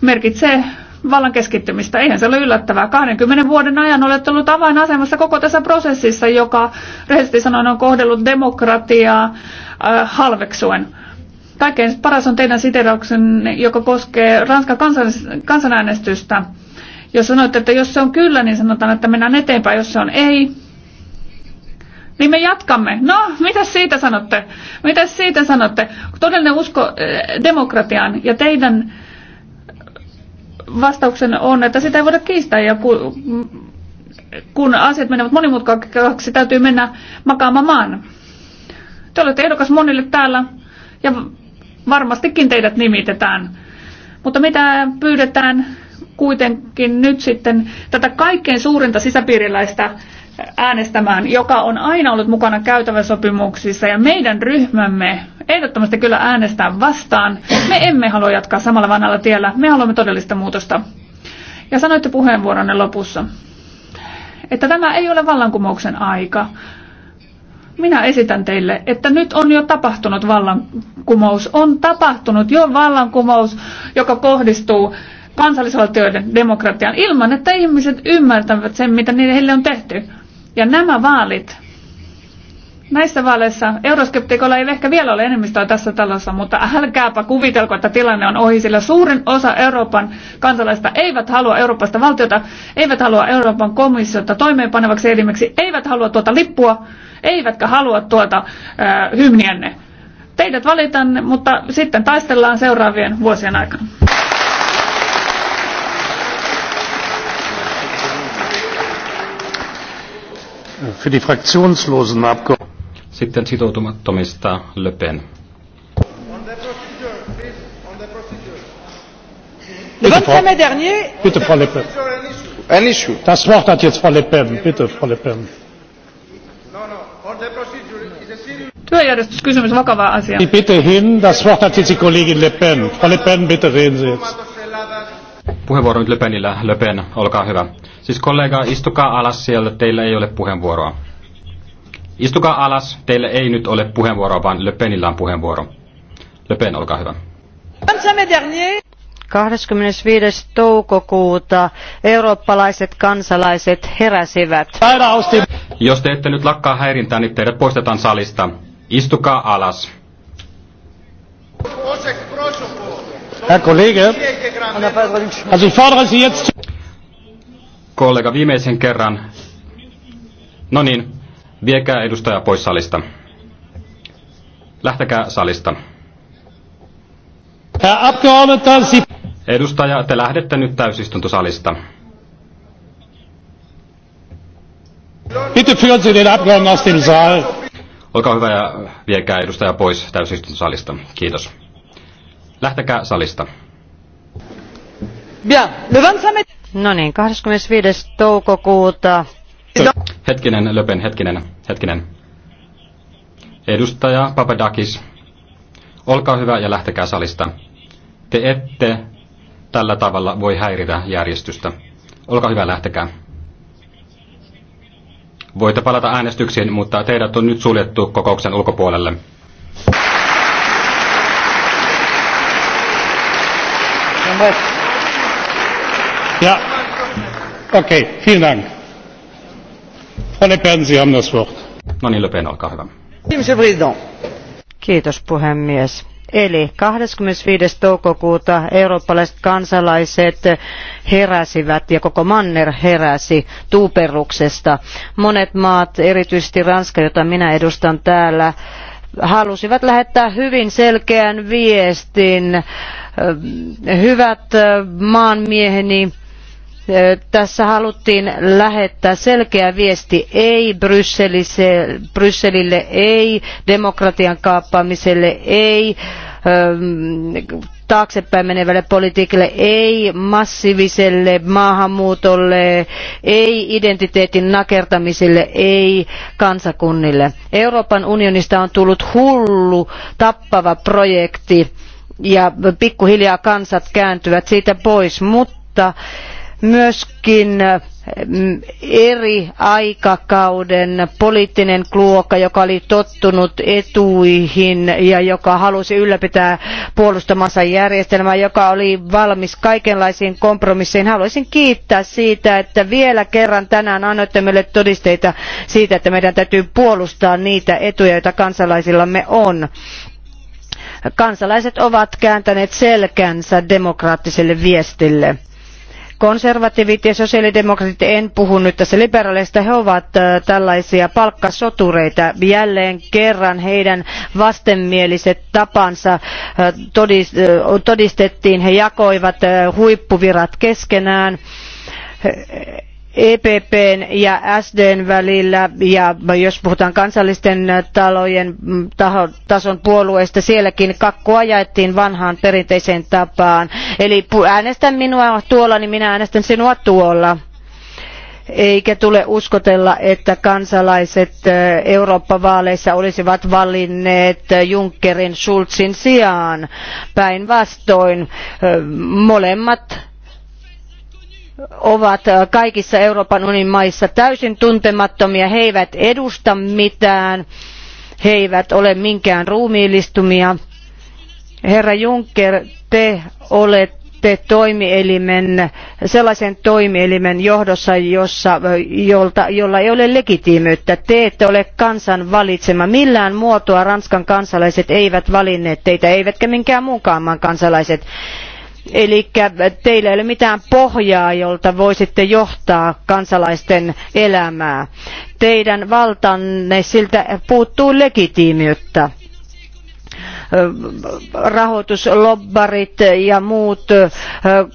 merkitsee vallan keskittymistä. Eihän se ole yllättävää. 20 vuoden ajan olet ollut avainasemassa koko tässä prosessissa, joka rehellisesti sanoen on kohdellut demokratiaa äh, halveksuen. Kaikkein paras on teidän siterauksen, joka koskee Ranskan kansan, kansanäänestystä. Jos sanoitte, että jos se on kyllä, niin sanotaan, että mennään eteenpäin. Jos se on ei, niin me jatkamme. No, mitä siitä sanotte? Mitä siitä sanotte? Todellinen usko äh, demokratiaan ja teidän vastauksen on, että sitä ei voida kiistää ja kun asiat menevät monimutkaiseksi, täytyy mennä makaamaan maan. Te olette ehdokas monille täällä ja varmastikin teidät nimitetään. Mutta mitä pyydetään kuitenkin nyt sitten tätä kaikkein suurinta sisäpiiriläistä äänestämään, joka on aina ollut mukana käytäväsopimuksissa ja meidän ryhmämme ehdottomasti kyllä äänestää vastaan. Me emme halua jatkaa samalla vanhalla tiellä, me haluamme todellista muutosta. Ja sanoitte puheenvuoronne lopussa, että tämä ei ole vallankumouksen aika. Minä esitän teille, että nyt on jo tapahtunut vallankumous. On tapahtunut jo vallankumous, joka kohdistuu kansallisvaltioiden demokratiaan ilman, että ihmiset ymmärtävät sen, mitä niille heille on tehty. Ja nämä vaalit, näissä vaaleissa euroskeptikolla ei ehkä vielä ole enemmistöä tässä talossa, mutta älkääpä kuvitelko, että tilanne on ohi, sillä suurin osa Euroopan kansalaista eivät halua Euroopasta valtiota, eivät halua Euroopan komissiota toimeenpanevaksi elimeksi, eivät halua tuota lippua, eivätkä halua tuota äh, hymnienne. Teidät valitanne, mutta sitten taistellaan seuraavien vuosien aikana. für Sitten sitoutumattomista Le Pen. Le 25 mai dernier, bitte, Frau Le Pen. issue. Das Wort hat jetzt Frau Le Pen. Bitte, Frau Le Pen. No, no. Työjärjestyskysymys, vakava asia. Bitte hin, das Wort hat jetzt die Kollegin Le Pen. Frau Le Pen, bitte reden Sie jetzt. Puheenvuoro nyt Le Penillä. Le Pen, olkaa hyvä. Siis kollega, istukaa alas siellä, teillä ei ole puheenvuoroa. Istukaa alas, teillä ei nyt ole puheenvuoroa, vaan Le Penillä on puheenvuoro. Le Pen, olkaa hyvä. 25. toukokuuta eurooppalaiset kansalaiset heräsivät. Jos te ette nyt lakkaa häirintää, niin teidät poistetaan salista. Istukaa alas. Herr Kollege, also ich fordere Sie jetzt kollega viimeisen kerran. No niin, viekää edustaja pois salista. Lähtekää salista. Edustaja, te lähdette nyt täysistuntosalista. Bitte führen Sie den aus dem Saal. Olkaa hyvä ja viekää edustaja pois täysistuntosalista. Kiitos. Lähtekää salista. Bien. Le 25 No niin, 25. toukokuuta. No. Hetkinen, Löpen, hetkinen, hetkinen. Edustaja Papadakis, olkaa hyvä ja lähtekää salista. Te ette tällä tavalla voi häiritä järjestystä. Olkaa hyvä, lähtekää. Voitte palata äänestyksiin, mutta teidät on nyt suljettu kokouksen ulkopuolelle. Sen no, ja. Okay, vielen Dank. Frau Le Pen, Sie haben das Wort. No niin, Le Pen, olkaa hyvä. Kiitos puhemies. Eli 25. toukokuuta eurooppalaiset kansalaiset heräsivät ja koko manner heräsi tuuperuksesta. Monet maat, erityisesti Ranska, jota minä edustan täällä, halusivat lähettää hyvin selkeän viestin. Hyvät äh, maanmieheni, tässä haluttiin lähettää selkeä viesti ei Brysselille, ei demokratian kaappaamiselle, ei taaksepäin menevälle politiikalle, ei massiiviselle maahanmuutolle, ei identiteetin nakertamiselle, ei kansakunnille. Euroopan unionista on tullut hullu, tappava projekti ja pikkuhiljaa kansat kääntyvät siitä pois, mutta mutta myöskin äh, mm, eri aikakauden poliittinen kluokka, joka oli tottunut etuihin ja joka halusi ylläpitää puolustamansa järjestelmää, joka oli valmis kaikenlaisiin kompromisseihin. Haluaisin kiittää siitä, että vielä kerran tänään annoitte meille todisteita siitä, että meidän täytyy puolustaa niitä etuja, joita kansalaisillamme on. Kansalaiset ovat kääntäneet selkänsä demokraattiselle viestille konservatiivit ja sosiaalidemokraatit, en puhu nyt tässä liberaaleista, he ovat äh, tällaisia palkkasotureita. Jälleen kerran heidän vastenmieliset tapansa äh, äh, todistettiin, he jakoivat huippuvirat keskenään EPPn ja SDn välillä ja jos puhutaan kansallisten talojen mm, taho, tason puolueista, sielläkin kakkua jaettiin vanhaan perinteiseen tapaan. Eli äänestän minua tuolla, niin minä äänestän sinua tuolla eikä tule uskotella, että kansalaiset Eurooppa-vaaleissa olisivat valinneet Junckerin Schulzin sijaan. Päinvastoin molemmat ovat äh, kaikissa Euroopan unionin maissa täysin tuntemattomia. He eivät edusta mitään. He eivät ole minkään ruumiillistumia. Herra Juncker, te olette toimielimen, sellaisen toimielimen johdossa, jossa, jolta, jolla ei ole legitiimyyttä. Te ette ole kansan valitsema. Millään muotoa Ranskan kansalaiset eivät valinneet teitä, eivätkä minkään muunkaan maan kansalaiset Eli teillä ei ole mitään pohjaa, jolta voisitte johtaa kansalaisten elämää. Teidän valtanne siltä puuttuu legitiimiyttä rahoituslobbarit ja muut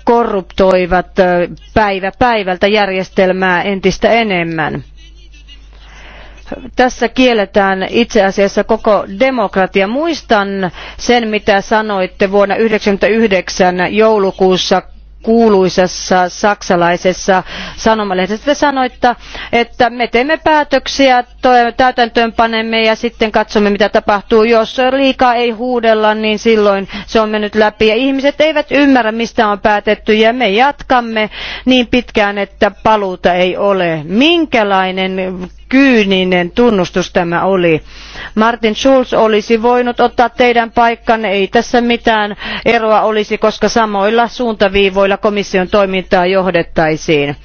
korruptoivat päivä päivältä järjestelmää entistä enemmän tässä kielletään itse asiassa koko demokratia. Muistan sen, mitä sanoitte vuonna 1999 joulukuussa kuuluisassa saksalaisessa sanomalehdessä. Te sanoitte, että me teemme päätöksiä, täytäntöönpanemme ja sitten katsomme mitä tapahtuu. Jos liikaa ei huudella, niin silloin se on mennyt läpi. Ja ihmiset eivät ymmärrä mistä on päätetty ja me jatkamme niin pitkään, että paluuta ei ole. Minkälainen kyyninen tunnustus tämä oli. Martin Schulz olisi voinut ottaa teidän paikkanne, ei tässä mitään eroa olisi, koska samoilla suuntaviivoilla komission toimintaa johdettaisiin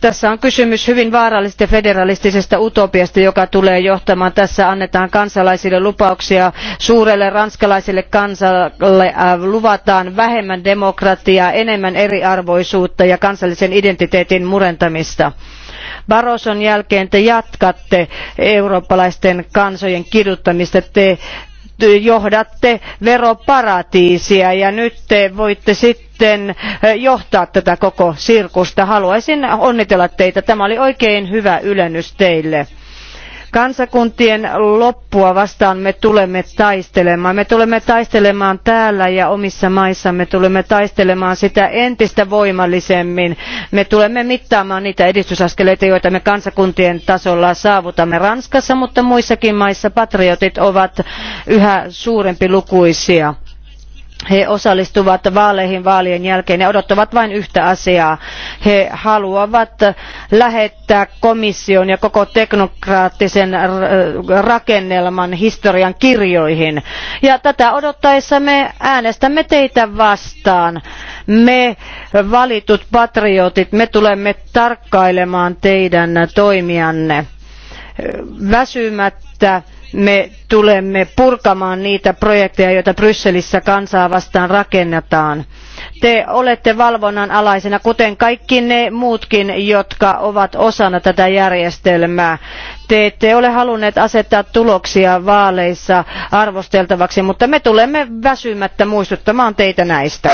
tässä on kysymys hyvin vaarallisesta federalistisesta utopiasta joka tulee johtamaan tässä annetaan kansalaisille lupauksia suurelle ranskalaiselle kansalle luvataan vähemmän demokratiaa enemmän eriarvoisuutta ja kansallisen identiteetin murentamista. Baroson jälkeen te jatkatte eurooppalaisten kansojen kiduttamista. Te johdatte veroparatiisia ja nyt te voitte sitten eh, johtaa tätä koko sirkusta. Haluaisin onnitella teitä. Tämä oli oikein hyvä ylennys teille. Kansakuntien loppua vastaan me tulemme taistelemaan. Me tulemme taistelemaan täällä ja omissa maissamme tulemme taistelemaan sitä entistä voimallisemmin. Me tulemme mittaamaan niitä edistysaskeleita, joita me kansakuntien tasolla saavutamme Ranskassa, mutta muissakin maissa patriotit ovat yhä suurempi lukuisia he osallistuvat vaaleihin vaalien jälkeen ja odottavat vain yhtä asiaa. He haluavat lähettää komission ja koko teknokraattisen rakennelman historian kirjoihin. Ja tätä odottaessa me äänestämme teitä vastaan. Me valitut patriotit, me tulemme tarkkailemaan teidän toimianne väsymättä me tulemme purkamaan niitä projekteja, joita Brysselissä kansaa vastaan rakennetaan. Te olette valvonnan alaisena, kuten kaikki ne muutkin, jotka ovat osana tätä järjestelmää. Te ette ole halunneet asettaa tuloksia vaaleissa arvosteltavaksi, mutta me tulemme väsymättä muistuttamaan teitä näistä.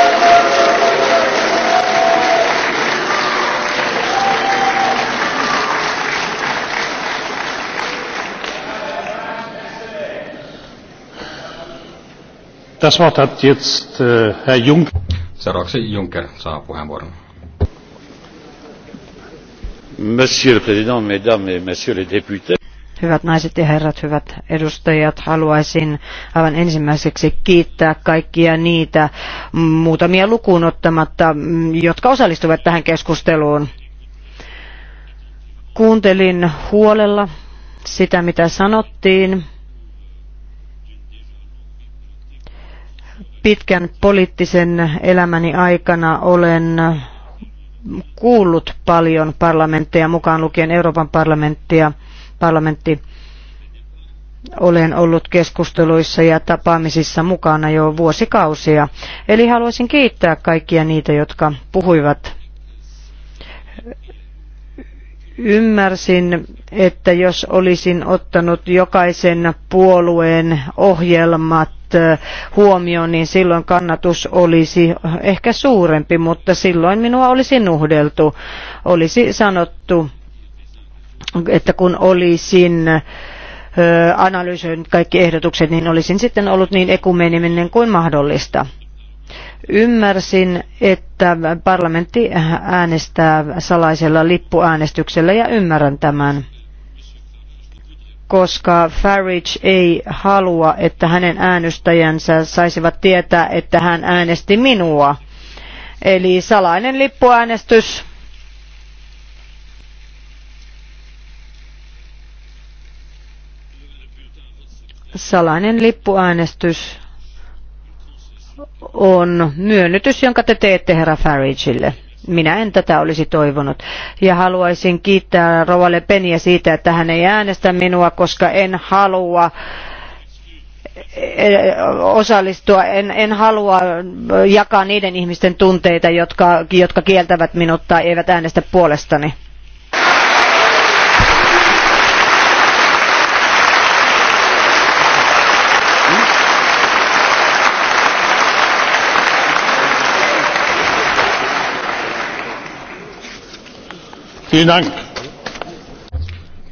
Das Wort hat jetzt äh, Herr Juncker. Seuraavaksi Juncker saa puheenvuoron. Monsieur le Président, Mesdames et Messieurs les députés. Hyvät naiset ja herrat, hyvät edustajat, haluaisin aivan ensimmäiseksi kiittää kaikkia niitä muutamia lukuun ottamatta, jotka osallistuvat tähän keskusteluun. Kuuntelin huolella sitä, mitä sanottiin pitkän poliittisen elämäni aikana olen kuullut paljon parlamentteja, mukaan lukien Euroopan parlamenttia, parlamentti. Olen ollut keskusteluissa ja tapaamisissa mukana jo vuosikausia. Eli haluaisin kiittää kaikkia niitä, jotka puhuivat. Ymmärsin, että jos olisin ottanut jokaisen puolueen ohjelmat Eh, huomioon, niin silloin kannatus olisi ehkä suurempi, mutta silloin minua olisi nuhdeltu. Olisi sanottu, että kun olisin eh, analysoinut kaikki ehdotukset, niin olisin sitten ollut niin ekumeeniminen kuin mahdollista. Ymmärsin, että parlamentti äänestää salaisella lippuäänestyksellä ja ymmärrän tämän koska Farage ei halua, että hänen äänestäjänsä saisivat tietää, että hän äänesti minua. Eli salainen lippuäänestys. Salainen lippuäänestys on myönnytys, jonka te teette herra Farageille. Minä en tätä olisi toivonut. Ja haluaisin kiittää Rouva Le Peniä siitä, että hän ei äänestä minua, koska en halua eh, osallistua, en, en halua jakaa niiden ihmisten tunteita, jotka, jotka kieltävät minut tai eivät äänestä puolestani.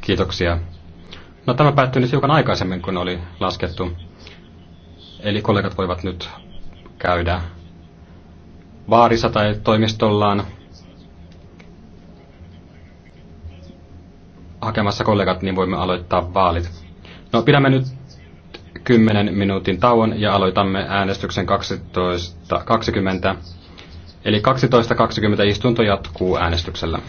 Kiitoksia. No tämä päättyi nyt hiukan aikaisemmin kuin oli laskettu. Eli kollegat voivat nyt käydä vaarissa tai toimistollaan hakemassa kollegat, niin voimme aloittaa vaalit. No pidämme nyt 10 minuutin tauon ja aloitamme äänestyksen 12.20. Eli 12.20 istunto jatkuu äänestyksellä.